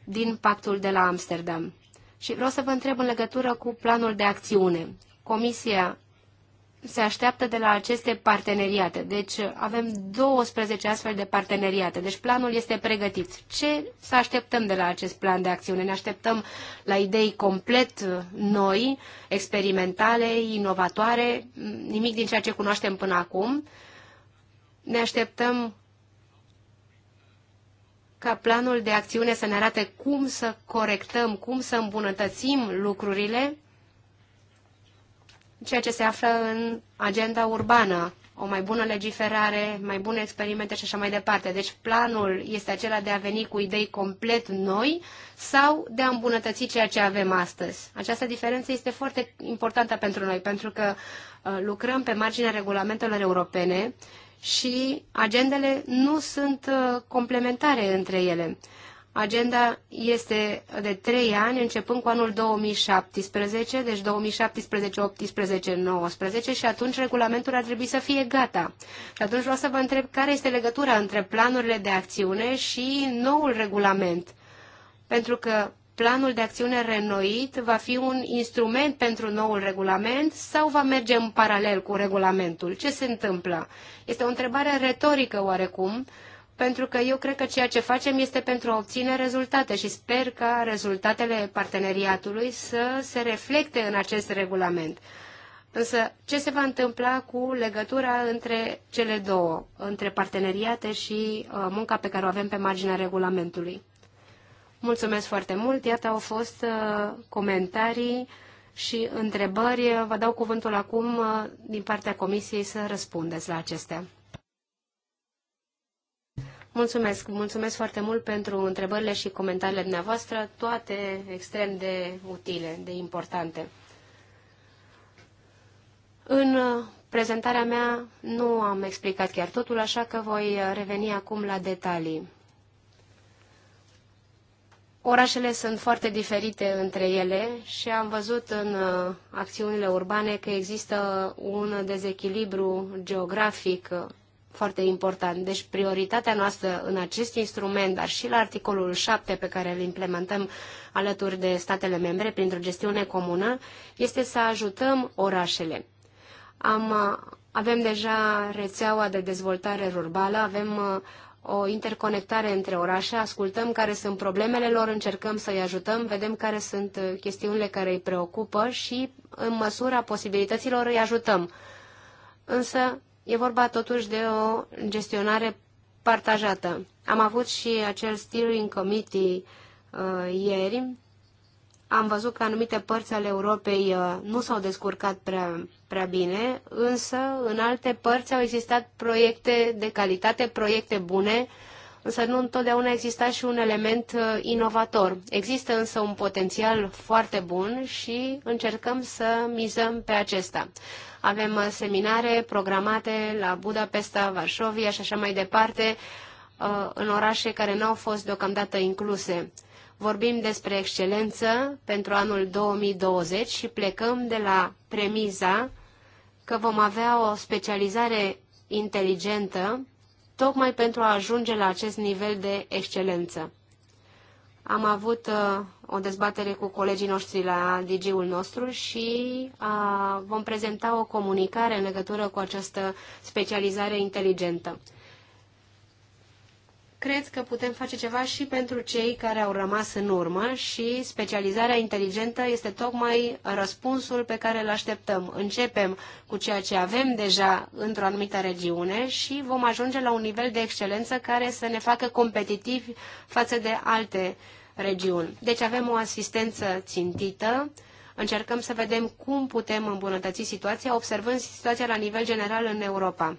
[SPEAKER 2] din pactul de la Amsterdam. Și vreau să vă întreb în legătură cu planul de acțiune. Comisia se așteaptă de la aceste parteneriate. Deci avem 12 astfel de parteneriate. Deci planul este pregătit. Ce să așteptăm de la acest plan de acțiune? Ne așteptăm la idei complet noi, experimentale, inovatoare, nimic din ceea ce cunoaștem până acum. Ne așteptăm ca planul de acțiune să ne arate cum să corectăm, cum să îmbunătățim lucrurile ceea ce se află în agenda urbană, o mai bună legiferare, mai bune experimente și așa mai departe. Deci planul este acela de a veni cu idei complet noi sau de a îmbunătăți ceea ce avem astăzi. Această diferență este foarte importantă pentru noi, pentru că uh, lucrăm pe marginea regulamentelor europene și agendele nu sunt uh, complementare între ele. Agenda este de trei ani, începând cu anul 2017, deci 2017, 18, 19 și atunci regulamentul ar trebui să fie gata. Și atunci vreau să vă întreb care este legătura între planurile de acțiune și noul regulament. Pentru că planul de acțiune renoit va fi un instrument pentru noul regulament sau va merge în paralel cu regulamentul? Ce se întâmplă? Este o întrebare retorică oarecum, pentru că eu cred că ceea ce facem este pentru a obține rezultate și sper ca rezultatele parteneriatului să se reflecte în acest regulament. Însă, ce se va întâmpla cu legătura între cele două, între parteneriate și uh, munca pe care o avem pe marginea regulamentului? Mulțumesc foarte mult. Iată au fost uh, comentarii și întrebări. Vă dau cuvântul acum uh, din partea Comisiei să răspundeți la acestea. Mulțumesc, mulțumesc foarte mult pentru întrebările și comentariile dumneavoastră, toate extrem de utile, de importante. În uh, prezentarea mea nu am explicat chiar totul, așa că voi uh, reveni acum la detalii. Orașele sunt foarte diferite între ele și am văzut în uh, acțiunile urbane că există un dezechilibru geografic foarte important. Deci prioritatea noastră în acest instrument, dar și la articolul 7 pe care îl implementăm alături de statele membre printr-o gestiune comună, este să ajutăm orașele. Am, avem deja rețeaua de dezvoltare rurbală, avem o interconectare între orașe, ascultăm care sunt problemele lor, încercăm să-i ajutăm, vedem care sunt chestiunile care îi preocupă și, în măsura posibilităților, îi ajutăm. Însă, E vorba totuși de o gestionare partajată. Am avut și acel steering committee uh, ieri. Am văzut că anumite părți ale Europei uh, nu s-au descurcat prea, prea bine, însă în alte părți au existat proiecte de calitate, proiecte bune uh, însă nu întotdeauna exista și un element uh, inovator. Există însă un potențial foarte bun și încercăm să mizăm pe acesta. Avem uh, seminare programate la Budapesta, Varșovia și așa mai departe, uh, în orașe care nu au fost deocamdată incluse. Vorbim despre excelență pentru anul 2020 și plecăm de la premiza că vom avea o specializare inteligentă tocmai pentru a ajunge la acest nivel de excelență. Am avut uh, o dezbatere cu colegii noștri la DG-ul nostru și uh, vom prezenta o comunicare în legătură cu această specializare inteligentă cred că putem face ceva și pentru cei care au rămas în urmă și specializarea inteligentă este tocmai răspunsul pe care îl așteptăm. Începem cu ceea ce avem deja într-o anumită regiune și vom ajunge la un nivel de excelență care să ne facă competitivi față de alte regiuni. Deci avem o asistență țintită, încercăm să vedem cum putem îmbunătăți situația, observând situația la nivel general în Europa.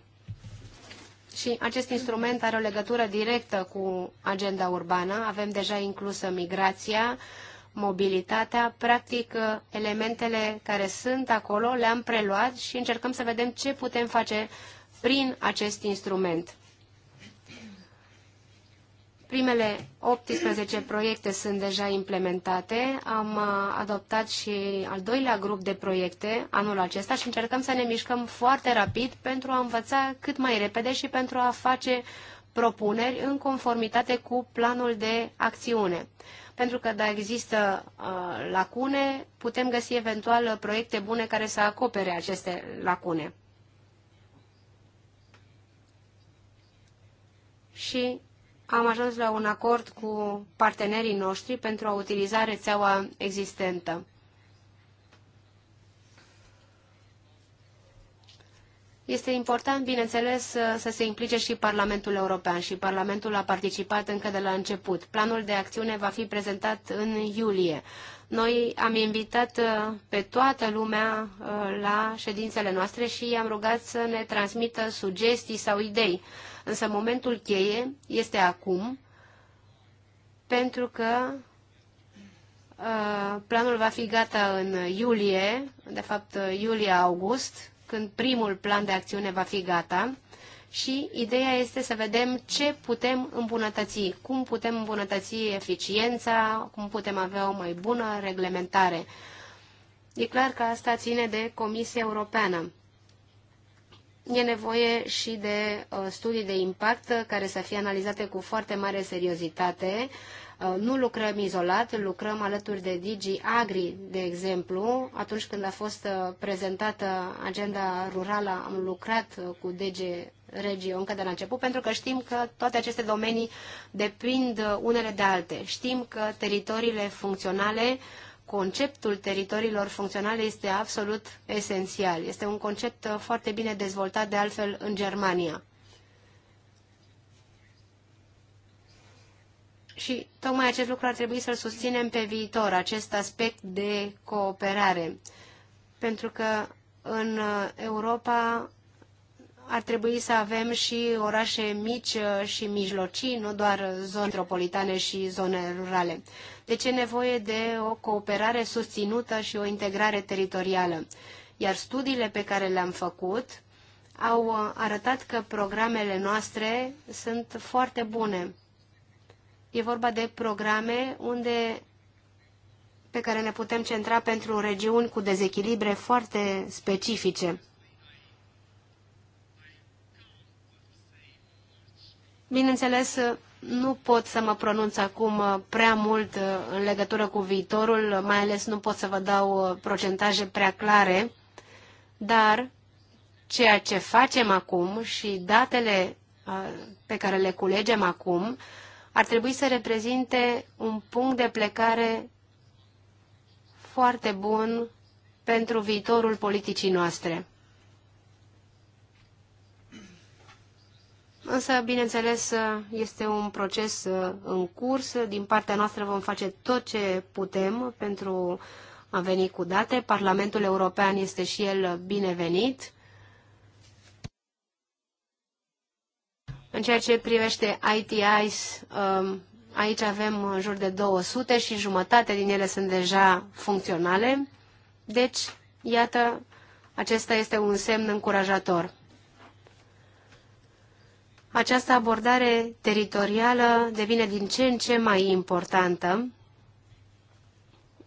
[SPEAKER 2] Și acest instrument are o legătură directă cu agenda urbană. Avem deja inclusă migrația, mobilitatea, practic uh, elementele care sunt acolo le-am preluat și încercăm să vedem ce putem face prin acest instrument. Primele 18 proiecte sunt deja implementate. Am uh, adoptat și al doilea grup de proiecte anul acesta și încercăm să ne mișcăm foarte rapid pentru a învăța cât mai repede și pentru a face propuneri în conformitate cu planul de acțiune. Pentru că dacă există uh, lacune, putem găsi eventual proiecte bune care să acopere aceste lacune. Și am ajuns la un acord cu partenerii noștri pentru a utiliza rețeaua existentă. Este important, bineînțeles, să se implice și Parlamentul European și Parlamentul a participat încă de la început. Planul de acțiune va fi prezentat în iulie. Noi am invitat uh, pe toată lumea uh, la ședințele noastre și i-am rugat să ne transmită sugestii sau idei. Însă momentul cheie este acum, pentru că uh, planul va fi gata în iulie, de fapt iulie-august, când primul plan de acțiune va fi gata și ideea este să vedem ce putem îmbunătăți, cum putem îmbunătăți eficiența, cum putem avea o mai bună reglementare. E clar că asta ține de Comisia Europeană. E nevoie și de uh, studii de impact care să fie analizate cu foarte mare seriozitate. Uh, nu lucrăm izolat, lucrăm alături de Digi Agri, de exemplu. Atunci când a fost uh, prezentată agenda rurală, am lucrat cu DG regio încă de la început, pentru că știm că toate aceste domenii depind unele de alte. Știm că teritoriile funcționale, conceptul teritoriilor funcționale este absolut esențial. Este un concept foarte bine dezvoltat de altfel în Germania. Și tocmai acest lucru ar trebui să-l susținem pe viitor, acest aspect de cooperare. Pentru că în Europa ar trebui să avem și orașe mici uh, și mijlocii, nu doar zone metropolitane și zone rurale. Deci e nevoie de o cooperare susținută și o integrare teritorială. Iar studiile pe care le-am făcut au uh, arătat că programele noastre sunt foarte bune. E vorba de programe unde pe care ne putem centra pentru regiuni cu dezechilibre foarte specifice. Bineînțeles, nu pot să mă pronunț acum uh, prea mult uh, în legătură cu viitorul, uh, mai ales nu pot să vă dau procentaje prea clare, dar ceea ce facem acum și datele pe care le culegem acum ar trebui să reprezinte un punct de plecare foarte bun pentru viitorul politicii noastre. Însă, bineînțeles, este un proces uh, în curs. Din partea noastră vom face tot ce putem pentru a veni cu date. Parlamentul European este și el binevenit. În ceea ce privește ITIs, um, aici avem în jur de 200 și jumătate din ele sunt deja funcționale. Deci, iată, acesta este un semn încurajator această abordare teritorială devine din ce în ce mai importantă,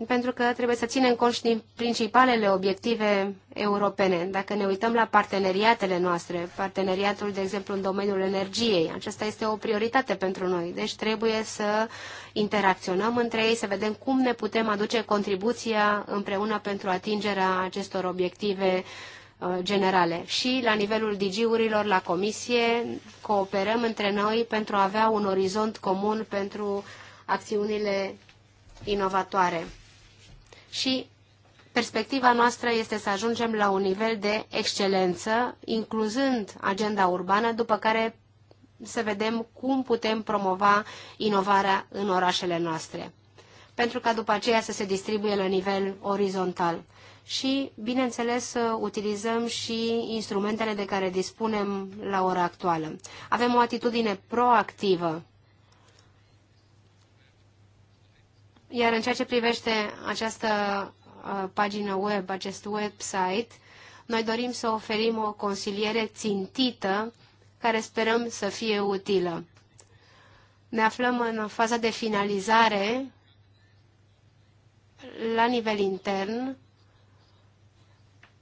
[SPEAKER 2] pentru că trebuie să ținem cont din principalele obiective europene. Dacă ne uităm la parteneriatele noastre, parteneriatul, de exemplu, în domeniul energiei, aceasta este o prioritate pentru noi. Deci trebuie să interacționăm între ei, să vedem cum ne putem aduce contribuția împreună pentru atingerea acestor obiective uh, Uh, generale. Și la nivelul DG-urilor, la comisie, cooperăm între noi pentru a avea un orizont comun pentru acțiunile inovatoare. Și perspectiva noastră este să ajungem la un nivel de excelență, incluzând agenda urbană, după care să vedem cum putem promova inovarea în orașele noastre, pentru ca după aceea să se distribuie la nivel orizontal și, bineînțeles, uh, utilizăm și instrumentele de care dispunem la ora actuală. Avem o atitudine proactivă. Iar în ceea ce privește această uh, pagină web, acest website, noi dorim să oferim o consiliere țintită care sperăm să fie utilă. Ne aflăm în faza de finalizare la nivel intern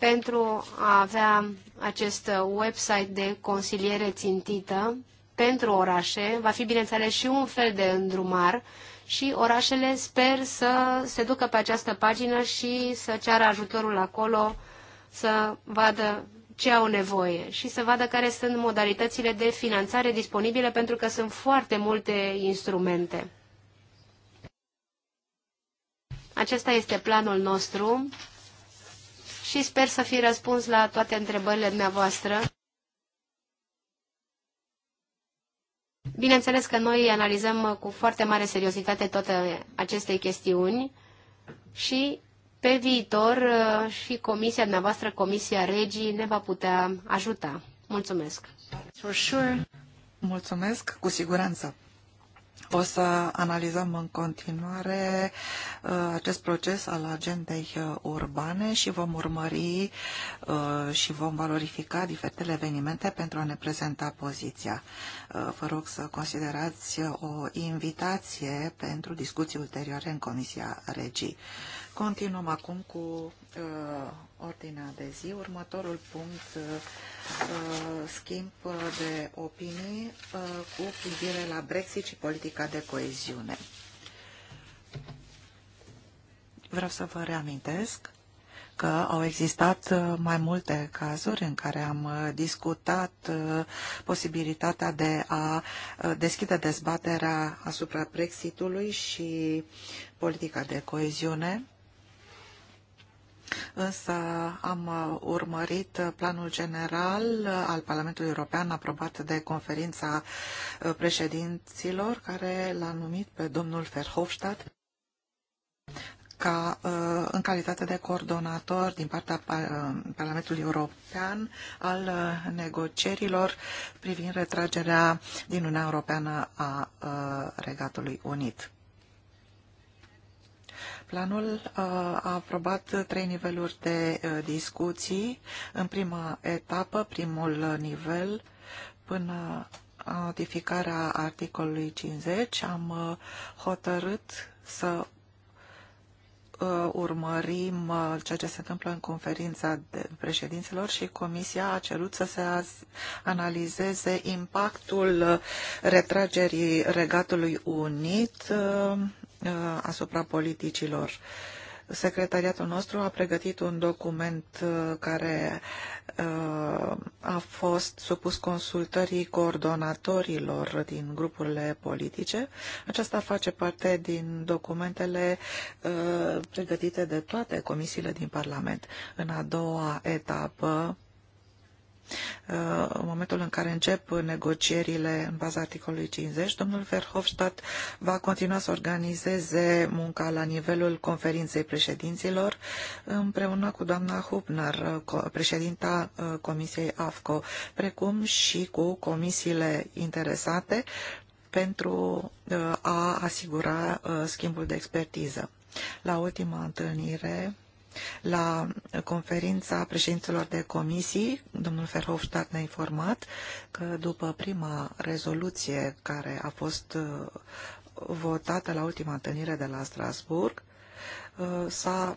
[SPEAKER 2] pentru a avea acest website de consiliere țintită pentru orașe. Va fi, bineînțeles, și un fel de îndrumar și orașele sper să se ducă pe această pagină și să ceară ajutorul acolo, să vadă ce au nevoie și să vadă care sunt modalitățile de finanțare disponibile, pentru că sunt foarte multe instrumente. Acesta este planul nostru și sper să fi răspuns la toate întrebările dumneavoastră. Bineînțeles că noi analizăm cu foarte mare seriozitate toate aceste chestiuni și pe viitor uh, și comisia dumneavoastră,
[SPEAKER 3] Comisia Regii, ne va putea ajuta. Mulțumesc! For sure. Mulțumesc, cu siguranță! O să analizăm în continuare uh, acest proces al agendei uh, urbane și vom urmări uh, și vom valorifica diferitele evenimente pentru a ne prezenta poziția. Vă rog să considerați o invitație pentru discuții ulterioare în Comisia Regii. Continuăm acum cu uh, ordinea de zi. Următorul punct, uh, uh, schimb de opinii uh, cu privire la Brexit și politica de coeziune. Vreau să vă reamintesc că au existat uh, mai multe cazuri în care am uh, discutat posibilitatea de a deschide dezbaterea asupra Brexitului și politica de coeziune. Însă am uh, urmărit uh, planul general uh, al Parlamentului European aprobat de conferința președinților care l-a numit pe domnul Verhofstadt ca în calitate de coordonator din partea Parlamentului European al negocierilor privind retragerea din Uniunea Europeană a Regatului Unit. Planul uh, a aprobat trei niveluri de uh, discuții. În prima etapă, primul nivel, până notificarea articolului 50, am uh, hotărât să urmărim ceea ce se întâmplă în conferința de președinților și Comisia a cerut să se analizeze impactul retragerii Regatului Unit Uh, asupra politicilor. Secretariatul nostru a pregătit un document uh, care uh, a fost supus consultării coordonatorilor din grupurile politice. Aceasta face parte din documentele pregătite de toate comisiile din Parlament. În a doua etapă Uh, în momentul în care încep negocierile în baza articolului 50, domnul Verhofstadt va continua să organizeze munca la nivelul conferinței președinților împreună cu doamna Hubner, uh, președinta uh, Comisiei AFCO, precum și cu comisiile interesate pentru a asigura schimbul de expertiză. La ultima întâlnire la conferința președinților de comisii, domnul Verhofstadt ne-a informat că după prima rezoluție care a fost uh, votată la ultima întâlnire de la Strasburg, uh, s-a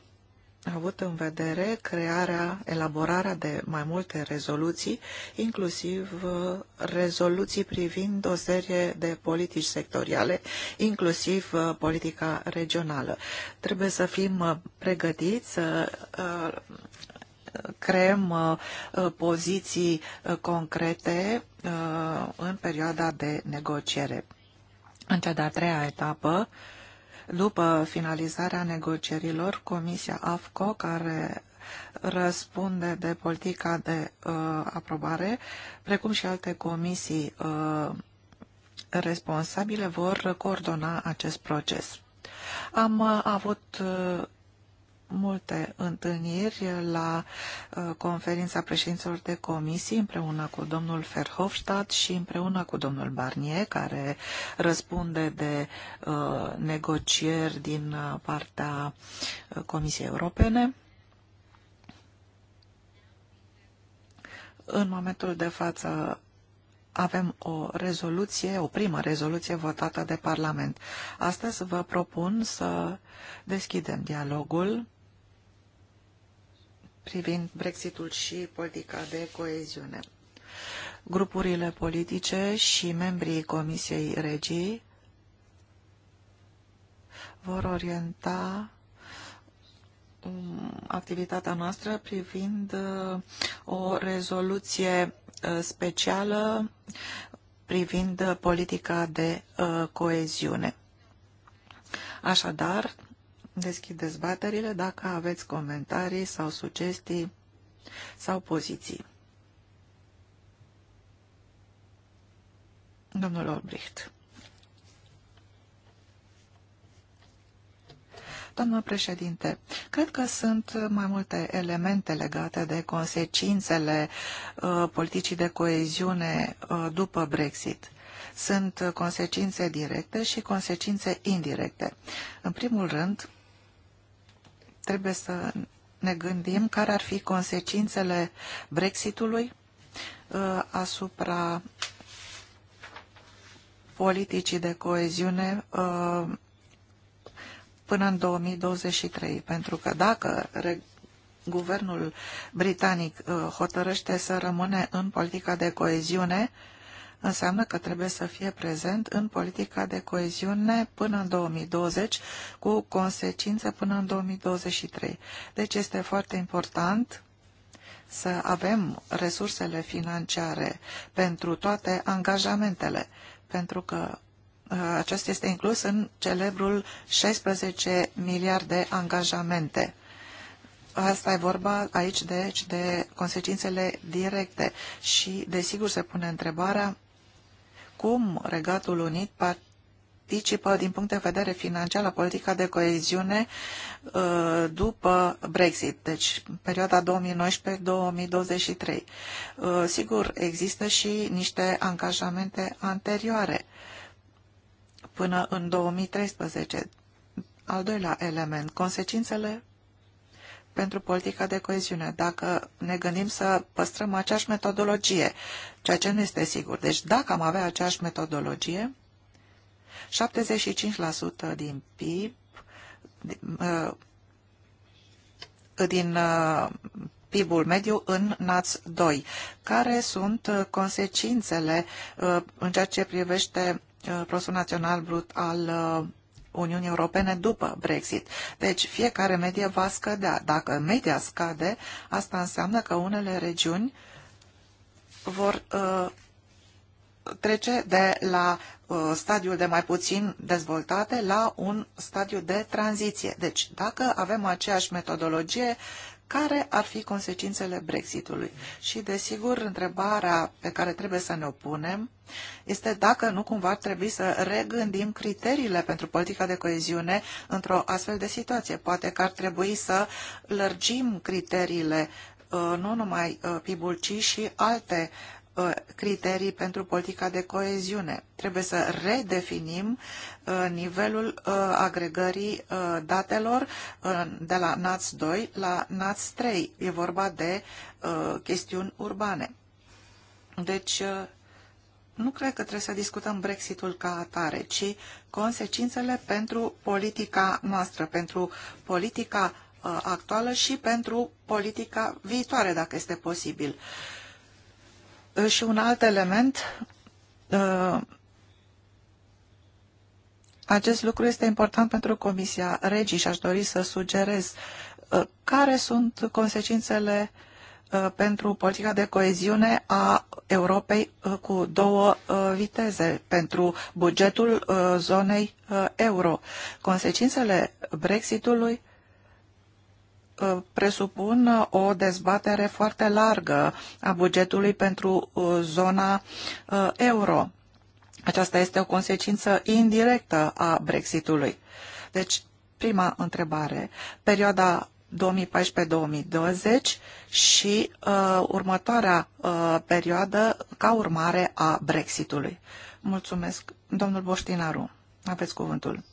[SPEAKER 3] a avut în vedere crearea, elaborarea de mai multe rezoluții, inclusiv uh, rezoluții privind o serie de politici sectoriale, inclusiv uh, politica regională. Trebuie să fim uh, pregătiți să creăm poziții concrete în perioada de negociere. În cea de-a treia etapă, după finalizarea negocierilor, Comisia AFCO, care răspunde de politica de uh, aprobare, precum și alte comisii uh, responsabile, vor coordona acest proces. Am uh, avut uh, multe întâlniri la uh, conferința președinților de comisii împreună cu domnul Verhofstadt și împreună cu domnul Barnier, care răspunde de uh, negocieri din uh, partea Comisiei Europene. În momentul de față avem o rezoluție, o primă rezoluție votată de Parlament. Astăzi vă propun să deschidem dialogul privind Brexitul și politica de coeziune. Grupurile politice și membrii Comisiei Regii vor orienta um, activitatea noastră privind uh, o rezoluție uh, specială privind politica de uh, coeziune. Așadar, deschid dezbaterile dacă aveți comentarii sau sugestii sau poziții. Domnul Olbricht. Doamnă președinte, cred că sunt mai multe elemente legate de consecințele uh, politicii de coeziune uh, după Brexit. Sunt consecințe directe și consecințe indirecte. În primul rând, trebuie să ne gândim care ar fi consecințele Brexitului uh, asupra politicii de coeziune uh, până în 2023. Pentru că dacă guvernul britanic uh, hotărăște să rămâne în politica de coeziune, înseamnă că trebuie să fie prezent în politica de coeziune până în 2020, cu consecințe până în 2023. Deci este foarte important să avem resursele financiare pentru toate angajamentele, pentru că uh, acesta este inclus în celebrul 16 miliarde angajamente. Asta e vorba aici deci de consecințele directe și desigur se pune întrebarea cum Regatul Unit participă din punct de vedere financiar la politica de coeziune uh, după Brexit, deci perioada 2019-2023. Uh, sigur, există și niște angajamente anterioare până în 2013. Al doilea element, consecințele pentru politica de coeziune, dacă ne gândim să păstrăm aceeași metodologie, ceea ce nu este sigur. Deci dacă am avea aceeași metodologie, 75% din PIB, din uh, uh, PIB-ul mediu în NAS 2. Care sunt uh, consecințele în ceea ce privește Prosul național brut al Uniunii Europene după Brexit. Deci fiecare medie va scădea. Dacă media scade, asta înseamnă că unele regiuni vor uh, trece de la uh, stadiul de mai puțin dezvoltate la un stadiu de tranziție. Deci, dacă avem aceeași metodologie, care ar fi consecințele Brexitului. Și, desigur, întrebarea pe care trebuie să ne o punem este dacă nu cumva ar trebui să regândim criteriile pentru politica de coeziune într-o astfel de situație. Poate că ar trebui să lărgim criteriile uh, nu numai uh, PIB-ul, ci și alte uh, Uh, criterii pentru politica de coeziune. Trebuie să redefinim uh, nivelul uh, agregării datelor de la NATS 2 la NATS 3. E vorba de chestiuni urbane. Deci, nu cred că trebuie să discutăm Brexitul ca atare, ci consecințele pentru politica noastră, pentru politica actuală și pentru politica viitoare, dacă este posibil. Uh, și un alt element, uh, acest lucru este important pentru Comisia Regii și aș dori să sugerez uh, care sunt consecințele uh, pentru politica de coeziune a Europei cu două viteze pentru bugetul zonei euro. Consecințele Brexitului Uh, presupun o dezbatere foarte largă a bugetului pentru uh, zona uh, euro. Aceasta este o consecință indirectă a Brexitului. Deci, prima întrebare, perioada 2014-2020 și uh, următoarea uh, perioadă ca urmare a Brexitului. Mulțumesc, domnul Boștinaru. Aveți cuvântul.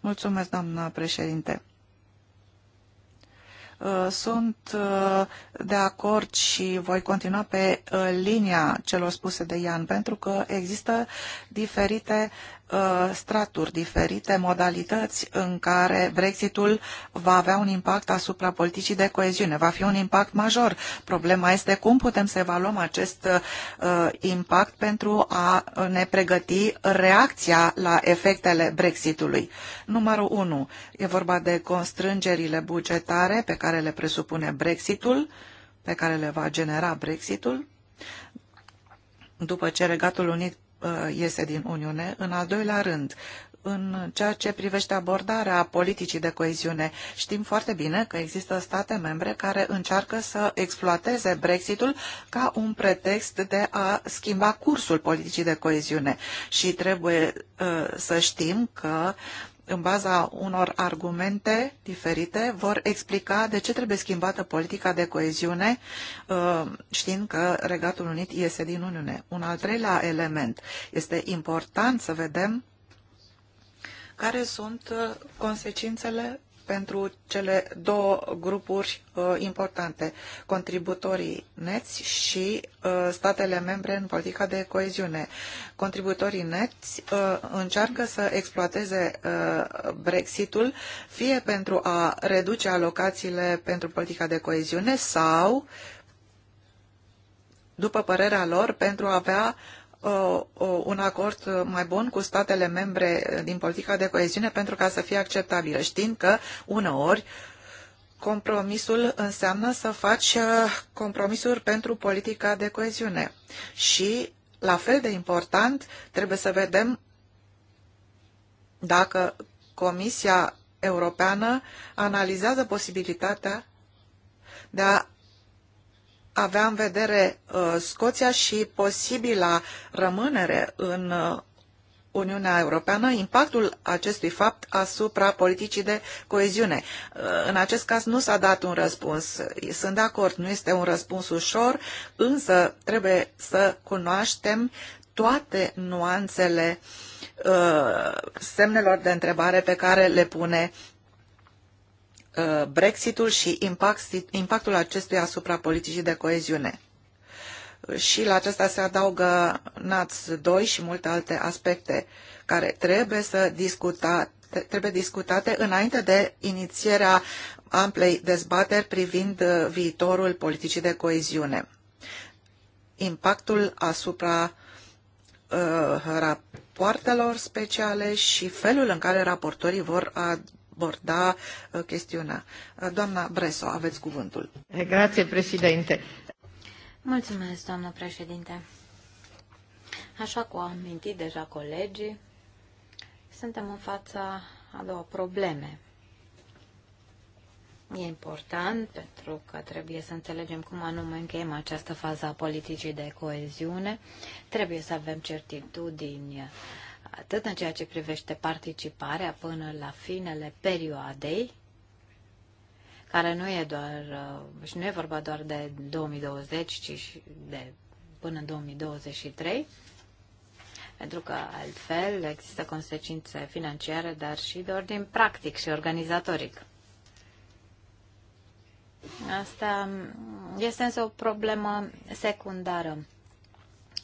[SPEAKER 3] Mulțumesc, doamnă președinte. Uh, sunt uh, de acord și voi continua pe uh, linia celor spuse de Ian, pentru că există diferite Uh, straturi diferite, modalități în care Brexitul va avea un impact asupra politicii de coeziune. Va fi un impact major. Problema este cum putem să evaluăm acest uh, impact pentru a ne pregăti reacția la efectele Brexitului. Numărul 1. E vorba de constrângerile bugetare pe care le presupune Brexitul, pe care le va genera Brexitul după ce Regatul Unit Uh, iese din Uniune. În al doilea rând, în ceea ce privește abordarea politicii de coeziune. Știm foarte bine că există state membre care încearcă să exploateze Brexitul ca un pretext de a schimba cursul politicii de coeziune și trebuie uh, să știm că în baza unor argumente diferite, vor explica de ce trebuie schimbată politica de coeziune, uh, știind că Regatul Unit iese din Uniune. Un al treilea element. Este important să vedem care sunt uh, consecințele pentru cele două grupuri uh, importante, contributorii neți și uh, statele membre în politica de coeziune. Contributorii neți uh, încearcă să exploateze uh, Brexitul fie pentru a reduce alocațiile pentru politica de coeziune sau, după părerea lor, pentru a avea Uh, uh, un acord mai bun cu statele membre din politica de coeziune pentru ca să fie acceptabilă, știind că uneori compromisul înseamnă să faci uh, compromisuri pentru politica de coeziune. Și, la fel de important, trebuie să vedem dacă Comisia Europeană analizează posibilitatea de a avea în vedere uh, Scoția și posibila rămânere în uh, Uniunea Europeană, impactul acestui fapt asupra politicii de coeziune. Uh, în acest caz nu s-a dat un răspuns. Sunt de acord, nu este un răspuns ușor, însă trebuie să cunoaștem toate nuanțele semnelor de întrebare pe care le pune Uh, Brexitul și impactul acestuia asupra politicii de coeziune. Și la acesta se adaugă NATS 2 și multe alte aspecte care trebuie să discuta, trebuie discutate înainte de inițierea amplei dezbateri privind uh, viitorul politicii de coeziune. Impactul asupra uh, rapoartelor speciale și felul în care raportorii vor aborda uh, chestiunea. Uh, doamna Breso, aveți cuvântul. Eh, Grație, președinte.
[SPEAKER 1] Mulțumesc, doamnă președinte. Așa cum am mintit deja colegii, suntem în fața a două probleme. E important pentru că trebuie să înțelegem cum anume încheiem această fază a politicii de coeziune. Trebuie să avem certitudini atât în ceea ce privește participarea până la finele perioadei, care nu e doar, uh, și nu e vorba doar de 2020, ci și de până în 2023, pentru că altfel există consecințe financiare, dar și de ordin practic și organizatoric. Asta este însă o problemă secundară.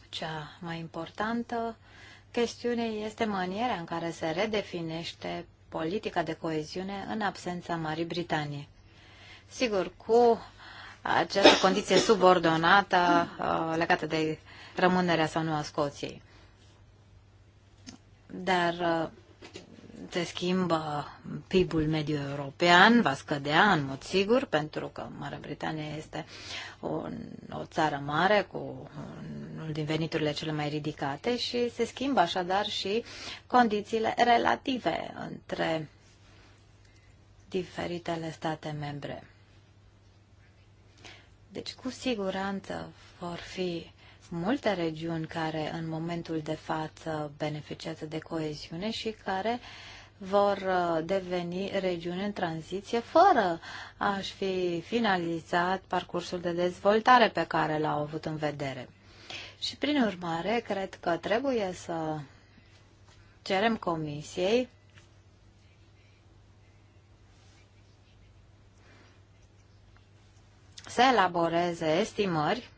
[SPEAKER 1] Cea mai importantă Chestiunea este maniera în care se redefinește politica de coeziune în absența Marii Britanie, Sigur, cu această condiție subordonată uh, legată de rămânerea sau nu a Scoției. Dar uh, se schimbă PIB-ul mediu european, va scădea în mod sigur, pentru că Marea Britanie este o o țară mare cu unul din veniturile cele mai ridicate și se schimbă așadar și condițiile relative între diferitele state membre. Deci, cu siguranță vor fi multe regiuni care în momentul de față beneficiază de coeziune și care uh, vor uh, deveni regiuni în tranziție fără a-și fi finalizat parcursul de dezvoltare pe care l-au avut în vedere. Și prin urmare, cred că trebuie să cerem Comisiei să elaboreze estimări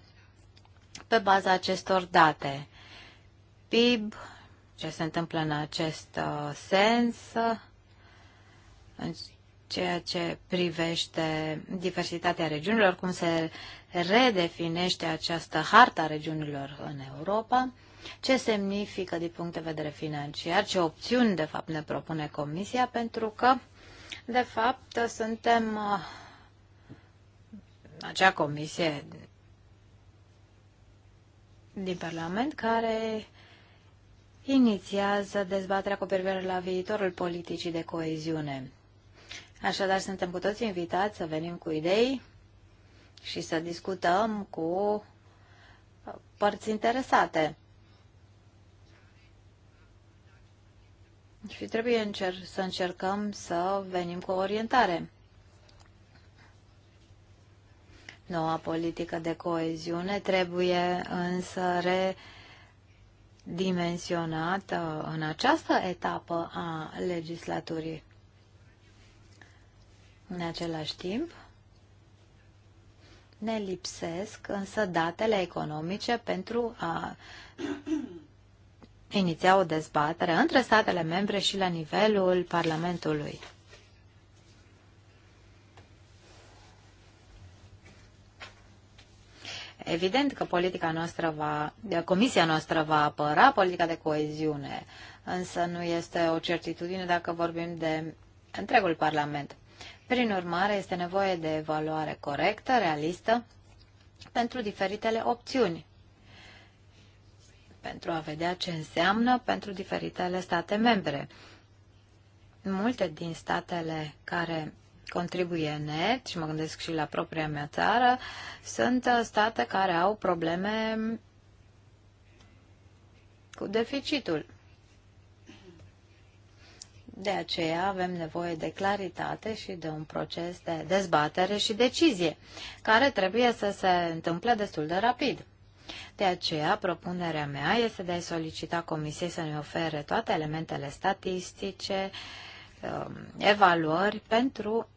[SPEAKER 1] pe baza acestor date. PIB, ce se întâmplă în acest uh, sens, în ceea ce privește diversitatea regiunilor, cum se redefinește această harta regiunilor în Europa, ce semnifică din punct de vedere financiar, ce opțiuni de fapt ne propune Comisia, pentru că de fapt suntem uh, acea comisie din Parlament care inițiază dezbaterea cu privire la viitorul politicii de coeziune. Așadar, suntem cu toți invitați să venim cu idei și să discutăm cu părți interesate. Și trebuie încer- să încercăm să venim cu o orientare. Noua politică de coeziune trebuie însă re- dimensionată în această etapă a legislaturii. În același timp, ne lipsesc însă datele economice pentru a iniția o dezbatere între statele membre și la nivelul Parlamentului. Evident că politica noastră va, comisia noastră va apăra politica de coeziune, însă nu este o certitudine dacă vorbim de întregul Parlament. Prin urmare, este nevoie de evaluare corectă, realistă, pentru diferitele opțiuni, pentru a vedea ce înseamnă pentru diferitele state membre. Multe din statele care contribuie net, și mă gândesc și la propria mea țară, sunt uh, state care au probleme cu deficitul. De aceea avem nevoie de claritate și de un proces de dezbatere și decizie, care trebuie să se întâmple destul de rapid. De aceea, propunerea mea este de a solicita Comisiei să ne ofere toate elementele statistice, um, evaluări pentru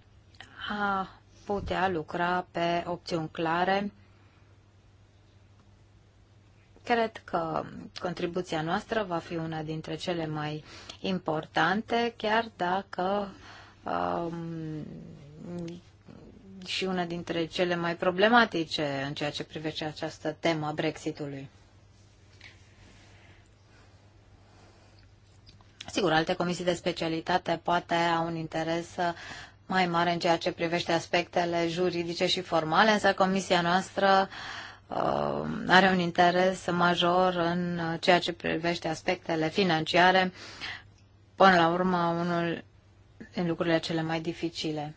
[SPEAKER 1] a putea lucra pe opțiuni clare. Cred că contribuția noastră va fi una dintre cele mai importante, chiar dacă um, și una dintre cele mai problematice în ceea ce privește această temă a Brexitului. Sigur, alte comisii de specialitate poate au un interes mai mare în ceea ce privește aspectele juridice și formale, însă comisia noastră uh, are un interes major în ceea ce privește aspectele financiare, până la urmă unul din lucrurile cele mai dificile.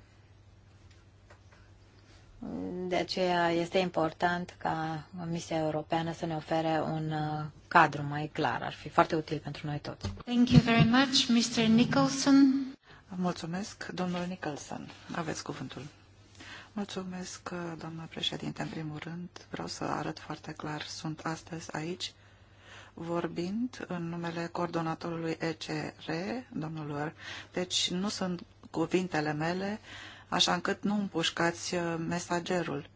[SPEAKER 1] De aceea este important ca Comisia Europeană să ne ofere un uh, cadru mai clar. Ar fi foarte
[SPEAKER 3] util pentru noi toți. Thank you very much, Mr. Nicholson. Mulțumesc, domnul Nicholson. Aveți cuvântul. Mulțumesc, doamna președinte. În primul rând, vreau să arăt foarte clar, sunt astăzi aici vorbind în numele coordonatorului ECR, domnul Deci nu sunt cuvintele mele, așa încât nu împușcați uh, mesagerul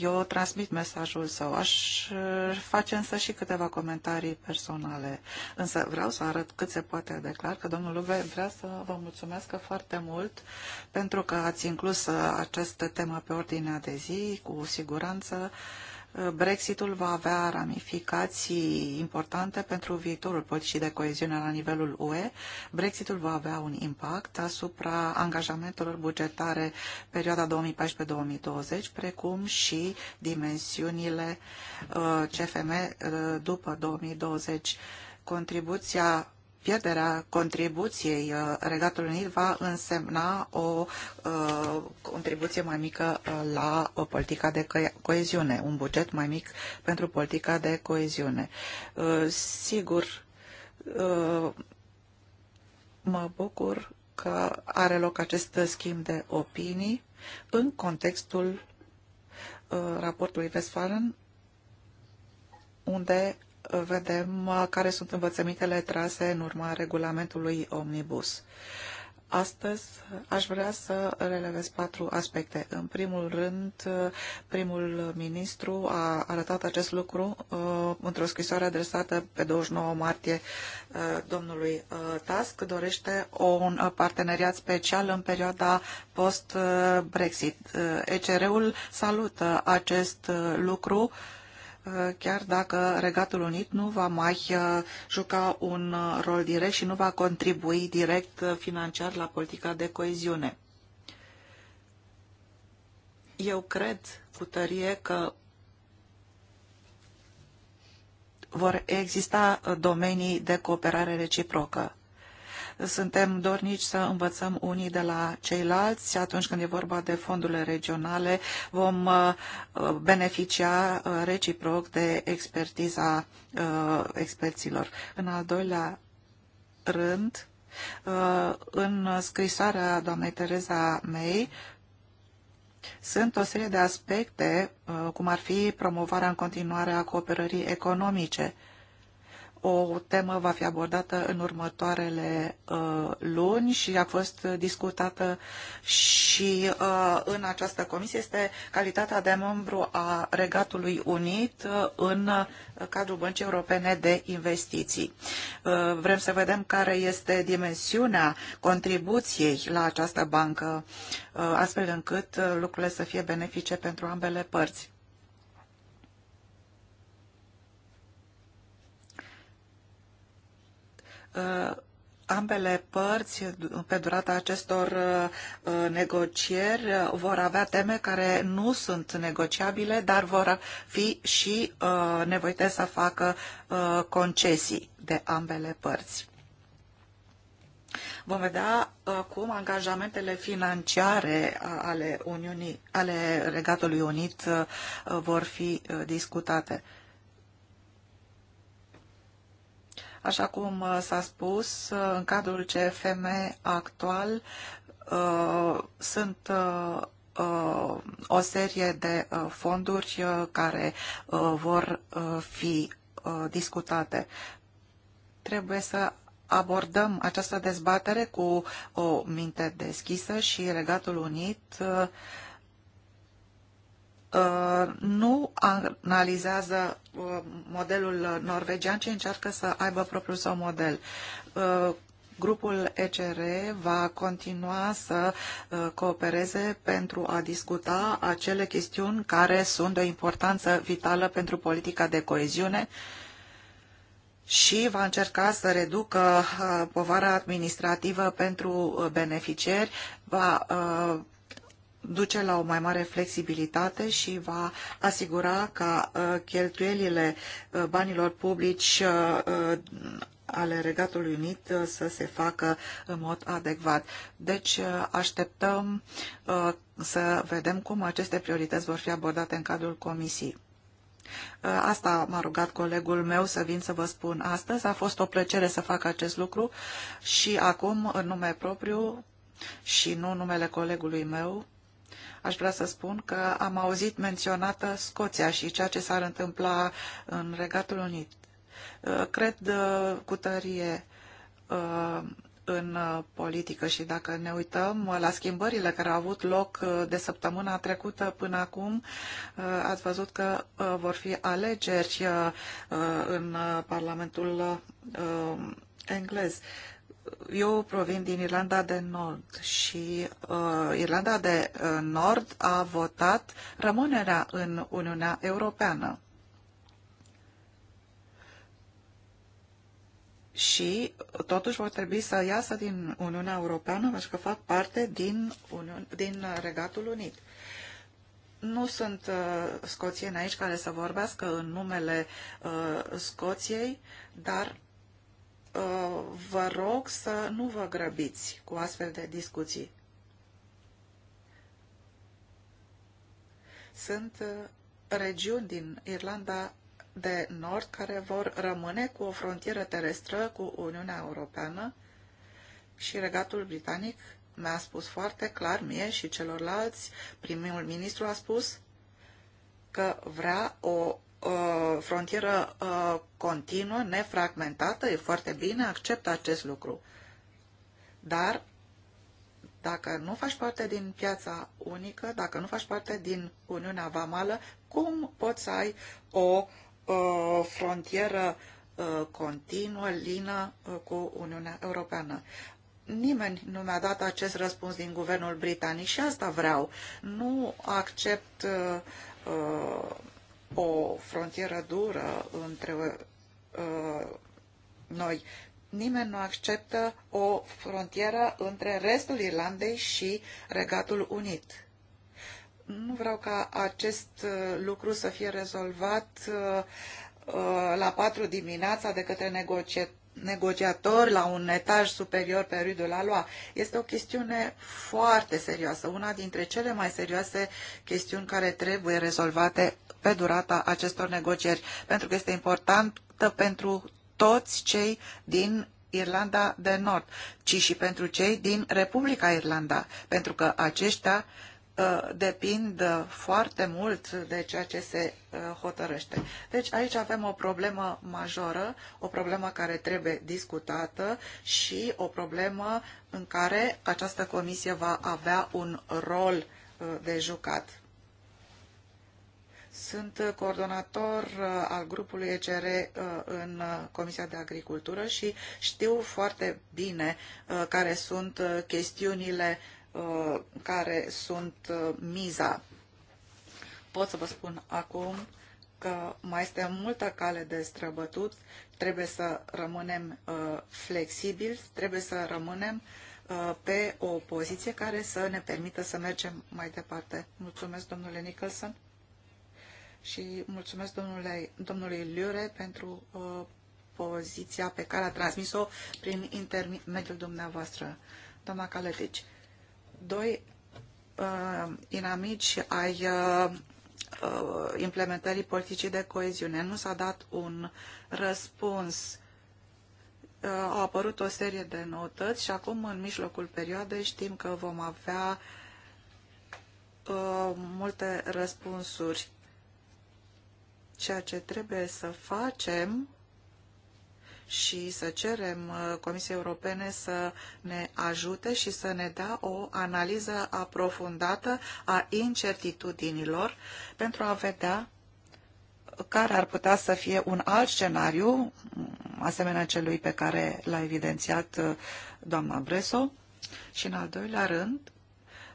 [SPEAKER 3] eu transmit mesajul său. Aș eh, face însă și câteva comentarii personale. Însă vreau să arăt cât se poate de clar că domnul Luve vrea să vă mulțumesc foarte mult pentru că ați inclus eh, această temă pe ordinea de zi. Cu siguranță Uh, Brexitul va avea ramificații importante pentru viitorul politicii de coeziune la nivelul UE. Brexitul va avea un impact asupra angajamentelor bugetare perioada 2014-2020, precum și dimensiunile uh, CFM uh, după 2020. Contribuția pierderea contribuției uh, Regatului Unit va însemna o uh, contribuție mai mică uh, la o politica de coeziune, un buget mai mic pentru politica de coeziune. Sigur, mă bucur că are loc acest schimb de opinii în contextul raportului Westfalen, unde vedem uh, care sunt învățămintele trase în urma regulamentului Omnibus. Astăzi aș vrea să relevez patru aspecte. În primul rând, uh, primul ministru a arătat acest lucru uh, într-o scrisoare adresată pe 29 martie domnului Tusk. Dorește un parteneriat special în perioada post-Brexit. ECR-ul salută acest lucru Uh, chiar dacă Regatul Unit nu va mai uh, juca un uh, rol direct și nu va contribui direct financiar la politica de coeziune. Eu cred cu tărie că vor exista domenii de cooperare reciprocă. Suntem dornici să învățăm unii de la ceilalți și atunci când e vorba de fondurile regionale vom uh, beneficia uh, reciproc de expertiza uh, experților. În al doilea rând, în scrisoarea doamnei Tereza May, sunt o serie de aspecte, cum ar fi promovarea în continuare a cooperării economice, o temă va fi abordată în următoarele uh, luni și a fost discutată și uh, în această comisie. Este calitatea de membru a Regatului Unit uh, în cadrul Băncii Europene de Investiții. Uh, vrem să vedem care este dimensiunea contribuției la această bancă, uh, astfel încât uh, lucrurile să fie benefice pentru ambele părți. Uh, ambele părți, pe durata acestor uh, uh, negocieri, vor avea teme care nu sunt negociabile, dar vor fi și nevoite să facă concesii de ambele părți. Vom vedea cum angajamentele financiare ale, Uniunii, ale Regatului Unit vor fi discutate. Așa cum uh, s-a spus, uh, în cadrul CFM actual uh, sunt o serie de fonduri care vor fi discutate. Trebuie să abordăm această dezbatere cu o minte deschisă și Regatul Unit uh, Uh, nu analizează uh, modelul norvegian, ci încearcă să aibă propriul său model. Uh, grupul ECR va continua să coopereze pentru a discuta acele chestiuni care sunt de importanță vitală pentru politica de coeziune și va încerca să reducă povara administrativă pentru beneficiari, va duce la o mai mare flexibilitate și va asigura ca uh, cheltuielile uh, banilor publici uh, ale Regatului Unit să se facă în mod adecvat. Deci așteptăm să vedem cum aceste priorități vor fi abordate în cadrul comisiei. Asta m-a rugat colegul meu să vin să vă spun astăzi. A fost o plăcere să fac acest lucru și acum, în nume propriu și nu numele colegului meu, aș vrea să spun că am auzit menționată Scoția și ceea ce s-ar întâmpla în Regatul Unit. Uh, cred uh, cu tărie uh, în politică și dacă ne uităm la schimbările care au avut loc de săptămâna trecută până acum, ați văzut că vor fi alegeri în Parlamentul englez eu provin din Irlanda de Nord și uh, Irlanda de uh, Nord a votat rămânerea în Uniunea Europeană. Și totuși vor trebui să iasă din Uniunea Europeană pentru că fac parte din, Uniun, din Regatul Unit. Nu sunt uh, scoțieni aici care să vorbească în numele uh, Scoției, dar Uh, vă rog să nu vă grăbiți cu astfel de discuții. Sunt uh, regiuni din Irlanda de Nord care vor rămâne cu o frontieră terestră cu Uniunea Europeană și regatul britanic mi-a spus foarte clar mie și celorlalți, primul ministru a spus că vrea o uh, frontieră continuă, nefragmentată, e foarte bine, acceptă acest lucru. Dar dacă nu faci parte din piața unică, dacă nu faci parte din Uniunea Vamală, cum poți să ai o frontieră continuă, lină cu Uniunea Europeană? Nimeni nu mi-a dat acest răspuns din guvernul britanic și asta vreau. Nu accept o frontieră dură între uh, noi. Nimeni nu acceptă o frontieră între restul Irlandei și Regatul Unit. Nu vreau ca acest uh, lucru să fie rezolvat uh, uh, la patru dimineața de către negociatori negociator la un etaj superior pe Rue de la loa Este o chestiune foarte serioasă, una dintre cele mai serioase chestiuni care trebuie rezolvate pe durata acestor negocieri, pentru că este importantă pentru toți cei din Irlanda de Nord, ci și pentru cei din Republica Irlanda, pentru că aceștia uh, depind foarte mult de ceea ce se uh, hotărăște. Deci aici avem o problemă majoră, o problemă care trebuie discutată și o problemă în care această comisie va avea un rol uh, de jucat. Sunt uh, coordonator uh, al grupului ECR uh, în Comisia de Agricultură și știu foarte bine care sunt chestiunile care sunt miza. Pot să vă spun acum că mai este multă cale de străbătut, trebuie să rămânem flexibili, trebuie să rămânem pe o poziție care să ne permită să mergem mai departe. Mulțumesc, domnule Nicholson și mulțumesc domnule, domnului Liure pentru uh, poziția pe care a transmis-o prin intermediul dumneavoastră, doamna Caletici. Doi uh, inamici ai uh, uh, implementării politicii de coeziune. Nu s-a dat un răspuns. Uh, au apărut o serie de notăți și acum, în mijlocul perioadei, știm că vom avea uh, multe răspunsuri Ceea ce trebuie să facem și să cerem uh, Comisiei Europene să ne ajute și să ne dea o analiză aprofundată a incertitudinilor pentru a vedea care ar putea să fie un alt scenariu, mm, asemenea celui pe care l-a evidențiat uh, doamna Breso. Și în al doilea rând,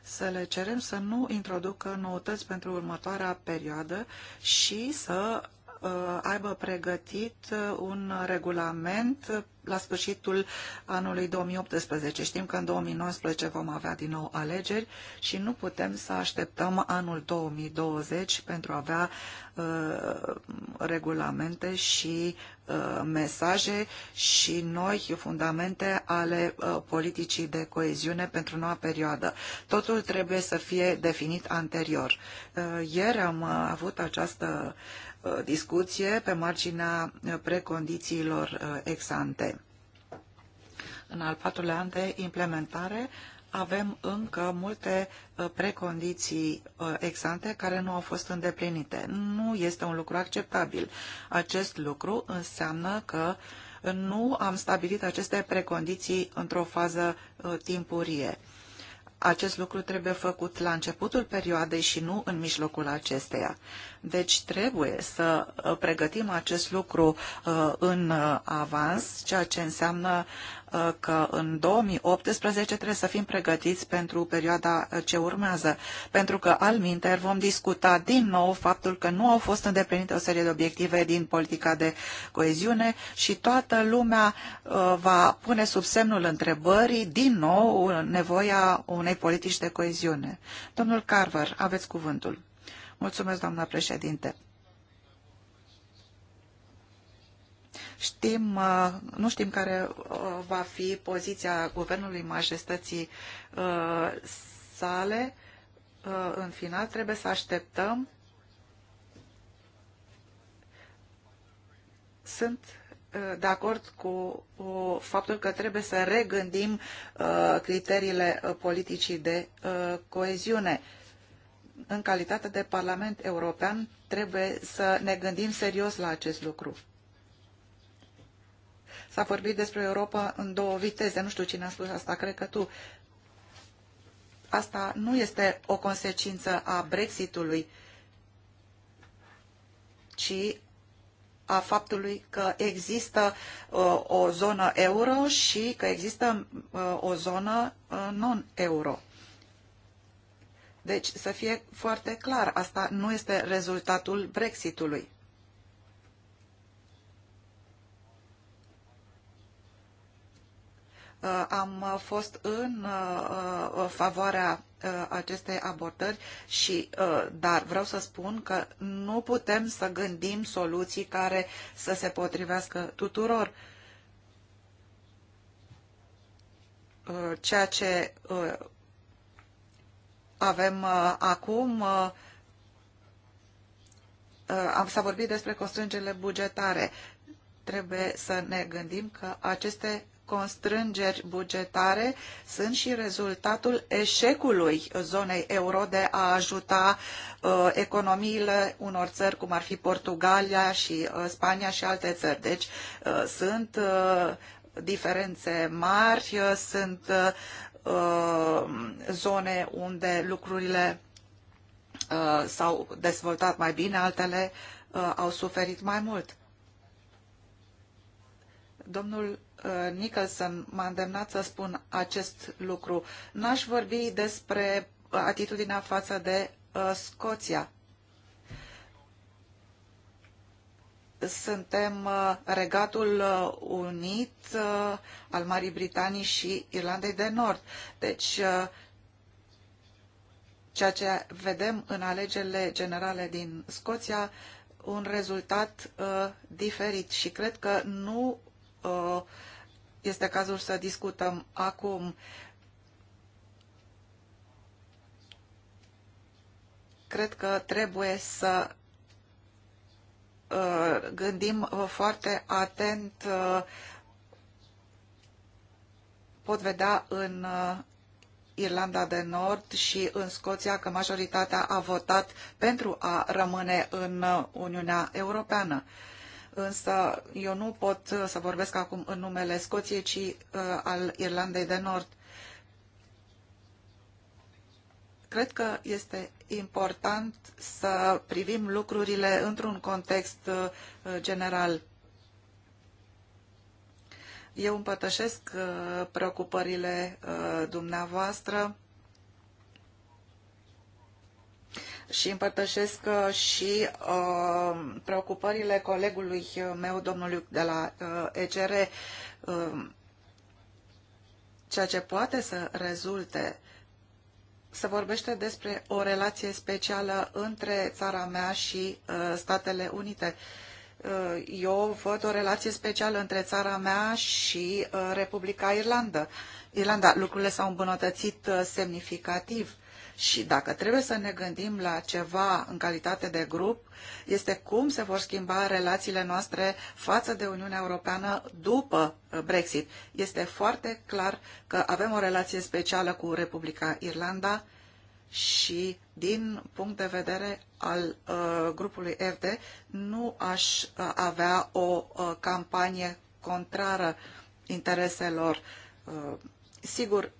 [SPEAKER 3] să le cerem să nu introducă noutăți pentru următoarea perioadă și să uh, aibă pregătit uh, un regulament la sfârșitul anului 2018. Știm că în 2019 vom avea din nou alegeri și nu putem să așteptăm anul 2020 pentru a avea uh, regulamente și uh, mesaje și noi fundamente ale uh, politicii de coeziune pentru noua perioadă. Totul trebuie să fie definit anterior. Uh, ieri am uh, avut această Uh, discuție pe marginea uh, precondițiilor uh, ex-ante. În al patrulea an de implementare avem încă multe precondiții exante care nu au fost îndeplinite. Nu este un lucru acceptabil. Acest lucru înseamnă că nu am stabilit aceste precondiții într-o fază timpurie acest lucru trebuie făcut la începutul perioadei și nu în mijlocul acesteia. Deci trebuie să uh, pregătim acest lucru uh, în uh, avans, ceea ce înseamnă Uh, că în 2018 trebuie să fim pregătiți pentru perioada uh, ce urmează, pentru că al minter vom discuta din nou faptul că nu au fost îndeplinite o serie de obiective din politica de coeziune și toată lumea uh, va pune sub semnul întrebării din nou nevoia unei politici de coeziune. Domnul Carver, aveți cuvântul. Mulțumesc, doamna președinte. Știm, uh, nu știm care uh, va fi poziția Guvernului Majestății uh, sale. În final, trebuie să așteptăm. Sunt de acord cu faptul că trebuie să regândim criteriile politicii de coeziune în calitate de Parlament European, trebuie să ne gândim serios la acest lucru. S-a vorbit despre Europa în două viteze. Nu știu cine a spus asta, cred că tu. Asta nu este o consecință a Brexitului, ci a faptului că există uh, o zonă euro și că există uh, o zonă uh, non-euro. Deci să fie foarte clar, asta nu este rezultatul Brexitului. Uh, am fost în uh, uh, favoarea acestei abordări și dar vreau să spun că nu putem să gândim soluții care să se potrivească tuturor. Ceea ce avem acum am s-a vorbit despre constrângerile bugetare. Trebuie să ne gândim că aceste constrângeri bugetare sunt și rezultatul eșecului zonei euro de a ajuta uh, economiile unor țări cum ar fi Portugalia și uh, Spania și alte țări. Deci uh, sunt uh, diferențe mari, uh, sunt uh, zone unde lucrurile s-au dezvoltat mai bine, altele au suferit mai mult. Domnul Uh, Nicholson m-a îndemnat să spun acest lucru. N-aș vorbi despre atitudinea față de uh, Scoția. Suntem uh, Regatul Unit al Marii Britanii și Irlandei de Nord. Deci, ceea ce vedem în alegerile generale din Scoția, un rezultat diferit și cred că nu uh, este cazul să discutăm acum. Cred că trebuie să uh, gândim uh, foarte atent uh, pot vedea în Irlanda de Nord și în Scoția că majoritatea a votat pentru a rămâne în Uniunea Europeană. Uh, însă eu nu pot uh, să vorbesc acum în numele Scoției, ci uh, al Irlandei de Nord. Cred că este important să privim lucrurile într-un context uh, general. Eu împărtășesc preocupările dumneavoastră și împărtășesc uh, și uh, preocupările colegului uh, meu, domnului de la uh, ECR. Uh, ceea ce poate să rezulte se vorbește despre o relație specială între țara mea și uh, Statele Unite. Uh, eu văd o relație specială între țara mea și Republica Irlanda. Irlanda, lucrurile s-au îmbunătățit semnificativ și dacă trebuie să ne gândim la ceva în calitate de grup, este cum se vor schimba relațiile noastre față de Uniunea Europeană după uh, Brexit. Este foarte clar că avem o relație specială cu Republica Irlanda și din punct de vedere al uh, grupului FD nu aș uh, avea o uh, campanie contrară intereselor. Uh, sigur,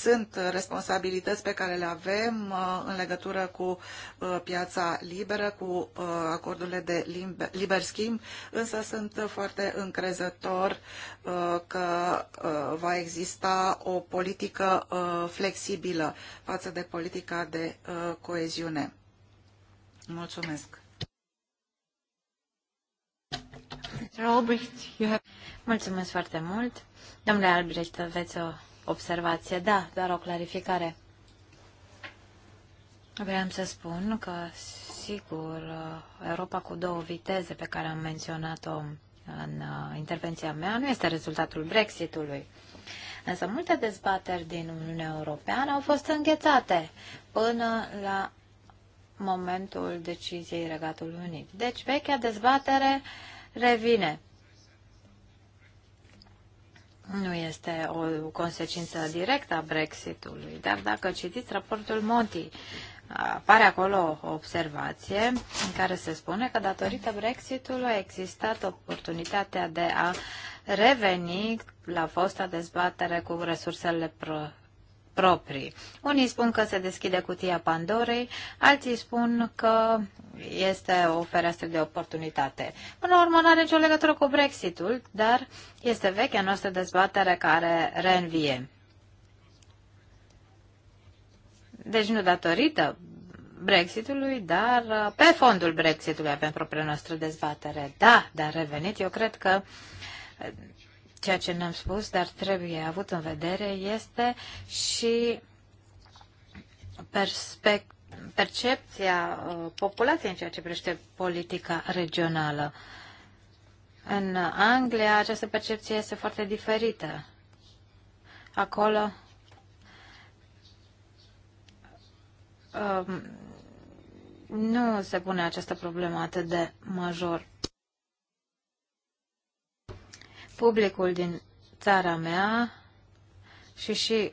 [SPEAKER 3] sunt responsabilități pe care le avem uh, în legătură cu uh, piața liberă, cu uh, acordurile de liber schimb, însă sunt foarte încrezător că va exista o politică flexibilă față de politica de coeziune. Mulțumesc!
[SPEAKER 1] Mulțumesc foarte mult. Domnule Albrecht, aveți o observație. Da, doar o clarificare. Vreau să spun că, sigur, Europa cu două viteze pe care am menționat-o în uh, intervenția mea nu este rezultatul Brexitului. Însă multe dezbateri din Uniunea Europeană au fost înghețate până la momentul deciziei Regatului Unit. Deci vechea dezbatere revine nu este o consecință directă a Brexitului, dar dacă citiți raportul Monti, apare acolo o observație în care se spune că datorită Brexitului a existat oportunitatea de a reveni la fosta dezbatere cu resursele pro- proprii. Unii spun că se deschide cutia Pandorei, alții spun că este o fereastră de oportunitate. Până la urmă, nu are nicio legătură cu Brexitul, dar este vechea noastră dezbatere care reînvie. Deci nu datorită Brexitului, dar pe fondul Brexitului avem propria noastră dezbatere. Da, dar revenit, eu cred că ceea ce ne am spus, dar trebuie avut în vedere, este și percepția uh, populației în ceea ce privește politica regională. În Anglia această percepție este foarte diferită. Acolo um, nu se pune această problemă atât de major. publicul din țara mea și și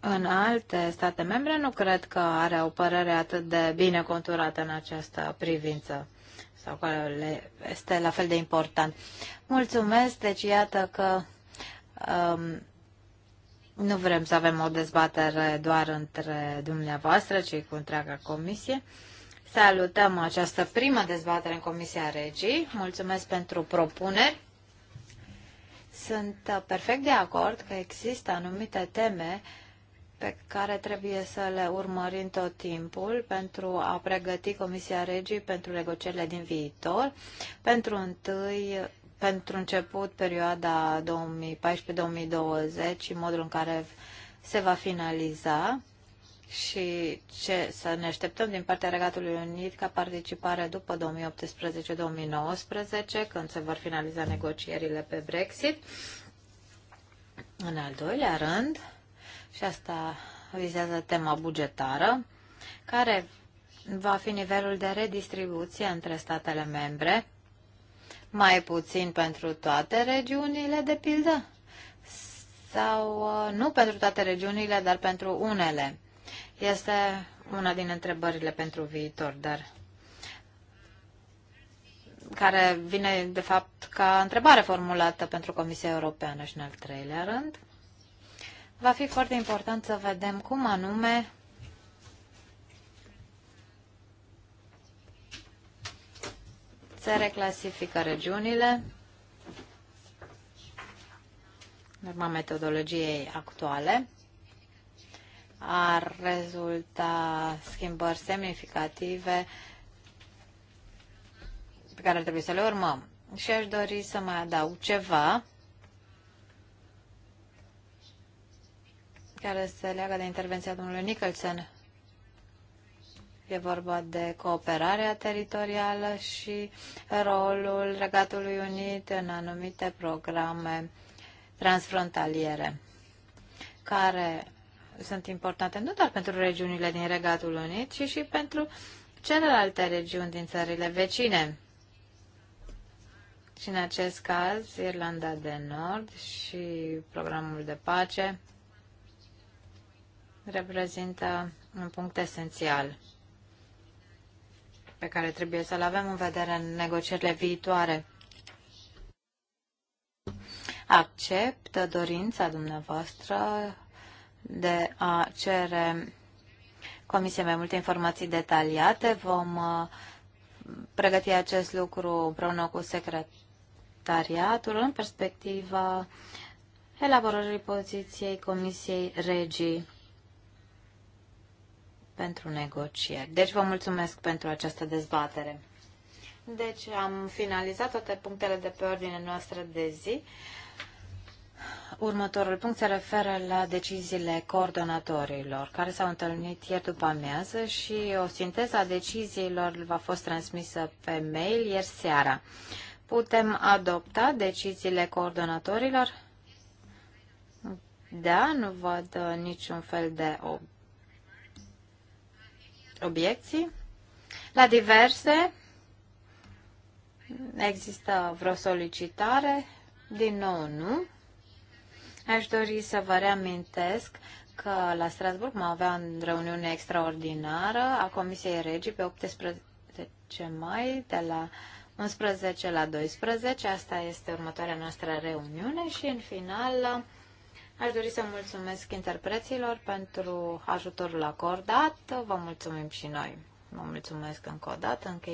[SPEAKER 1] în alte state membre nu cred că are o părere atât de bine conturată în această privință sau că le este la fel de important. Mulțumesc, deci iată că um, nu vrem să avem o dezbatere doar între dumneavoastră, ci cu întreaga comisie. Salutăm această primă dezbatere în Comisia Regii. Mulțumesc pentru propuneri. Sunt uh, perfect de acord că există anumite teme pe care trebuie să le urmărim tot timpul pentru a pregăti Comisia Regii pentru negocierile din viitor. Pentru întâi pentru început perioada 2014-2020 și modul în care se va finaliza și ce să ne așteptăm din partea Regatului Unit ca participare după 2018-2019, când se vor finaliza negocierile pe Brexit. În al doilea rând, și asta vizează tema bugetară, care va fi nivelul de redistribuție între statele membre, mai puțin pentru toate regiunile, de pildă, sau uh, nu pentru toate regiunile, dar pentru unele este una din întrebările pentru viitor, dar care vine, de fapt, ca întrebare formulată pentru Comisia Europeană și în al treilea rând. Va fi foarte important să vedem cum anume se reclasifică regiunile în urma metodologiei actuale ar rezulta schimbări semnificative pe care ar trebui să le urmăm. Și aș dori să mai adaug ceva care se leagă de intervenția domnului Nicholson. E vorba de cooperarea teritorială și rolul Regatului Unit în anumite programe transfrontaliere care sunt importante nu doar pentru regiunile din Regatul Unit, ci și pentru celelalte regiuni din țările vecine. Și în acest caz, Irlanda de Nord și programul de pace reprezintă un punct esențial pe care trebuie să-l avem în vedere în negocierile viitoare. Acceptă dorința dumneavoastră de a cere Comisiei mai multe informații detaliate. Vom uh, pregăti acest lucru împreună cu secretariatul în perspectiva elaborării poziției Comisiei Regii pentru negocieri. Deci vă mulțumesc pentru această dezbatere. Deci am finalizat toate punctele de pe ordine noastră de zi. Următorul punct se referă la deciziile coordonatorilor, care s-au întâlnit ieri după amiază și o sinteză a deciziilor va fost transmisă pe mail ieri seara. Putem adopta deciziile coordonatorilor? Da, nu văd uh, niciun fel de ob- obiecții. La diverse există vreo solicitare? Din nou nu. Aș dori să vă reamintesc că la Strasburg mă avea în reuniune extraordinară a Comisiei Regii pe 18 mai de la 11 la 12. Asta este următoarea noastră reuniune și în final aș dori să mulțumesc interpreților pentru
[SPEAKER 3] ajutorul acordat. Vă mulțumim și noi.
[SPEAKER 1] Vă mulțumesc încă
[SPEAKER 3] o dată.